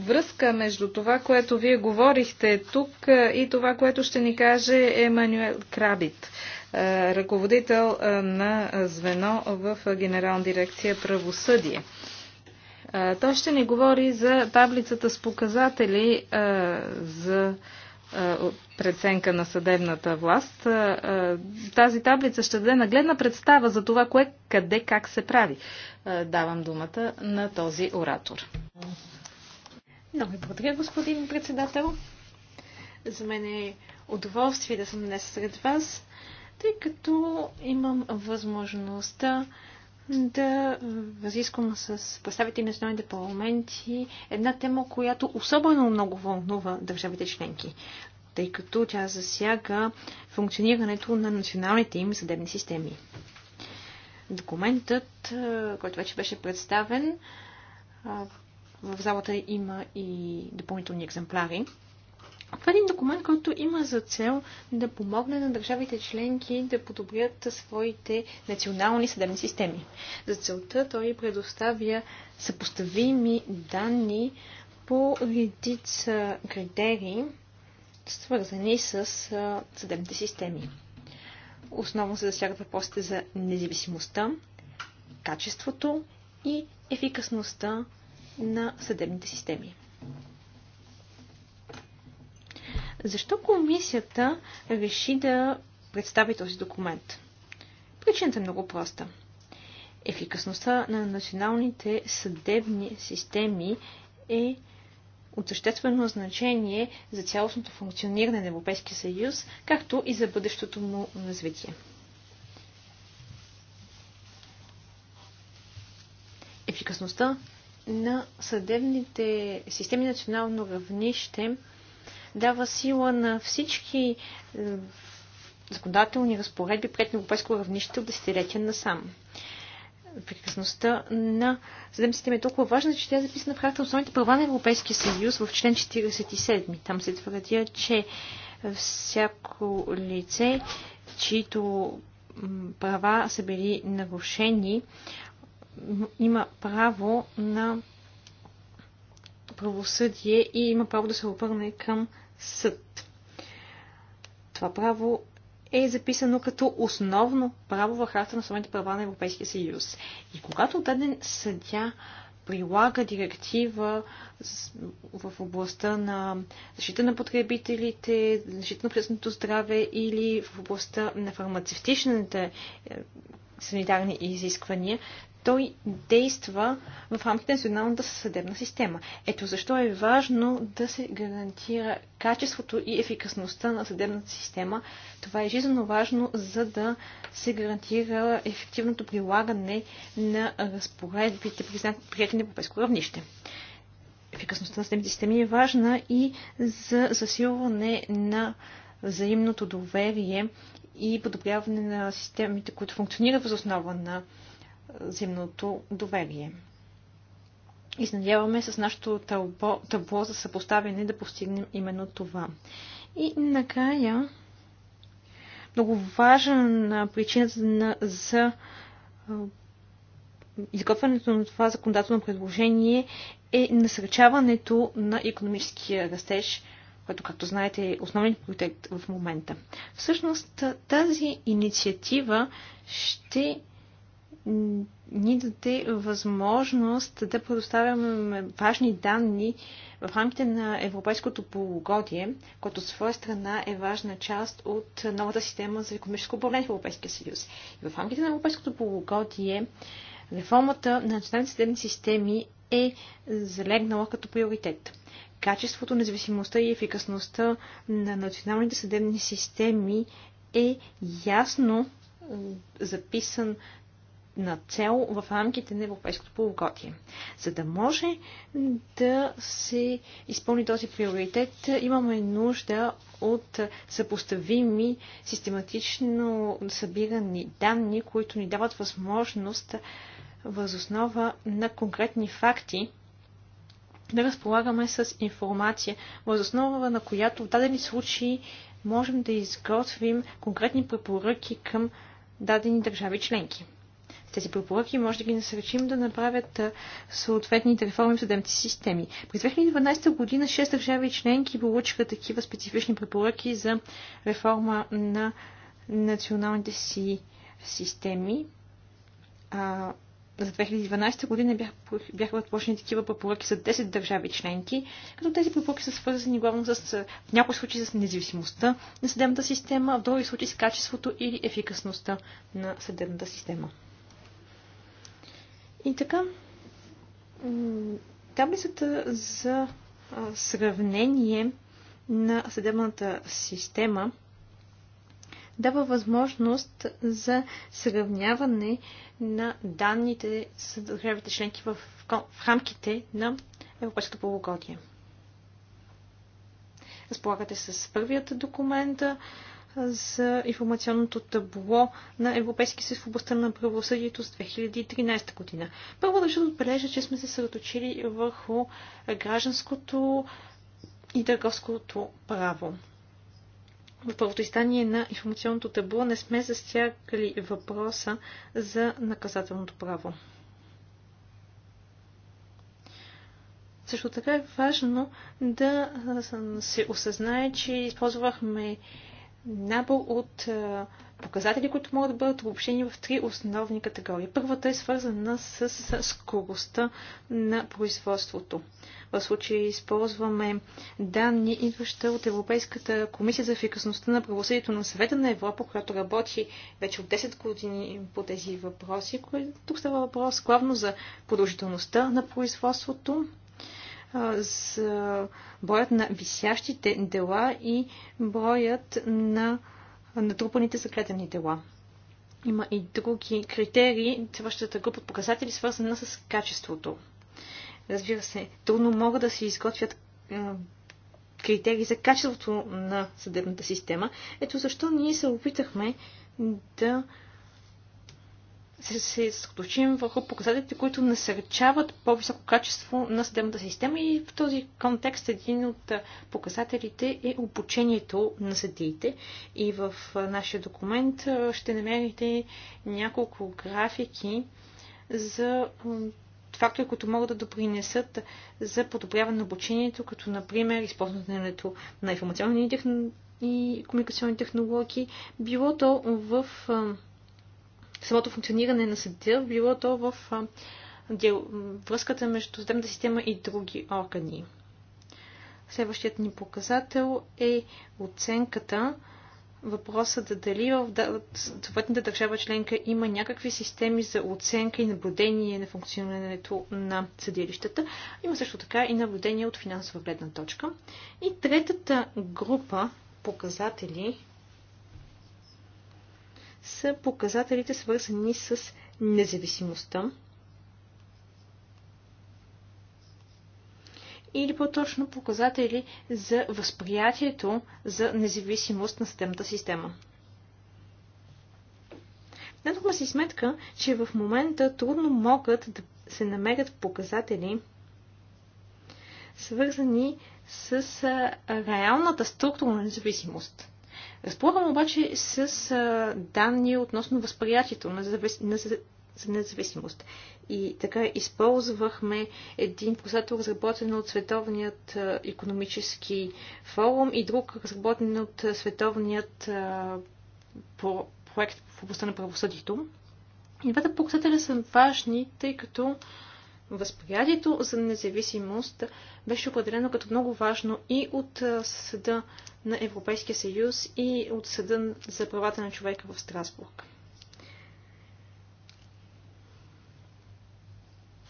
връзка между това, което вие говорихте тук и това, което ще ни каже Емануел Крабит. Е, е, ръководител е, на звено в Генерална дирекция правосъдие. Е, той ще ни говори за таблицата с показатели за преценка на съдебната власт. Тази таблица ще даде нагледна представа за това, кое, къде, как се прави. Давам думата на този оратор. Много ви благодаря, господин председател. За мен е удоволствие да съм днес сред вас тъй като имам възможността да разисквам с представители на националните парламенти една тема, която особено много вълнува държавите членки, тъй като тя засяга функционирането на националните им съдебни системи. Документът, който вече беше представен, в залата има и допълнителни екземпляри. Това е един документ, който има за цел да помогне на държавите членки да подобрят своите национални съдебни системи. За целта той предоставя съпоставими данни по редица критерии, свързани с съдебните системи. Основно се засягат въпросите за независимостта, качеството и ефикасността на съдебните системи. Защо комисията реши да представи този документ? Причината е много проста. Ефикасността на националните съдебни системи е от съществено значение за цялостното функциониране на Европейския съюз, както и за бъдещото му развитие. Ефикасността на съдебните системи национално равнище дава сила на всички е, законодателни разпоредби пред на европейско равнище от десетилетия насам. Прекрасността на съдебната ми е толкова важна, че тя е записана в харта основните права на Европейския съюз в член 47. Там се твърдя, че всяко лице, чието права са били нарушени, има право на правосъдие и има право да се обърне към съд. Това право е записано като основно право в харта на основните права на Европейския съюз. И когато даден съдя прилага директива в областта на защита на потребителите, защита на общественото здраве или в областта на фармацевтичната е, санитарни изисквания, той действа в рамките на националната съдебна система. Ето защо е важно да се гарантира качеството и ефикасността на съдебната система. Това е жизненно важно, за да се гарантира ефективното прилагане на разпоредбите, признати на европейско равнище. Ефикасността на съдебните системи е важна и за засилване на взаимното доверие и подобряване на системите, които функционират в основа на земното доверие. И се надяваме с нашото табло, табло за съпоставяне да постигнем именно това. И накрая, много важна причина за, за изготвянето на това законодателно предложение е насърчаването на економическия растеж, което, както знаете, е основният приоритет в момента. Всъщност тази инициатива ще ни даде възможност да предоставяме важни данни в рамките на европейското полугодие, което от своя страна е важна част от новата система за економическо управление в Европейския съюз. И в рамките на европейското полугодие реформата на националните съдебни системи е залегнала като приоритет качеството, независимостта и ефикасността на националните съдебни системи е ясно записан на цел в рамките на европейското полугодие. За да може да се изпълни този приоритет, имаме нужда от съпоставими, систематично събирани данни, които ни дават възможност възоснова на конкретни факти да разполагаме с информация, въз основа на която в дадени случаи можем да изготвим конкретни препоръки към дадени държави членки. С тези препоръки може да ги насречим да направят съответните реформи в съдебните системи. През 2012 година 6 държави членки получиха такива специфични препоръки за реформа на националните си системи за 2012 година бяха отложени такива препоръки за 10 държави членки, като тези препоръки са свързани главно с, в някои случаи с независимостта на съдебната система, в други случаи с качеството или ефикасността на съдебната система. И така, таблицата за сравнение на съдебната система – дава възможност за сравняване на данните с държавите членки в, в рамките на Европейското полугодие. Разполагате с първият документ за информационното табло на Европейски съюз в областта на правосъдието с 2013 година. Първо държа да отбележа, че сме се съсредоточили върху гражданското и търговското право в първото издание на информационното табло не сме застягали въпроса за наказателното право. Също така е важно да се осъзнае, че използвахме набор от показатели, които могат да бъдат обобщени в три основни категории. Първата е свързана с скоростта на производството. В случая използваме данни, идваща от Европейската комисия за ефикасността на правосъдието на съвета на Европа, която работи вече от 10 години по тези въпроси. Тук става въпрос главно за продължителността на производството, за броят на висящите дела и броят на натрупаните заклетени тела. Има и други критерии, цващата група от показатели, свързана с качеството. Разбира се, трудно могат да се изготвят е, критерии за качеството на съдебната система. Ето защо ние се опитахме да се, се съсредоточим върху показателите, които насърчават по-високо качество на съдебната система и в този контекст един от показателите е обучението на съдиите. И в нашия документ ще намерите няколко графики за фактори, които могат да допринесат за подобряване на обучението, като например използването на информационни и комуникационни технологии, било то в самото функциониране на съдия, било то в връзката между съдебната система и други органи. Следващият ни показател е оценката, въпросът е дали в съответната държава членка има някакви системи за оценка и наблюдение на функционирането на съдилищата. Има също така и наблюдение от финансова гледна точка. И третата група показатели, са показателите свързани с независимостта. Или по-точно показатели за възприятието за независимост на съдебната система. Дадохме си сметка, че в момента трудно могат да се намерят показатели, свързани с реалната структурна независимост. Разполагам обаче с данни относно възприятието на, завис... на... за независимост. И така използвахме един просатор, разработен от Световният економически форум и друг, разработен от Световният проект в областта на правосъдието. И двата показателя са важни, тъй като Възприятието за независимост беше определено като много важно и от Съда на Европейския съюз и от Съда за правата на човека в Страсбург.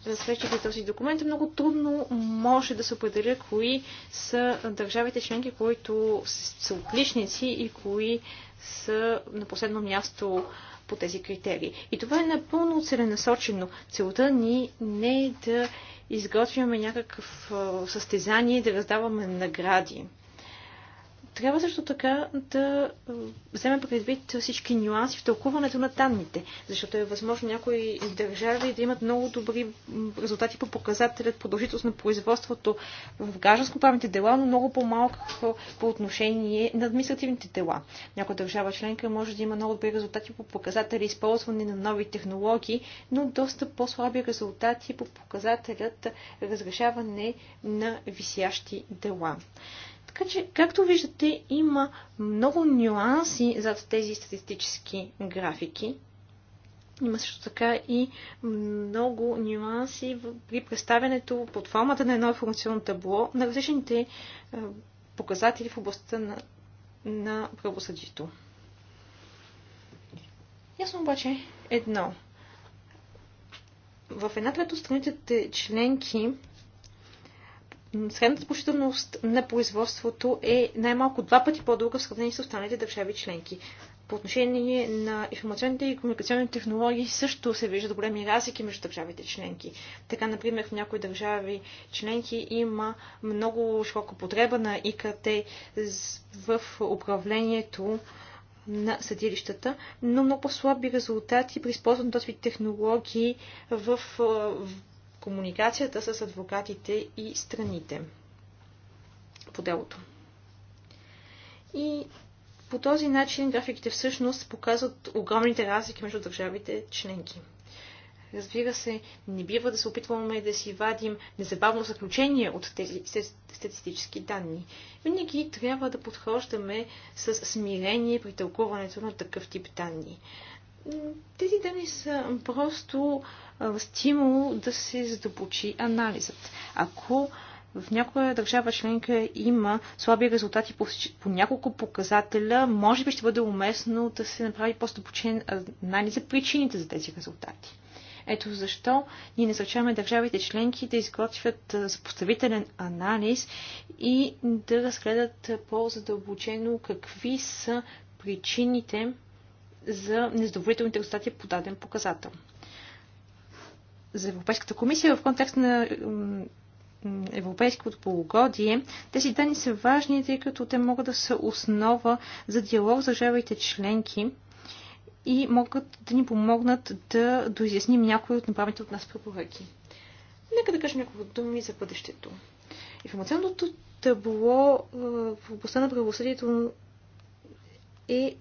разглеждайки този документ, е много трудно може да се определя кои са държавите членки, които са отличници и кои са на последно място по тези критерии. И това е напълно целенасочено. Целта ни не е да изготвяме някакъв състезание, да раздаваме награди. Трябва също така да е, вземем предвид всички нюанси в тълкуването на данните, защото е възможно някои държави да имат много добри резултати по показателят продължителност на производството в гражданско-правните дела, но много по-малко по отношение на административните дела. Някоя държава членка може да има много добри резултати по показателя използване на нови технологии, но доста по-слаби резултати по показателят разрешаване на висящи дела. Така че, както виждате, има много нюанси зад тези статистически графики. Има също така и много нюанси при представянето под формата на едно информационно табло на различните е, показатели в областта на, на правосъдието. Ясно обаче е едно. В една трета страните членки средната продължителност на производството е най-малко два пъти по-дълга в сравнение с останалите държави членки. По отношение на информационните и комуникационни технологии също се виждат големи разлики между държавите членки. Така, например, в някои държави членки има много широка потреба на ИКТ в управлението на съдилищата, но много по слаби резултати при използването на този технологии в, в комуникацията с адвокатите и страните по делото. И по този начин графиките всъщност показват огромните разлики между държавите членки. Разбира се, не бива да се опитваме да си вадим незабавно заключение от тези статистически данни. Винаги трябва да подхождаме с смирение при тълкуването на такъв тип данни. Тези данни са просто стимул да се задълбочи анализът. Ако в някоя държава членка има слаби резултати по, по няколко показателя, може би ще бъде уместно да се направи по-стъпочен анализ за причините за тези резултати. Ето защо ние насърчаваме държавите членки да изготвят съпоставителен анализ и да разгледат по-задълбочено какви са причините за незадоволителните резултати по даден показател. За Европейската комисия в контекст на европейското полугодие, тези данни са важни, тъй като те могат да са основа за диалог с държавите членки и могат да ни помогнат да доизясним някои от направените от нас препоръки. Нека да кажем няколко думи за бъдещето. Информационното табло в областта на правосъдието е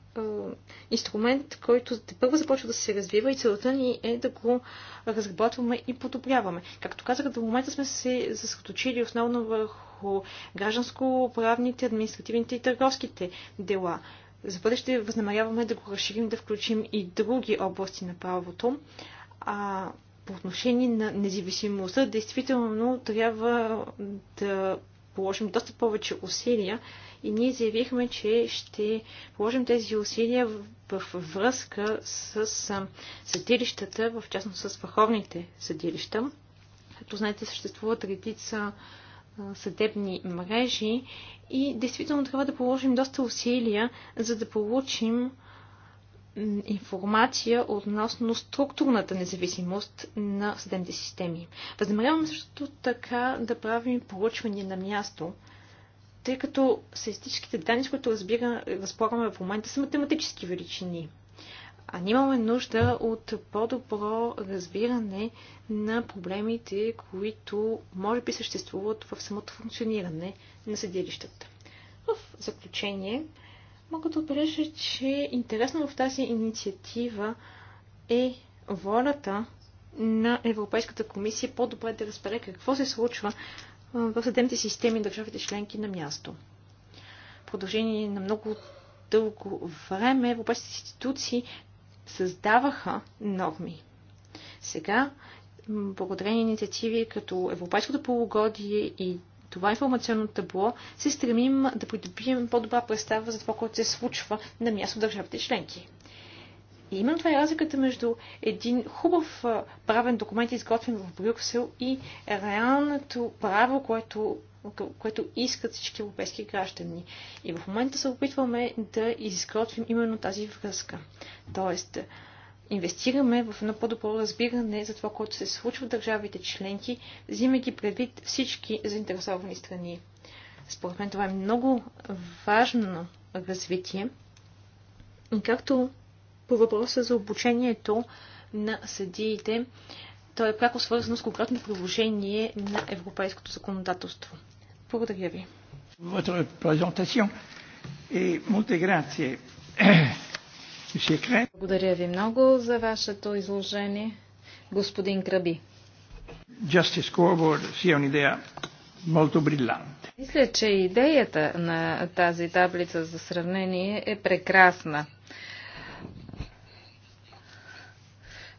инструмент, който те първо започва да се развива и целта ни е да го разработваме и подобряваме. Както казах, до момента сме се съсредоточили основно върху гражданско-правните, административните и търговските дела. За бъдеще възнамеряваме да го разширим, да включим и други области на правото. А по отношение на независимостта, действително трябва да положим доста повече усилия и ние заявихме, че ще положим тези усилия в, в връзка с, с съдилищата, в частност с върховните съдилища. Като знаете, съществуват редица съдебни мрежи и действително трябва да положим доста усилия, за да получим информация относно структурната независимост на съдебните системи. Възнамеряваме също така да правим поручвания на място, тъй като статистическите данни, с които разполагаме в момента, са математически величини. А ние имаме нужда от по-добро разбиране на проблемите, които може би съществуват в самото функциониране на съдилищата. В заключение, Мога да отбележа, че интересно в тази инициатива е волята на Европейската комисия по-добре да разбере какво се случва в съдебните системи на държавите членки на място. В продължение на много дълго време европейските институции създаваха норми. Сега, благодарение инициативи като Европейското полугодие и това информационно табло се стремим да придобием по-добра представа за това, което се случва на място в държавите членки. И именно това е разликата между един хубав правен документ, изготвен в Брюксел и реалното право, което което искат всички европейски граждани. И в момента се опитваме да изготвим именно тази връзка. Тоест, инвестираме в едно по-добро разбиране за това, което се случва в държавите членки, взимайки предвид всички заинтересовани страни. Според мен това е много важно развитие. И както по въпроса за обучението на съдиите, то е пряко свързано с конкретно приложение на европейското законодателство. Благодаря ви. Votre présentation et grazie. Благодаря ви много за вашето изложение, господин Краби. Мисля, че идеята на тази таблица за сравнение е прекрасна.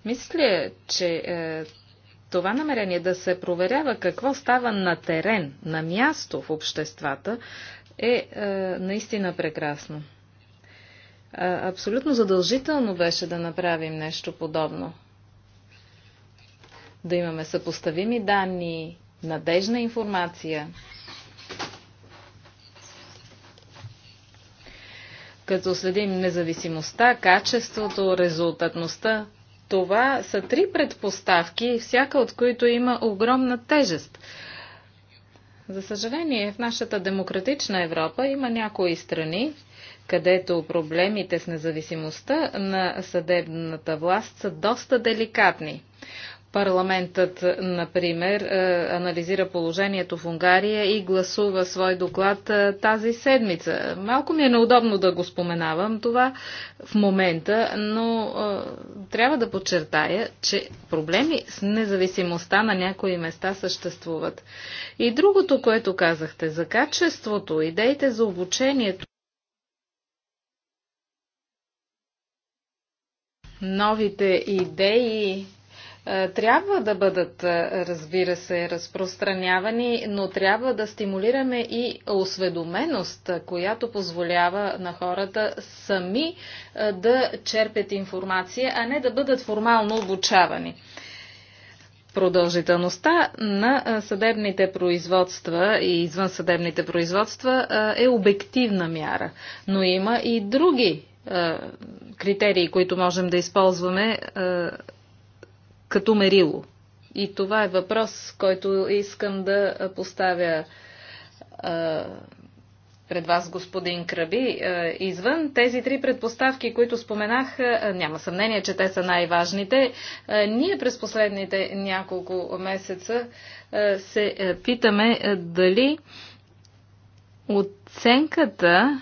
Мисля, че е, това намерение да се проверява какво става на терен, на място в обществата, е, е наистина прекрасно абсолютно задължително беше да направим нещо подобно. Да имаме съпоставими данни, надежна информация. Като следим независимостта, качеството, резултатността, това са три предпоставки, всяка от които има огромна тежест. За съжаление, в нашата демократична Европа има някои страни, където проблемите с независимостта на съдебната власт са доста деликатни. Парламентът, например, е, анализира положението в Унгария и гласува свой доклад е, тази седмица. Малко ми е неудобно да го споменавам това в момента, но е, трябва да подчертая, че проблеми с независимостта на някои места съществуват. И другото, което казахте за качеството, идеите за обучението, Новите идеи е, трябва да бъдат, е, разбира се, разпространявани, но трябва да стимулираме и осведоменост, е, която позволява на хората сами да черпят информация, а не да бъдат формално обучавани. Продължителността на съдебните производства и извънсъдебните производства е обективна мяра, но има и други е, критерии, които можем да използваме е, като мерило. И това е въпрос, който искам да поставя е, пред вас, господин Краби. Извън тези три предпоставки, които споменах, няма съмнение, че те са най-важните. Ние през последните няколко месеца се питаме дали оценката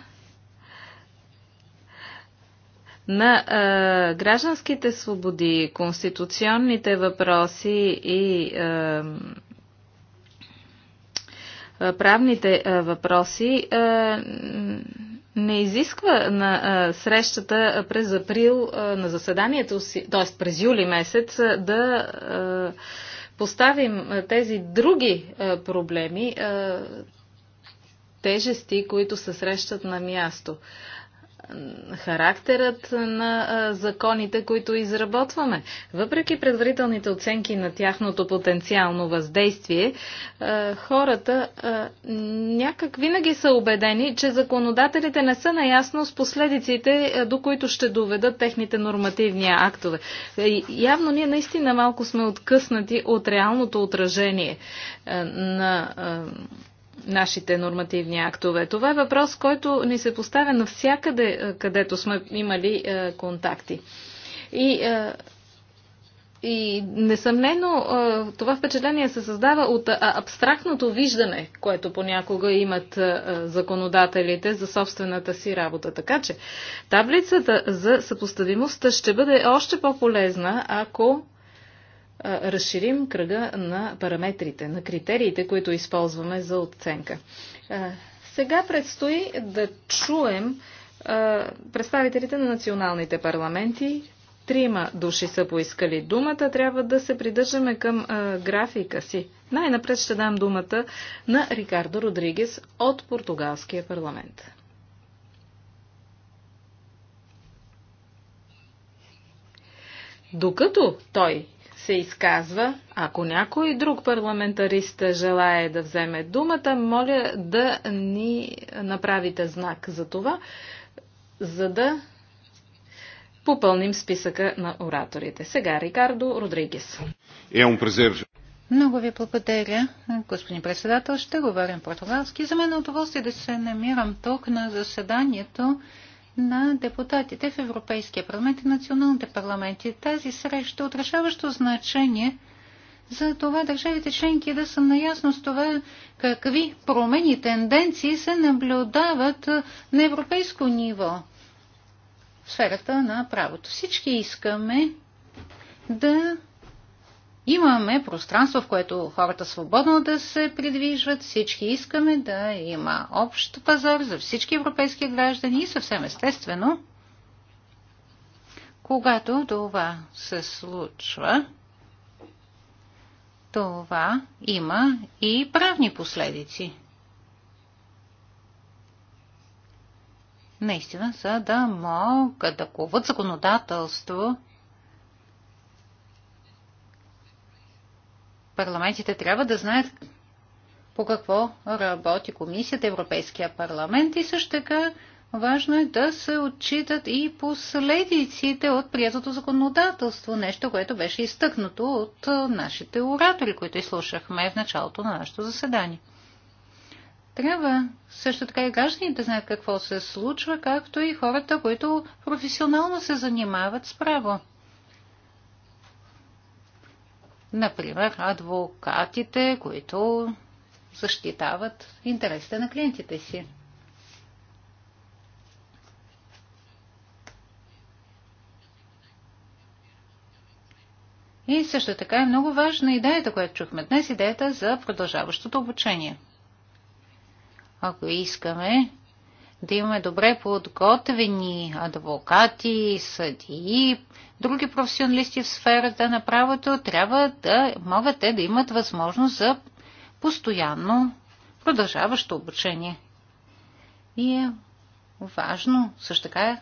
на е, гражданските свободи, конституционните въпроси и е, правните е, въпроси е, не изисква на е, срещата през април е, на заседанието си, т.е. през юли месец, да е, поставим тези други е, проблеми, е, тежести, които се срещат на място. Е, характерът на законите, които изработваме. Въпреки предварителните оценки на тяхното потенциално въздействие, хората някак винаги са убедени, че законодателите не са наясно с последиците, до които ще доведат техните нормативни актове. Явно ние наистина малко сме откъснати от реалното отражение на нашите нормативни актове. Това е въпрос, който ни се поставя навсякъде, е, където сме имали е, контакти. И е, и несъмнено това впечатление се създава от абстрактното виждане, което понякога имат законодателите за собствената си работа. Така че таблицата за съпоставимостта ще бъде още по-полезна, ако разширим кръга на параметрите, на критериите, които използваме за оценка. Сега предстои да чуем представителите на националните парламенти. Трима души са поискали думата. Трябва да се придържаме към графика си. Най-напред ще дам думата на Рикардо Родригес от португалския парламент. Докато той се изказва. Ако някой друг парламентарист желае да вземе думата, моля да ни направите знак за това, за да попълним списъка на ораторите. Сега Рикардо Родригес. Е Много ви благодаря, господин председател. Ще говорим португалски. За мен е удоволствие да се намирам тук на заседанието на депутатите в Европейския парламент и националните парламенти. Тази среща е от значение за това държавите членки да са наясно с това какви промени тенденции се наблюдават на европейско ниво в сферата на правото. Всички искаме да имаме пространство, в което хората свободно да се придвижват. Всички искаме да има общ пазар за всички европейски граждани и съвсем естествено, когато това се случва, това има и правни последици. Наистина, за да могат да куват законодателство, парламентите трябва да знаят по какво работи комисията, Европейския парламент и също така важно е да се отчитат и последиците от приятото законодателство, нещо, което беше изтъкнато от нашите оратори, които изслушахме в началото на нашето заседание. Трябва също така и гражданите да знаят какво се случва, както и хората, които професионално се занимават с право. Например, адвокатите, които защитават интересите на клиентите си. И също така е много важна идеята, която чухме днес, идеята за продължаващото обучение. Ако искаме да имаме добре подготвени адвокати, съдии, други професионалисти в сферата на правото, трябва да могат те да имат възможност за постоянно продължаващо обучение. И е важно също така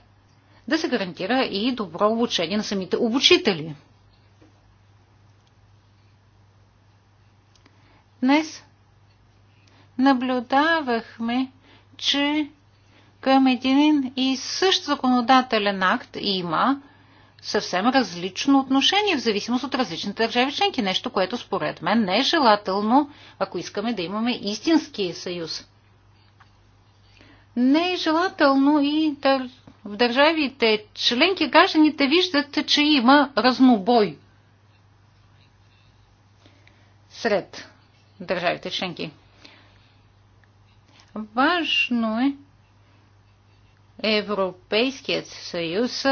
да се гарантира и добро обучение на самите обучители. Днес наблюдавахме, че към един и същ законодателен акт има съвсем различно отношение в зависимост от различните държави членки. Нещо, което според мен не е желателно, ако искаме да имаме истински съюз. Не е желателно и дър... в държавите членки гражданите виждат, че има разнобой сред държавите членки. Важно е Европейският съюз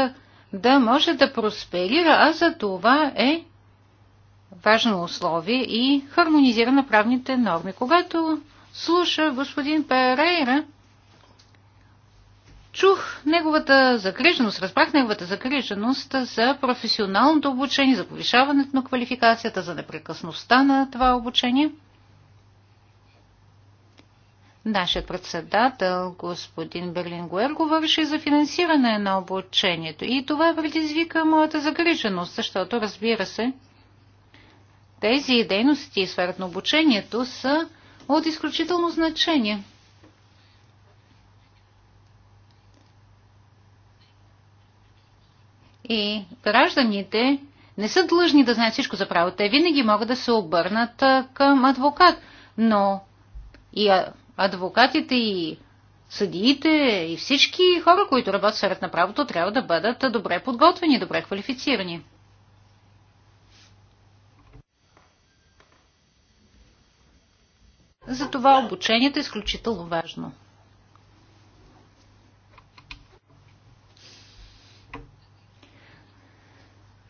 да може да просперира, а за това е важно условие и хармонизира на правните норми. Когато слуша господин Перейра, чух неговата загриженост, разбрах неговата загриженост за професионалното обучение, за повишаването на квалификацията, за непрекъсността на това обучение – Нашият председател, господин Берлингуер, говореше за финансиране на обучението. И това предизвика моята загриженост, защото, разбира се, тези дейности и сферата на обучението са от изключително значение. И гражданите не са длъжни да знаят всичко за право. Те винаги могат да се обърнат към адвокат, но и адвокатите и съдиите и всички хора, които работят в сферата на правото, трябва да бъдат добре подготвени, добре квалифицирани. Затова обучението е изключително важно.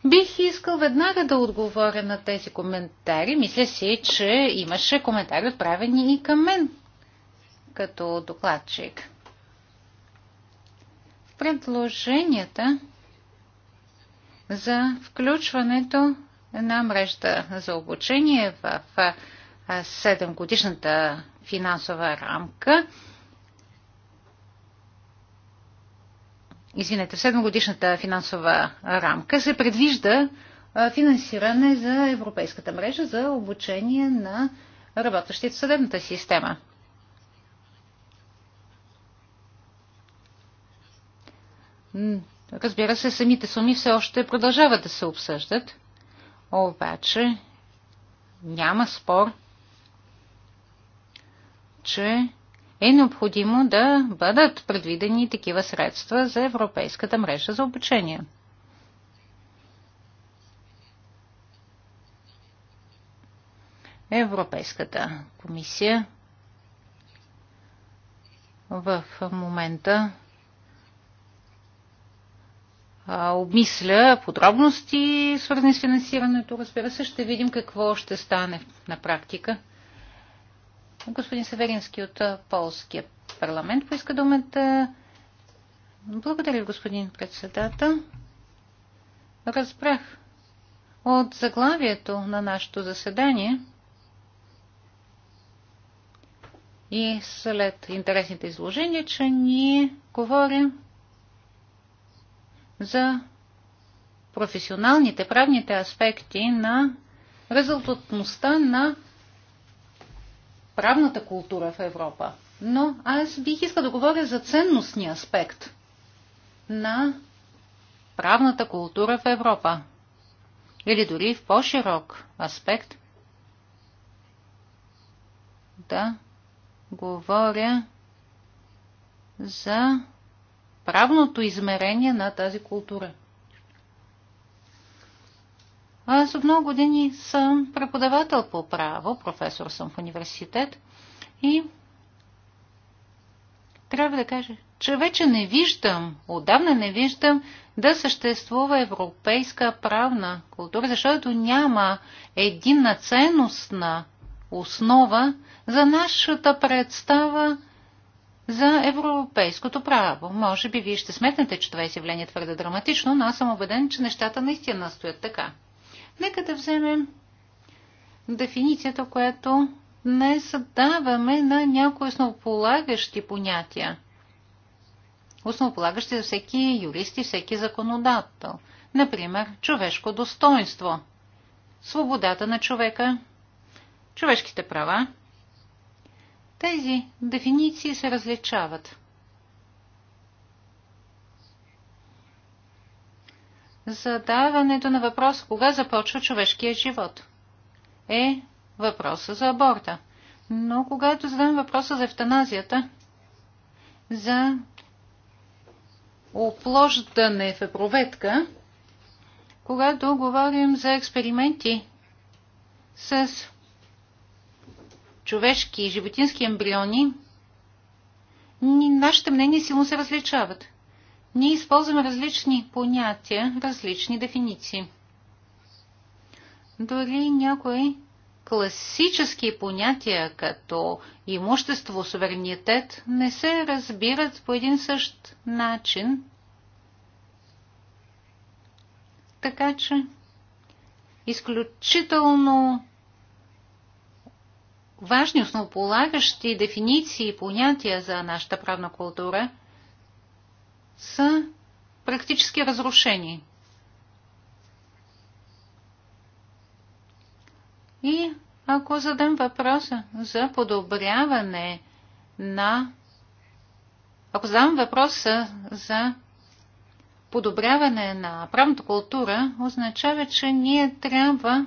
Бих искал веднага да отговоря на тези коментари. Мисля си, че имаше коментари отправени и към мен като докладчик. В предложенията за включването на мрежата за обучение в 7-годишната финансова рамка. Извинете, в 7-годишната финансова рамка се предвижда финансиране за Европейската мрежа за обучение на работещите в съдебната система. Разбира се, самите суми все още продължават да се обсъждат, обаче няма спор, че е необходимо да бъдат предвидени такива средства за Европейската мрежа за обучение. Европейската комисия в момента обмисля подробности, свързани с финансирането. Разбира се, ще видим какво ще стане на практика. Господин Северински от Полския парламент поиска думата. Благодаря, господин председател. Разбрах от заглавието на нашето заседание и след интересните изложения, че ние говорим за професионалните, правните аспекти на резултатността на правната култура в Европа. Но аз бих искал да говоря за ценностния аспект на правната култура в Европа. Или дори в по-широк аспект да говоря за правното измерение на тази култура. Аз от много години съм преподавател по право, професор съм в университет и трябва да кажа, че вече не виждам, отдавна не виждам да съществува европейска правна култура, защото няма единна ценностна основа за нашата представа за европейското право. Може би вие ще сметнете, че това изявление е твърде драматично, но аз съм убеден, че нещата наистина стоят така. Нека да вземем дефиницията, която днес даваме на някои основополагащи понятия. Основополагащи за всеки юрист и всеки законодател. Например, човешко достоинство, свободата на човека, човешките права, тези дефиниции се различават. Задаването на въпрос кога започва човешкия живот е въпроса за аборта. Но когато задам въпроса за евтаназията, за оплождане в епроветка, когато говорим за експерименти с човешки и животински ембриони, нашите мнения силно се различават. Ние използваме различни понятия, различни дефиниции. Дори някои класически понятия, като имущество, суверенитет, не се разбират по един същ начин. Така че изключително важни основополагащи дефиниции и понятия за нашата правна култура са практически разрушени. И ако задам въпроса за подобряване на... Ако задам въпроса за подобряване на правната култура, означава, че ние трябва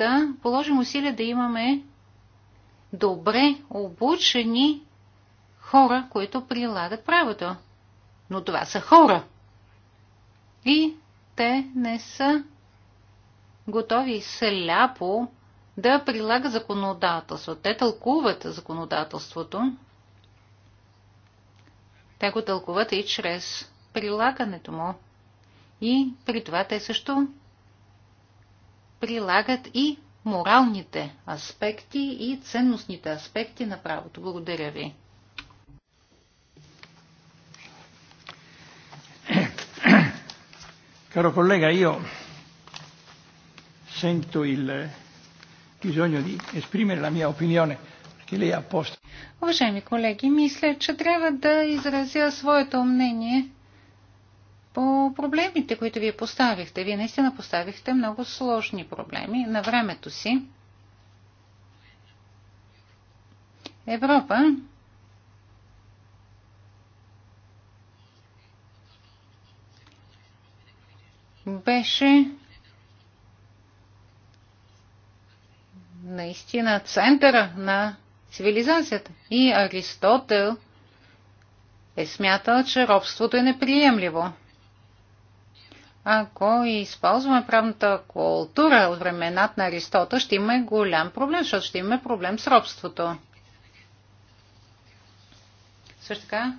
да положим усилия да имаме добре обучени хора, които прилагат правото. Но това са хора. И те не са готови сляпо да прилага законодателство. Те тълкуват законодателството. Те го тълкуват и чрез прилагането му. И при това те също прилагат и моралните аспекти и ценностните аспекти на правото. Благодаря ви. Caro collega, io sento il bisogno di esprimere la mia opinione perché lei ha posto. Уважаеми колеги, мисля, че трябва да изразя своето мнение по проблемите, които вие поставихте. Вие наистина поставихте много сложни проблеми на времето си. Европа беше наистина центъра на цивилизацията. И Аристотел е смятал, че робството е неприемливо. Ако използваме правната култура от времената на Аристота, ще имаме голям проблем, защото ще имаме проблем с робството. Също така,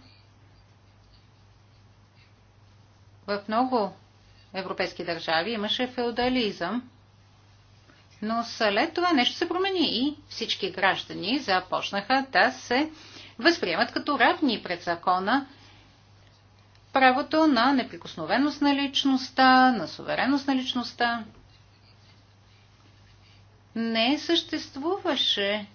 в много европейски държави имаше феодализъм, но след това нещо се промени и всички граждани започнаха да се възприемат като равни пред закона правото на неприкосновеност на личността, на суверенност на личността. Не съществуваше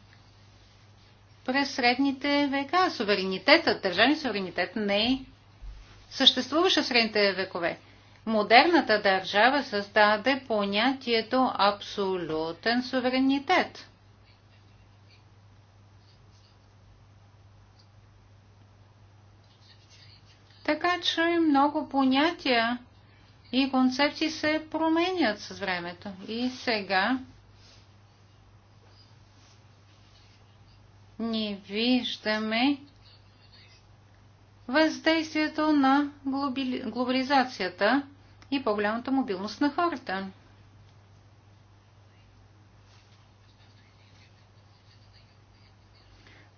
през средните века. Суверенитетът, държавен суверенитет не съществуваше в средните векове. Модерната държава създаде понятието абсолютен суверенитет. Така че много понятия и концепции се променят с времето. И сега ни виждаме въздействието на глобализацията и по-голямата мобилност на хората.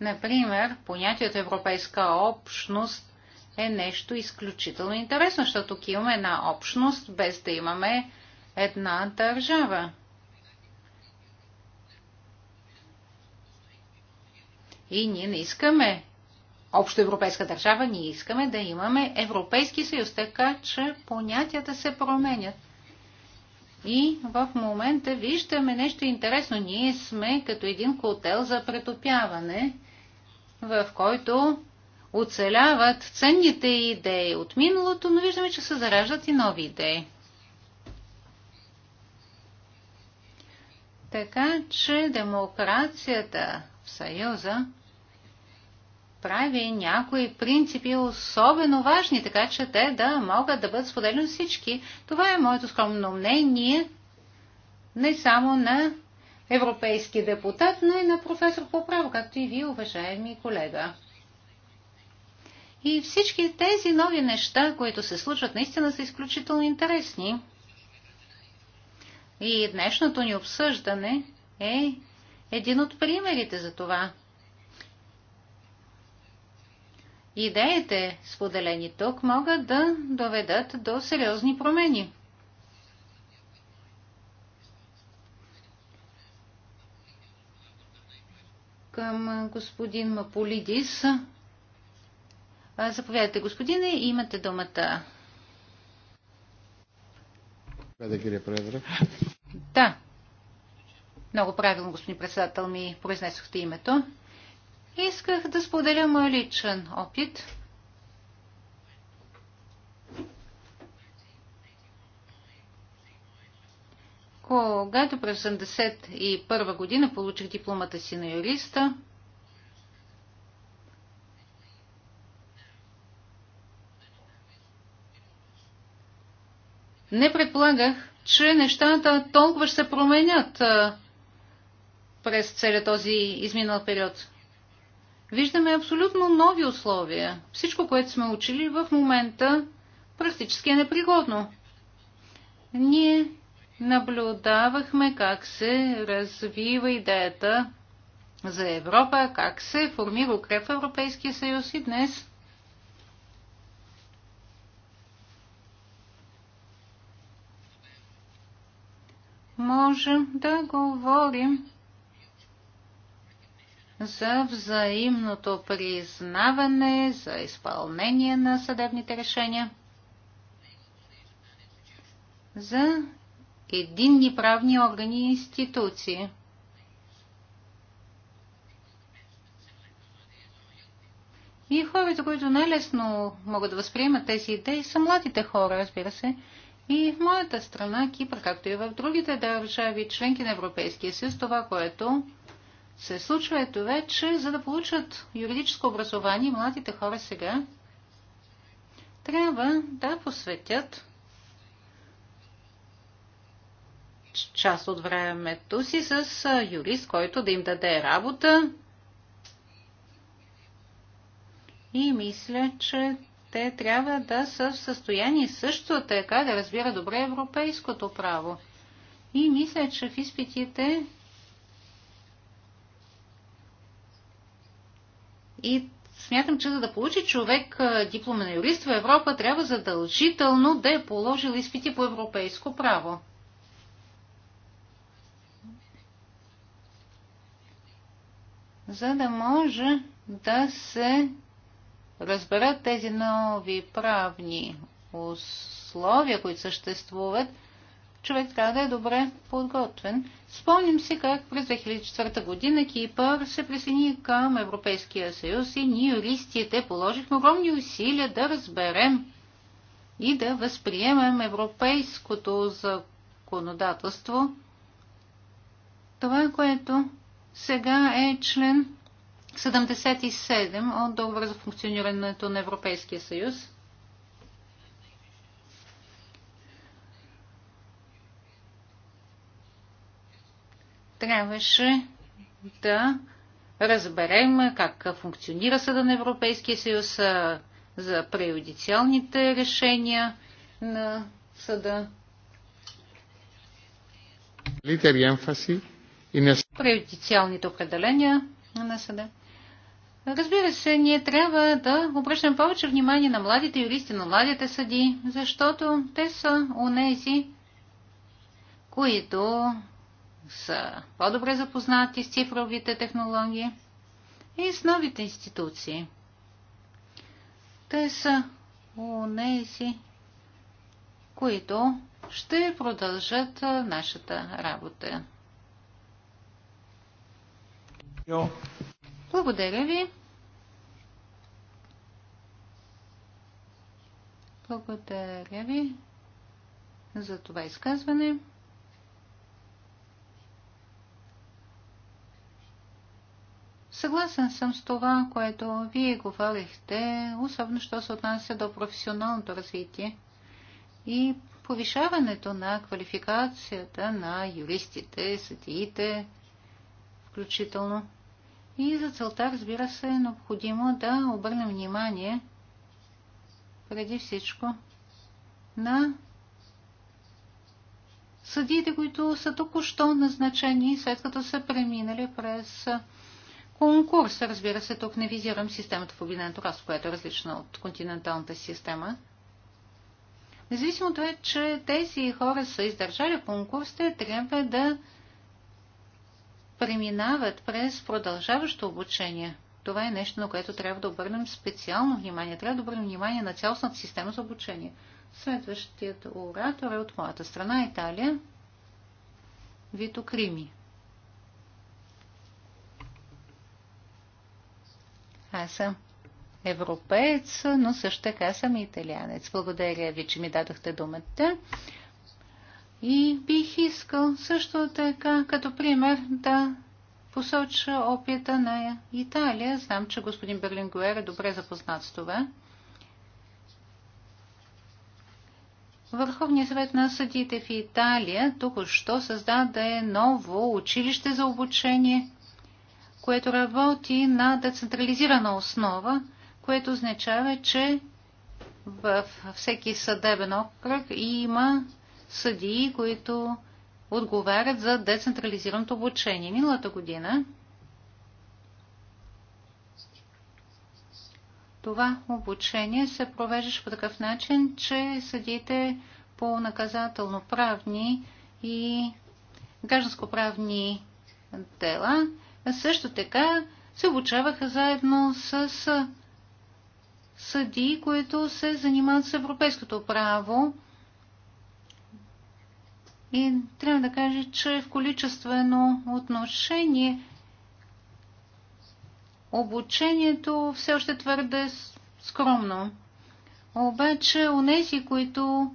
Например, понятието европейска общност е нещо изключително интересно, защото тук имаме една общност, без да имаме една държава. И ние не искаме общо европейска държава, ние искаме да имаме Европейски съюз, така че понятията се променят. И в момента виждаме нещо интересно. Ние сме като един котел за претопяване, в който оцеляват ценните идеи от миналото, но виждаме, че се зараждат и нови идеи. Така че демокрацията в Съюза прави някои принципи особено важни, така че те да могат да бъдат споделени от всички. Това е моето скромно мнение не само на европейски депутат, но и на професор по право, както и вие, уважаеми колега. И всички тези нови неща, които се случват, наистина са изключително интересни. И днешното ни обсъждане е един от примерите за това. Идеите, споделени тук, могат да доведат до сериозни промени. Към господин Маполидис Заповядайте, господине, имате думата. Да. Много правилно, господин председател, ми произнесохте името. Исках да споделя мой личен опит. Когато през 1981 година получих дипломата си на юриста, не предполагах, че нещата толкова ще се променят през целият този изминал период. Виждаме абсолютно нови условия. Всичко, което сме учили в момента, практически е непригодно. Ние наблюдавахме как се развива идеята за Европа, как се формира укрепва Европейския съюз и днес можем да говорим за взаимното признаване, за изпълнение на съдебните решения, за единни правни органи и институции. И хората, които най-лесно могат да възприемат тези идеи, са младите хора, разбира се. И в моята страна, Кипър, както и в другите държави, членки на Европейския съюз, това, което се случва е това, че за да получат юридическо образование, младите хора сега трябва да посветят част от времето си с юрист, който да им даде работа. И мисля, че те трябва да са в състояние също така да разбира добре европейското право. И мисля, че в изпитите и смятам, че за да получи човек диплома на юрист в Европа, трябва задължително да е положил изпити по европейско право. За да може да се разберат тези нови правни условия, които съществуват, човек трябва да е добре подготвен. Спомним си как през 2004 година Кипър се присъедини към Европейския съюз и ние юристите положихме огромни усилия да разберем и да възприемем европейското законодателство. Това, което сега е член 77 от договора за функционирането на Европейския съюз. Трябваше да разберем как функционира Съда на Европейския съюз за преюдициалните решения на Съда. Преюдициалните определения на Съда. Разбира се, ние трябва да обръщам повече внимание на младите юристи, на младите съди, защото те са унези, които са по-добре запознати с цифровите технологии и с новите институции. Те са унези, които ще продължат нашата работа. Благодаря ви. Благодаря ви за това изказване. Съгласен съм с това, което вие говорихте, особено що се отнася до професионалното развитие и повишаването на квалификацията на юристите, съдиите, включително. И за целта, разбира се, е необходимо да обърнем внимание – преди всичко на съдиите, които са току-що назначени, след като са преминали през конкурс. Разбира се, тук не визирам системата в Обединеното раз, която е различна от континенталната система. Независимо от това, че тези хора са издържали конкурсите, трябва да преминават през продължаващо обучение – това е нещо, на което трябва да обърнем специално внимание. Трябва да обърнем внимание на цялостната система за обучение. Следващият оратор е от моята страна Италия. Вито Крими. Аз съм европеец, но също така съм и италианец. Благодаря ви, че ми дадохте думата. И бих искал също така, като пример, да посоча опита на Италия. Знам, че господин Берлингуер е добре запознат с това. Върховният съвет на съдиите в Италия току-що създаде ново училище за обучение, което работи на децентрализирана основа, което означава, че във всеки съдебен окръг има съдии, които отговарят за децентрализираното обучение. Миналата година това обучение се провеждаше по такъв начин, че съдите по наказателно-правни и гражданско-правни дела също така се обучаваха заедно с съди, които се занимават с европейското право и трябва да кажа, че в количествено отношение обучението все още твърде скромно. Обаче, нези, които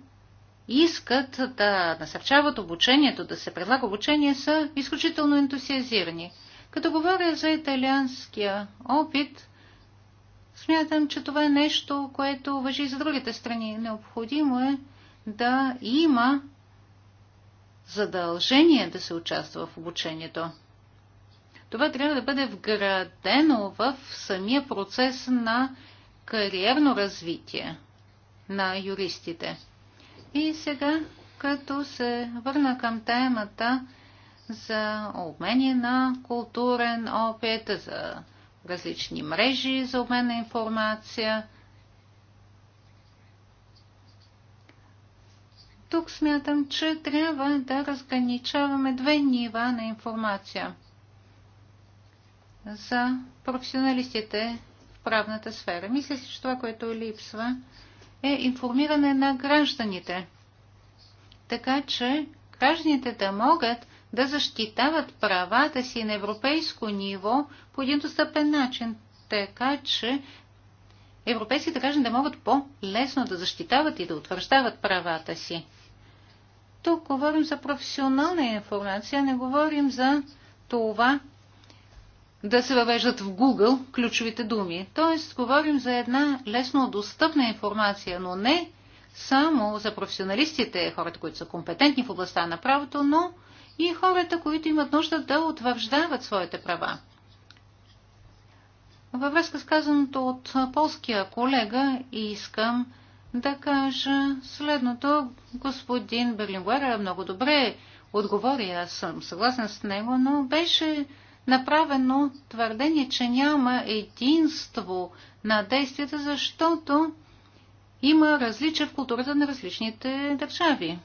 искат да насърчават обучението, да се предлага обучение, са изключително ентусиазирани. Като говоря за италианския опит, смятам, че това е нещо, което въжи и за другите страни. Необходимо е да има задължение да се участва в обучението. Това трябва да бъде вградено в самия процес на кариерно развитие на юристите. И сега, като се върна към темата за обмени на културен опит, за различни мрежи за обмен на информация, Тук смятам, че трябва да разграничаваме две нива на информация за професионалистите в правната сфера. Мисля си, че това, което липсва, е информиране на гражданите. Така че гражданите да могат да защитават правата си на европейско ниво по един достъпен начин, така че европейските граждани да могат по-лесно да защитават и да утвърждават правата си. Тук говорим за професионална информация, не говорим за това да се въвеждат в Google ключовите думи. Тоест, говорим за една лесно достъпна информация, но не само за професионалистите, хората, които са компетентни в областта на правото, но и хората, които имат нужда да утвърждават своите права. Във връзка с казаното от полския колега искам да кажа следното. Господин Берлингуер много добре отговори, аз съм съгласен с него, но беше направено твърдение, че няма единство на действията, защото има различия в културата на различните държави.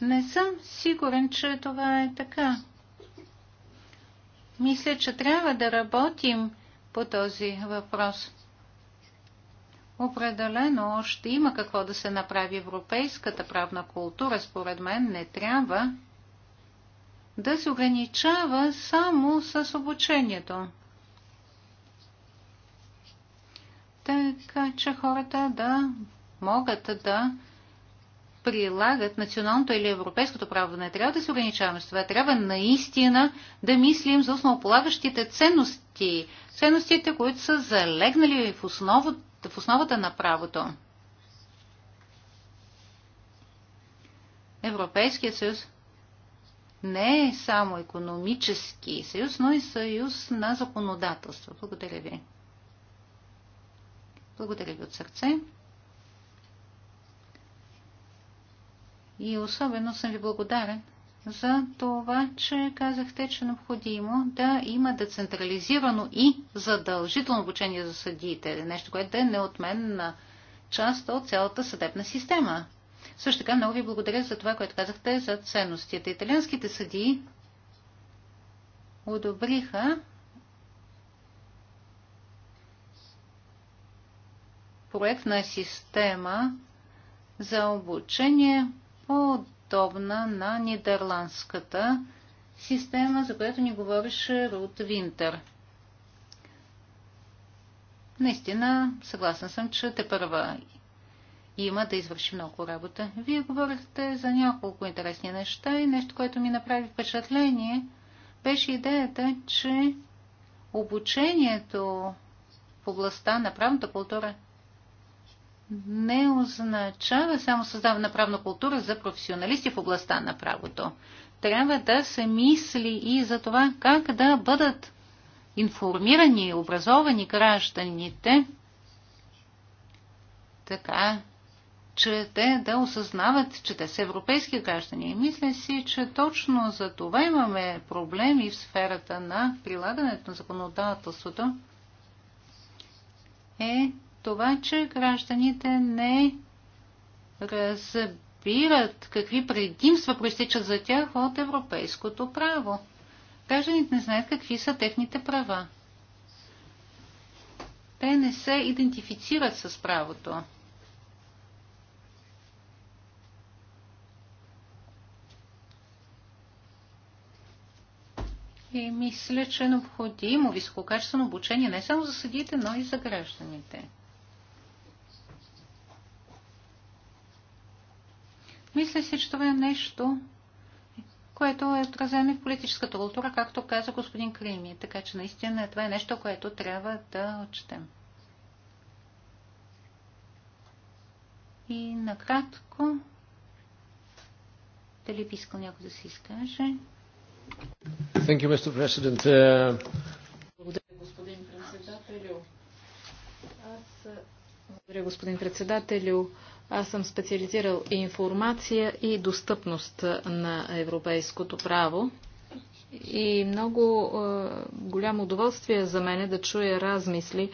Не съм сигурен, че това е така. Мисля, че трябва да работим по този въпрос. Определено още има какво да се направи европейската правна култура, според мен не трябва да се ограничава само с обучението. Така че хората да могат да прилагат националното или европейското право. Не трябва да се ограничаваме с това. Трябва наистина да мислим за основополагащите ценности. Ценностите, които са залегнали в, основа, в основата на правото. Европейският съюз не е само економически съюз, но и съюз на законодателство. Благодаря ви. Благодаря ви от сърце. И особено съм ви благодарен за това, че казахте, че е необходимо да има децентрализирано и задължително обучение за съдиите. Нещо, което е неотменна част от цялата съдебна система. Също така много ви благодаря за това, което казахте за ценностите. Италианските съдии одобриха проектна система за обучение удобна на нидерландската система, за която ни говореше Рут Винтер. Наистина, съгласна съм, че те първа има да извърши много работа. Вие говорихте за няколко интересни неща и нещо, което ми направи впечатление, беше идеята, че обучението в областта на правната култура не означава само създаване на правна култура за професионалисти в областта на правото. Трябва да се мисли и за това как да бъдат информирани и образовани гражданите, така че те да осъзнават, че те са европейски граждани. И мисля си, че точно за това имаме проблеми в сферата на прилагането на законодателството. Е, това, че гражданите не разбират какви предимства проистичат за тях от европейското право. Гражданите не знаят какви са техните права. Те не се идентифицират с правото. И мисля, че е необходимо висококачествено обучение не само за съдиите, но и за гражданите. Мисля си, че това е нещо, което е отразено и в политическата култура, както каза господин Крими. Така че наистина това е нещо, което трябва да отчетем. И накратко, дали би искал някой да се изкаже? Thank you, Mr. President. Uh, благодаря, господин председателю. Аз благодаря, господин председателю. Аз съм специализирал информация и достъпност на европейското право. И много е, голямо удоволствие за мен е да чуя размисли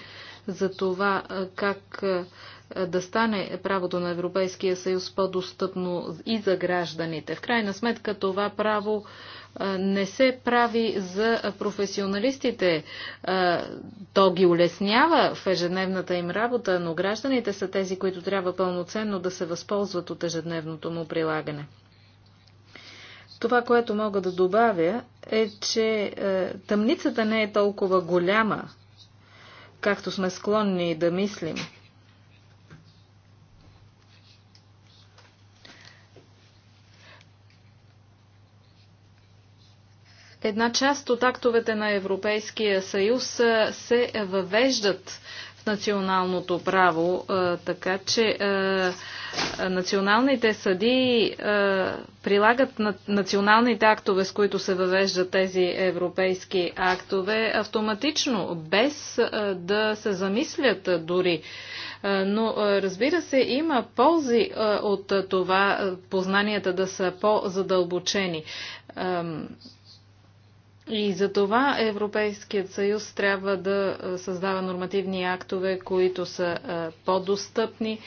за това е, как е, да стане правото на Европейския съюз по-достъпно и за гражданите. В крайна сметка това право не се прави за професионалистите. То ги улеснява в ежедневната им работа, но гражданите са тези, които трябва пълноценно да се възползват от ежедневното му прилагане. Това, което мога да добавя, е, че тъмницата не е толкова голяма, както сме склонни да мислим. Една част от актовете на Европейския съюз се въвеждат в националното право, така че националните съдии прилагат националните актове, с които се въвеждат тези европейски актове, автоматично, без да се замислят дори. Но разбира се, има ползи от това познанията да са по-задълбочени. И за това Европейският съюз трябва да създава нормативни актове, които са по-достъпни.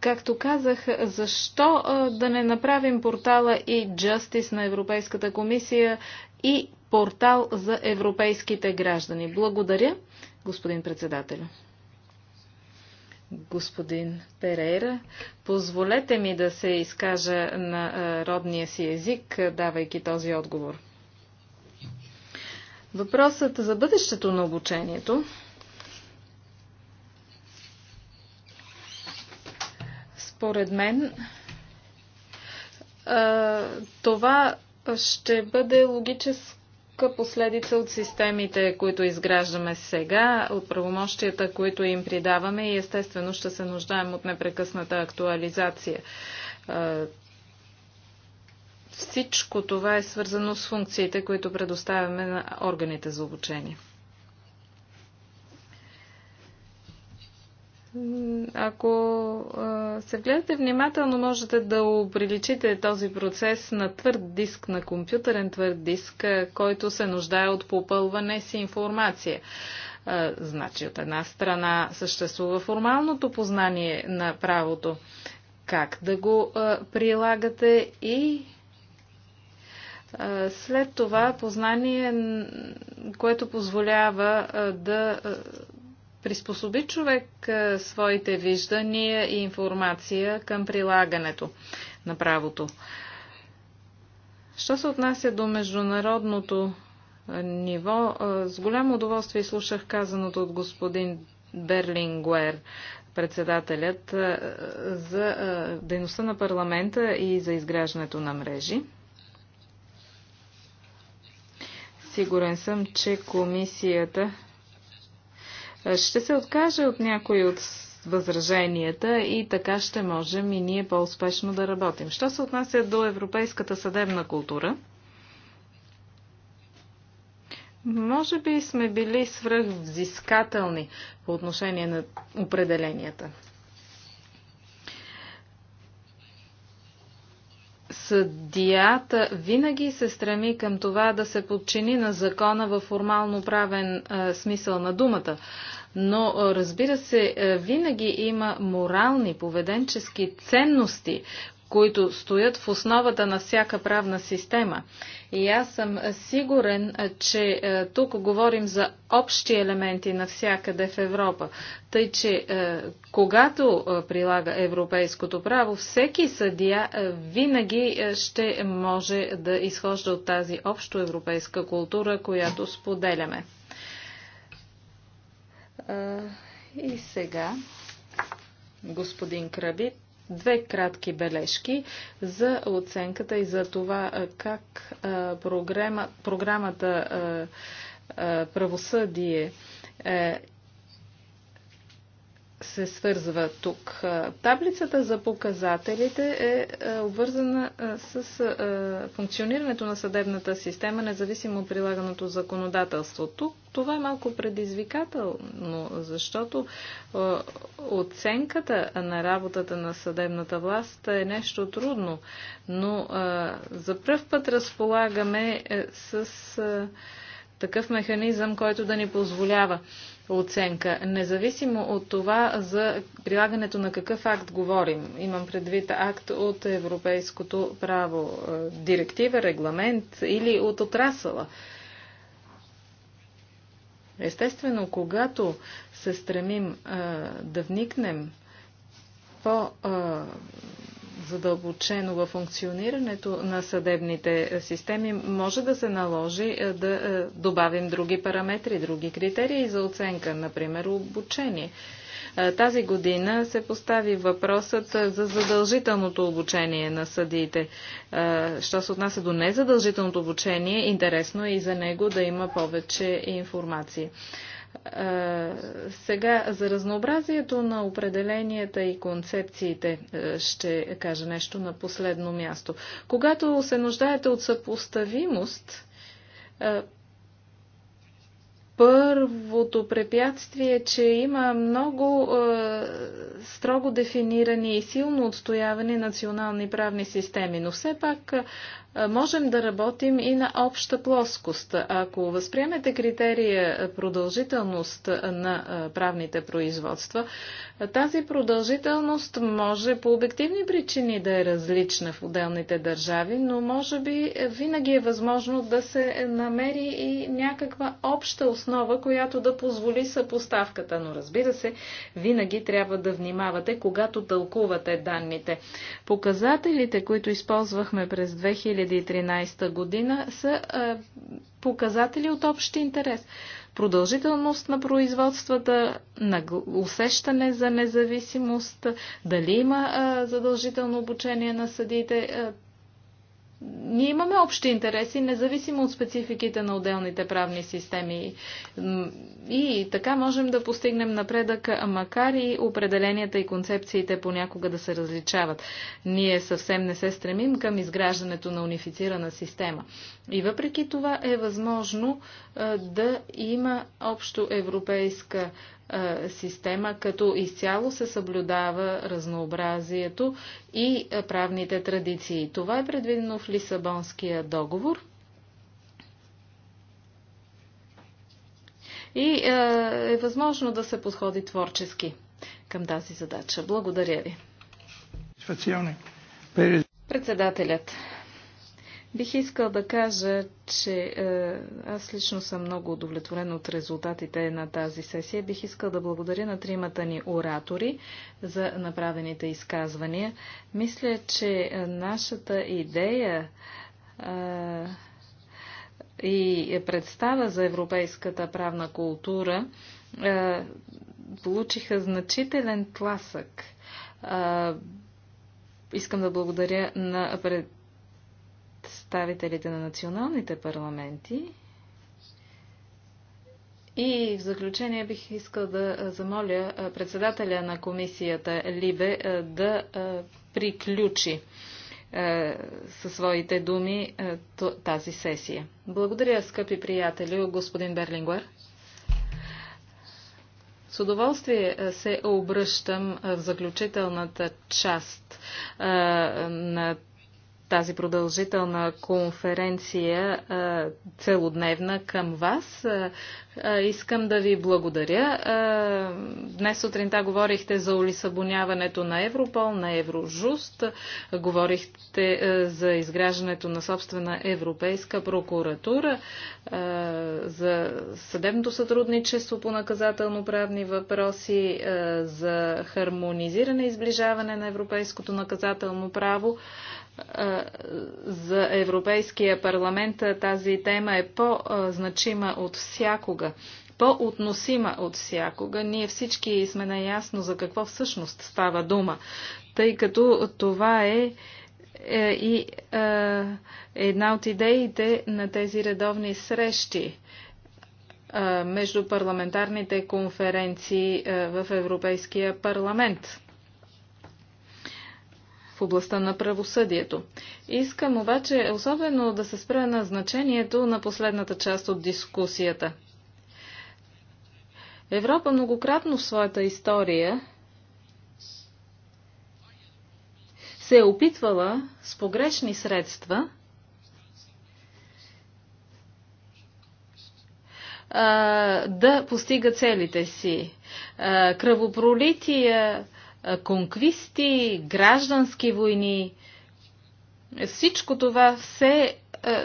Както казах, защо да не направим портала и Justice на Европейската комисия и портал за европейските граждани? Благодаря, господин председател. Господин Перейра, позволете ми да се изкажа на родния си език, давайки този отговор. Въпросът за бъдещето на обучението според мен това ще бъде логическа последица от системите, които изграждаме сега, от правомощията, които им придаваме и естествено ще се нуждаем от непрекъсната актуализация всичко това е свързано с функциите, които предоставяме на органите за обучение. Ако се вгледате внимателно, можете да оприличите този процес на твърд диск, на компютърен твърд диск, който се нуждае от попълване с информация. Значи от една страна съществува формалното познание на правото, как да го прилагате и след това познание, което позволява да приспособи човек своите виждания и информация към прилагането на правото. Що се отнася до международното ниво, с голямо удоволствие слушах казаното от господин Берлингуер, председателят, за дейността на парламента и за изграждането на мрежи. Сигурен съм, че комисията ще се откаже от някои от възраженията и така ще можем и ние по-успешно да работим. Що се отнася до европейската съдебна култура? Може би сме били свръхвзискателни по отношение на определенията. съдията винаги се стреми към това да се подчини на закона във формално правен а, смисъл на думата. Но разбира се, винаги има морални, поведенчески ценности, които стоят в основата на всяка правна система. И аз съм сигурен, че тук говорим за общи елементи навсякъде в Европа. Тъй, че когато прилага европейското право, всеки съдия винаги ще може да изхожда от тази общо европейска култура, която споделяме. И сега господин Крабит две кратки бележки за оценката и за това как програма, програмата Правосъдие е, се свързва тук. Таблицата за показателите е, е обвързана с функционирането на съдебната система, независимо от прилаганото законодателство. Тук това е малко предизвикателно, защото оценката на работата на съдебната власт е нещо трудно, но за пръв път разполагаме е, с такъв механизъм, който да ни позволява оценка, независимо от това за прилагането на какъв акт говорим. Имам предвид акт от европейското право, е, директива, регламент или от отрасъла. Естествено, когато се стремим а, е, да вникнем по а, е, задълбочено във функционирането на съдебните системи, може да се наложи е, да е, добавим други параметри, други критерии за оценка, например обучение. Е, тази година се постави въпросът за задължителното обучение на съдиите. Що се отнася до незадължителното обучение, интересно е и за него да има повече информация. Е, сега за разнообразието на определенията и концепциите е, ще кажа нещо на последно място. Когато се нуждаете от съпоставимост, е, първото препятствие е, че има много строго дефинирани и силно отстоявани национални правни системи, но все пак можем да работим и на обща плоскост. Ако възприемете критерия продължителност на правните производства, тази продължителност може по обективни причини да е различна в отделните държави, но може би винаги е възможно да се намери и някаква обща основа, която да позволи съпоставката. Но разбира се, винаги трябва да внимавате, когато тълкувате данните. Показателите, които използвахме през 2013 година, са а, показатели от общ интерес. Продължителност на производствата, на усещане за независимост, дали има а, задължително обучение на съдите. А, ние имаме общи интереси, независимо от спецификите на отделните правни системи. И така можем да постигнем напредък, макар и определенията и концепциите понякога да се различават. Ние съвсем не се стремим към изграждането на унифицирана система. И въпреки това е възможно да има общо европейска система, като изцяло се съблюдава разнообразието и правните традиции. Това е предвидено в Лисабонския договор. И е възможно да се подходи творчески към тази задача. Благодаря ви. Председателят, Бих искал да кажа, че е, аз лично съм много удовлетворен от резултатите на тази сесия. Бих искал да благодаря на тримата ни оратори за направените изказвания. Мисля, че нашата идея е, и представа за европейската правна култура е, получиха значителен тласък. Е, Искам да благодаря на пред представителите на националните парламенти. И в заключение бих искал да замоля председателя на комисията Либе да приключи със своите думи тази сесия. Благодаря, скъпи приятели, господин Берлингуер. С удоволствие се обръщам в заключителната част на тази продължителна конференция целодневна към вас. Искам да ви благодаря. Днес сутринта говорихте за улисабоняването на Европол, на Еврожуст, говорихте за изграждането на собствена европейска прокуратура, за съдебното сътрудничество по наказателно-правни въпроси, за хармонизиране и изближаване на европейското наказателно право за Европейския парламент тази тема е по-значима от всякога, по-относима от всякога. Ние всички сме наясно за какво всъщност става дума, тъй като това е, е и е, една от идеите на тези редовни срещи е, между парламентарните конференции в Европейския парламент в областта на правосъдието. Искам обаче особено да се спра на значението на последната част от дискусията. Европа многократно в своята история се е опитвала с погрешни средства да постига целите си. Кръвопролития, конквисти, граждански войни. Всичко това все е,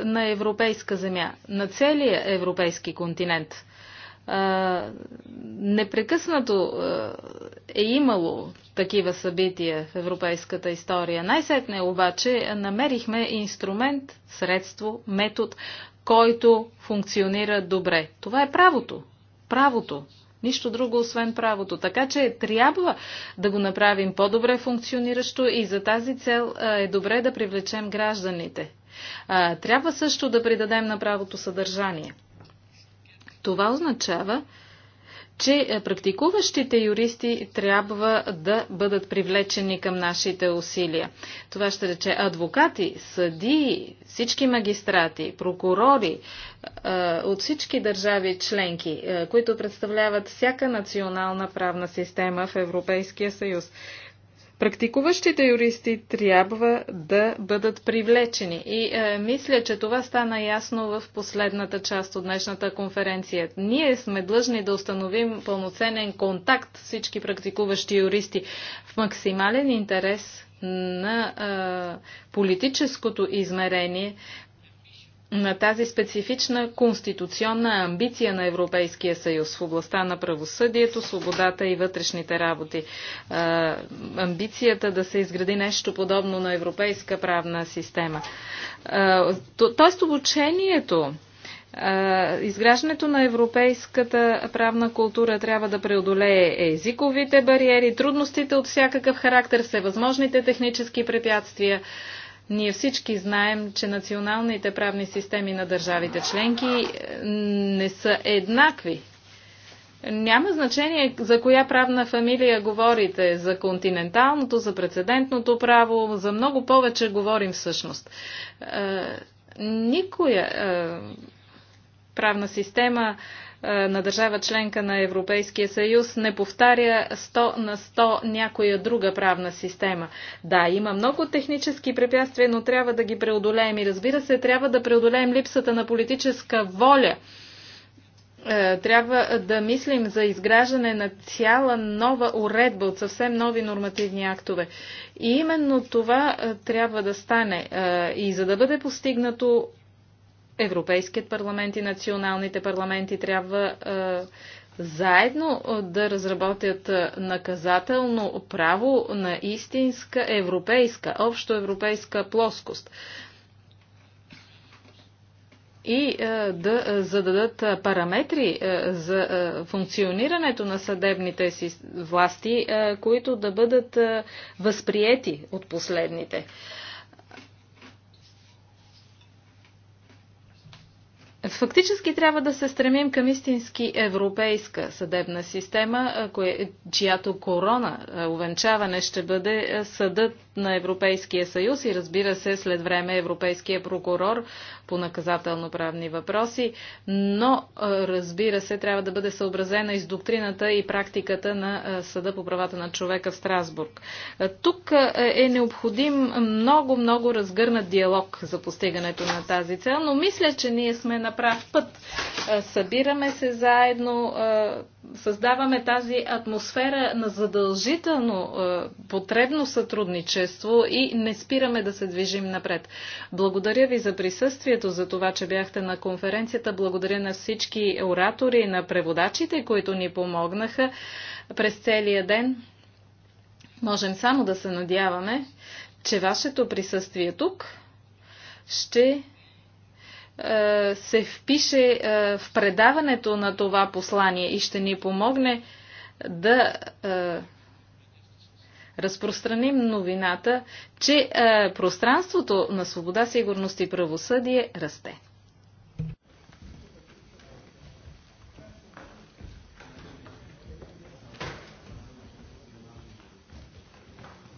на европейска земя, на целия европейски континент. Е, непрекъснато е, е имало такива събития в европейската история. Най-сетне обаче намерихме инструмент, средство, метод, който функционира добре. Това е правото. Правото Нищо друго, освен правото. Така че трябва да го направим по-добре функциониращо и за тази цел е добре да привлечем гражданите. Трябва също да придадем на правото съдържание. Това означава, че е, практикуващите юристи трябва да бъдат привлечени към нашите усилия. Това ще рече адвокати, съдии, всички магистрати, прокурори е, от всички държави членки, е, които представляват всяка национална правна система в Европейския съюз практикуващите юристи трябва да бъдат привлечени. И е, мисля, че това стана ясно в последната част от днешната конференция. Ние сме длъжни да установим пълноценен контакт с всички практикуващи юристи в максимален интерес на е, политическото измерение на тази специфична конституционна амбиция на Европейския съюз в областта на правосъдието, свободата и вътрешните работи. А, амбицията да се изгради нещо подобно на европейска правна система. тоест обучението Изграждането на европейската правна култура трябва да преодолее езиковите бариери, трудностите от всякакъв характер, всевъзможните технически препятствия, ние всички знаем, че националните правни системи на държавите членки е, не са еднакви. Няма значение за коя правна фамилия говорите, за континенталното, за прецедентното право, за много повече говорим всъщност. Е, никоя е, правна система е, на държава членка на Европейския съюз не повтаря 100 на 100 някоя друга правна система. Да, има много технически препятствия, но трябва да ги преодолеем и разбира се, трябва да преодолеем липсата на политическа воля е, трябва да мислим за изграждане на цяла нова уредба от съвсем нови нормативни актове. И именно това е, трябва да стане. И за да бъде постигнато Европейският парламент и националните парламенти трябва е, заедно е, да разработят е, наказателно право на истинска европейска, общоевропейска плоскост и да зададат параметри за функционирането на съдебните си власти, които да бъдат възприети от последните. Фактически трябва да се стремим към истински европейска съдебна система, чиято корона, увенчаване ще бъде съдът на Европейския съюз и разбира се след време Европейския прокурор по наказателно-правни въпроси, но разбира се трябва да бъде съобразена и с доктрината и практиката на Съда по правата на човека в Страсбург. Тук е необходим много-много разгърнат диалог за постигането на тази цел, но мисля, че ние сме на прав път. Събираме се заедно, създаваме тази атмосфера на задължително е, потребно сътрудничество и не спираме да се движим напред. Благодаря ви за присъствието, за това, че бяхте на конференцията. Благодаря на всички оратори и на преводачите, които ни помогнаха през целия ден. Можем само да се надяваме, че вашето присъствие тук ще е, се впише е, в предаването на това послание и ще ни помогне да е, разпространим новината, че пространството на свобода, сигурност и правосъдие расте.